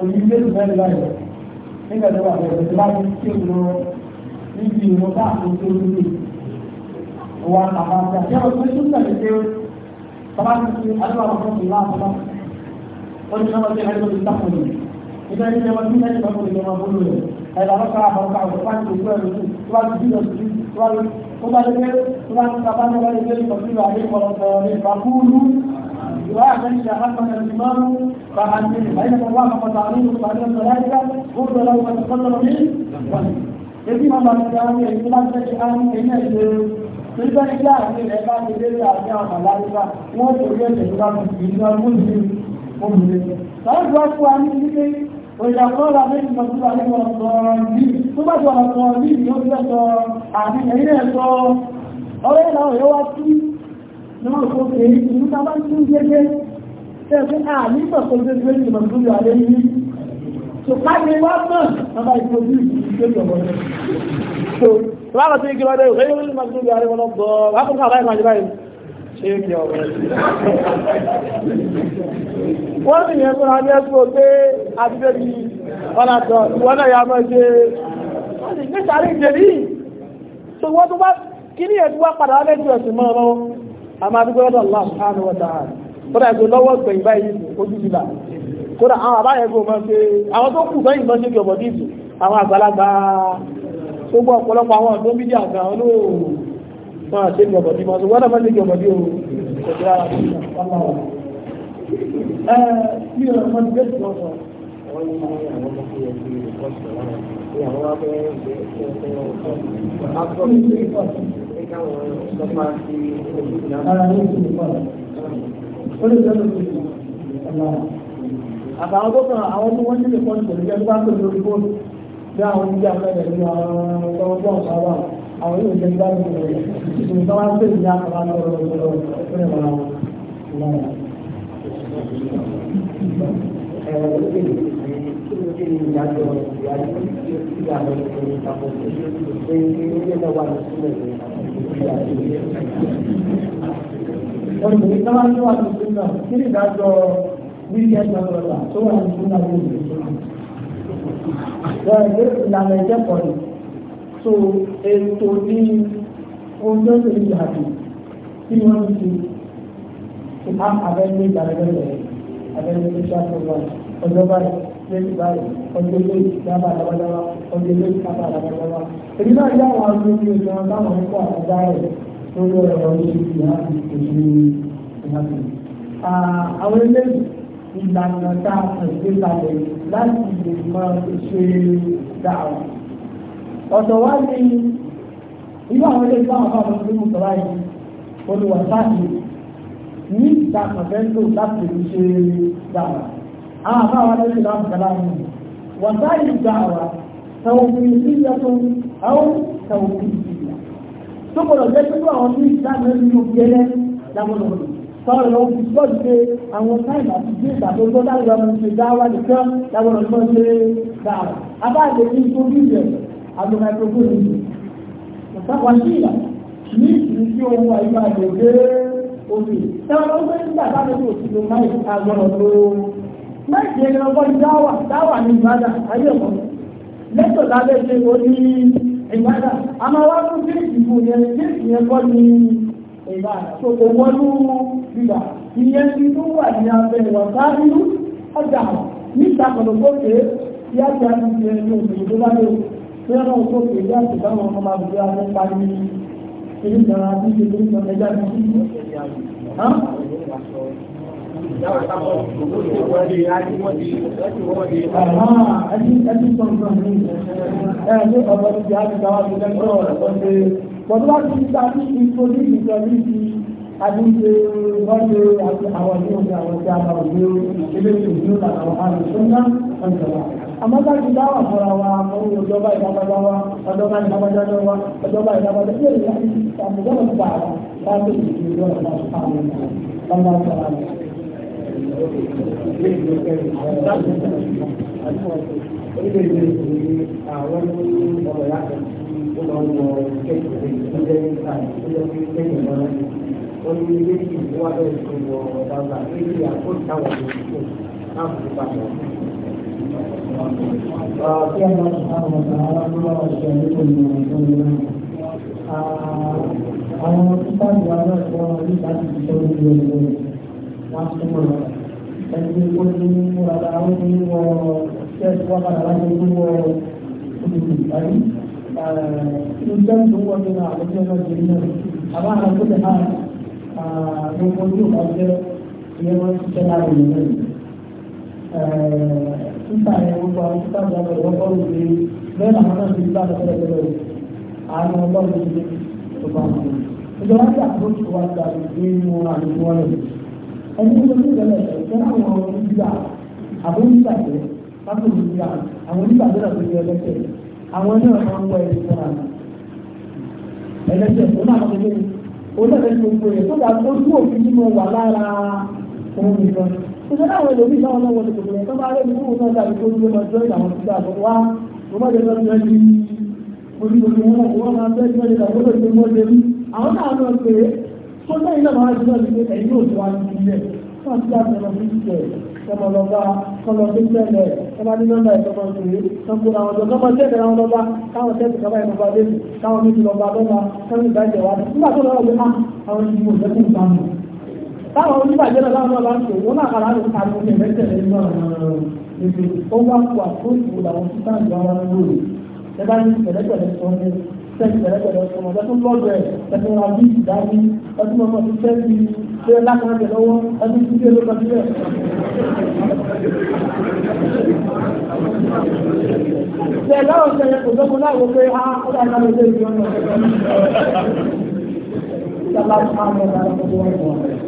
òní ilé tó fẹ́ lọ́yọ̀ nígbà tó wà bẹ̀rẹ̀ tó bá ti ké lọ níbi ìwọ̀n bá àwọn tó lórí wa àwọn àti àti àwọn tó tó tẹ̀lé pé bàbá ti fi àdúrà wọn fún ìlà àbúrà wọn ni wọn ti rẹ̀ lórí sáfùrù nígbà tí wọn ti rẹ̀ lórí sáfùrù ni ثم تقول ثم تقول الذي يصير عليه ورسوله فقولوا وأعلن شهادة الإمام فأنزل فإن الله فتعليم صحيح الملائكة قلت له من تقدم منه يجب أن نتعلم اختلاف الشيطان بين الجنود Nígbà nígbà àti ẹ̀ka ti lérí àti àwọn àlàyé wọ́n tó rí ẹ̀jẹ̀ tó bá ti fi ìlú ọmọ ìlú ọmọ ìlú. Sọ́ọ́dù wá fún wa ní ilé وإذا قال من المسؤول عليه ولا الضالين ثم ولا الضالين يقول لك àmì ẹ̀yìn ẹ̀sọ́ ọ̀rẹ́ ìlàwọ̀ yóò wá sí náà kó èyí ìlú ta bá tún gẹ́gẹ́ tẹ́ẹ̀fẹ́ àmì ìpàkọ́ gẹ́gẹ́ ní ìmọ̀lúwà alẹ́ yìí tó káàkiri wá náà bàbá ìfojú ìgbésọ̀ wọlé tó wá lọ sí ìgbésọ̀ wọlé ṣe é kí ọ̀rọ̀ wọ́n sì yẹn fún adé fún pé adúgbò bí ọ̀nà àtọ̀ ìwọ́n náà yà máa ṣe wọ́n sì gbé sàárè ìjẹ̀lì tó wọ́n tó bá kí ní ẹ̀dú wá padà wálé jù ẹ̀sìn mọ́ ọ̀rọ̀ a máa dúpẹ́ lọ́dọ̀ Allah subhanahu wa ta'ala kódà ètò lọ́wọ́ gbẹ̀yìn báyìí ojú ti là kódà àwọn àbáyẹ kó máa ṣe àwọn tó kù sẹ́yìn máa ṣe kí ọ̀bọ̀ dìbò àwọn àgbàlagbà gbogbo ọ̀pọ̀lọpọ̀ àwọn ọ̀dọ́ máa ṣe gbọ̀gbọ̀dí máa sọ wọ́n ṣe gbọ̀gbọ̀dí o ọ̀dọ́ ara mi ọmọ wọn. ẹ mi ò mọ ní bẹ́ẹ̀ tí wọ́n sọ. wọ́n ní àwọn ọmọ tó yẹ o kọ́ sọ lára ní àwọn wá bẹ́ẹ̀ ṣe ṣe ṣe ọ̀sán. a sọ fún mi pé káwọn sọ máa fi ojú ìlànà. ara yóò fi mi pọ̀ ó lè jẹ́ lóṣù àtàwọn tó kàn àwọn tó bóòlù bí àwọn oníjà mẹ́rin ní àwọn ọgbọ́n sábà àwọn yóò jẹ́ gbádùn rẹ̀ ìṣòro tó wá ń pèsè ní àkàrà lọ́rọ̀ lọ́rọ̀ lọ́rọ̀ lọ́rọ̀ lọ́rọ̀. Ẹ̀rọ lókè lè fi kí ló dé ní ìdájọ́ ìyá yìí tí ó ti àwọn ìṣòro ìtàkùn tó ṣe pé ní ilé náà wà ní sílẹ̀ ní ìyá yìí. Ọ̀sẹ̀ yìí táwọn tó wà ní sílẹ̀ kí ni ìdájọ́ wíkẹ́ndì ọ̀rọ̀ tó wà ní sílẹ̀ ní ìlú. Wọ́n ìlànà ìjẹ́kọ̀ọ́ so ètò ní ọjọ́ ìrìn àjò tí wọ́n ti ti á abẹ́lé ìgbàlẹ́gbẹ̀rẹ̀ abẹ́lé ìṣàkóso ọjọ́ báyìí lẹ́yìn báyìí ọjọ́ ilé ìjábà lọ́wọ́lọ́wọ́ ọjọ́ ilé ìjábà lọ́wọ́lọ́wọ́ èyí náà yá àwọn agbègbè ìjọ táwọn ń kó àtàdá rẹ̀ lórí ọ̀rọ̀ ní ìhàbí òṣèlú ìhàbí. àwọn ilé ìlànà tá a kàn gbé kalẹ̀ láti lè máa ṣe dáhùn ọ̀dọ̀ wá ní irú àwọn ilé ìgbà àwọn àwọn ọmọdé mọ̀tọ́ láyé olùwà sáàkì ní ìtàkùn fẹ́ńtò láti lè ṣe dàwà àwọn àbá wa lórí ìlànà kàlá mi wà sáàkì dàwà tàwùkì ìlú tó àwọn tàwùkì ìlú tó gbọdọ̀ jẹ́ pé àwọn ní ìtàkùn lórí ìlú gẹ́lẹ́ lábọ́n lọ́wọ́ sọ̀rọ̀ lọ́wọ́ fi gbọ́ ṣe àwọn táìmù àti bí ìgbà tó gbọ́ láwùjọ ọmọ ṣe dáwà nìkan lábọ́n lọ́wọ́ ṣe dáwà abáàlè ní ìtòbí ìrẹ̀lẹ̀ agbẹ̀mẹ̀tògbòrò ọ̀sáwà sí ìlà ní ìlú tí ó wọ ìgbà àgbègbè òbí táwọn ọgbẹ́ nígbà bá lórí òṣìlò máì agbọ̀rọ̀ tó máì tí ẹni ọgbọ́n ní dáwà dáwà ní ìbádà ayé ọ̀pọ̀ lẹ́tọ̀ lábẹ́ ṣe ó ní ìbádà a máa wá fún sí ìdìbò yẹn sí ìyẹn kọ́ ní ìbádà tó kò wọnú bíbà ìyẹn ti tó wà ní abẹ́ ìwọ̀sáàbí ọjà níta kọ̀lọ̀kọ̀ tí wọ́n náà tó kéde àti báwọn ọmọ máa gbé àwọn ọmọ parí ìlú kan àti ìlú kan ẹja ní ìlú. Ẹni sọ nǹkan ní ẹni ọ̀dọ́ ti á ti dáwà sí lẹ́kọ̀ọ́ ọ̀rọ̀ tó ṣe. Bọ̀dú wá sí ìta ní ipò ní ìjọba ní ti adúgbò wáyé àti àwọn ìlú àwọn ìjà àwọn ìlú ilé ìlú àwọn àlùfáà ń jọba àmọ́ká ti wà fọ́ra wa àwọn olùjọba ìdábàjá wa ọjọba ìdábàjá lọ wa ọjọba ìdábàjá yóò lè láti fi àmúgbọ́n ti bàa wa láti fi ìlú ìlú ọ̀la àwọn ọ̀la ọ̀la ọ̀la. Oní ilé yìí wá bẹ̀rẹ̀ sí wọ ọ̀dà ọ̀gá, ilé àkóso àwọn ọ̀dọ́ ìṣòwò náà fún ìpàdé kí a máa ṣe gbogbo ní ìbàjẹ́ ìyẹn wọn ṣiṣẹ́ títà yẹn gbogbo àwọn títà yẹn lọ wọ́n bọ́ọ̀lù pé bẹ́ẹ̀ làwọn náà ti gbà lọ́wọ́ lọ́wọ́ àánú bọ́ọ̀lù pé tó bá wọn. ìjọba ti àpòtù wa gbà pé ìṣẹ́ láwọn èlò náà lọ́wọ́ lóko lẹ́yìn tó bá rẹ̀ nínú náà dàbí tó ní lọ́jọ́ jọ́ ìlànà tó wá mo má jẹ́ lọ́jọ́ di olùdókè wọn wọn máa fẹ́ jọ́ ìlànà tó lọ́jọ́ mọ́ lé àwọn náà lọ pé tó lẹ́yìn náà máa jọ́ ìlú ẹ̀yìn òjò wa ti ilẹ̀ fún àti láti ọ̀nà fún ìṣẹ̀ tọmọlọba kọlọ tó tẹ́lẹ̀ tọba ní nọ́mbà ìtọmọ ìṣòro tọmọ àwọn ọjọ́ tọmọ tẹ́lẹ̀ àwọn lọba káwọn tẹ́lẹ̀ tọba ìtọba lẹ́nu káwọn méjì táwọn oníbàjẹ́ náà láwọn ọlọ́run ṣe òun náà kàrà ló ta ló ní ẹ̀mẹ́tẹ̀lẹ́ náà èdè ó wá kó àkóso làwọn títà ìgbà wọn ń lò ẹ bá ní pẹ̀lẹ́pẹ̀lẹ́ sọ ní sẹ́yìn pẹ̀lẹ́pẹ̀lẹ́ sọ wọn lẹ́tún lọ́dọ̀ ẹ̀ ẹ̀tún wọn bí ìdájí ẹtún wọn fi fẹ́ fi ṣe lákàtà lọ́wọ́ ẹtún fi ṣe lókàn sílẹ̀. Ṣẹ̀dá ọ̀sẹ̀ yẹn kò dọ́kun láwo pé á ah, ó dá ìdájọ́ ilé ìgbìmọ̀ náà. Ṣé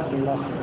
جزاكم الله خير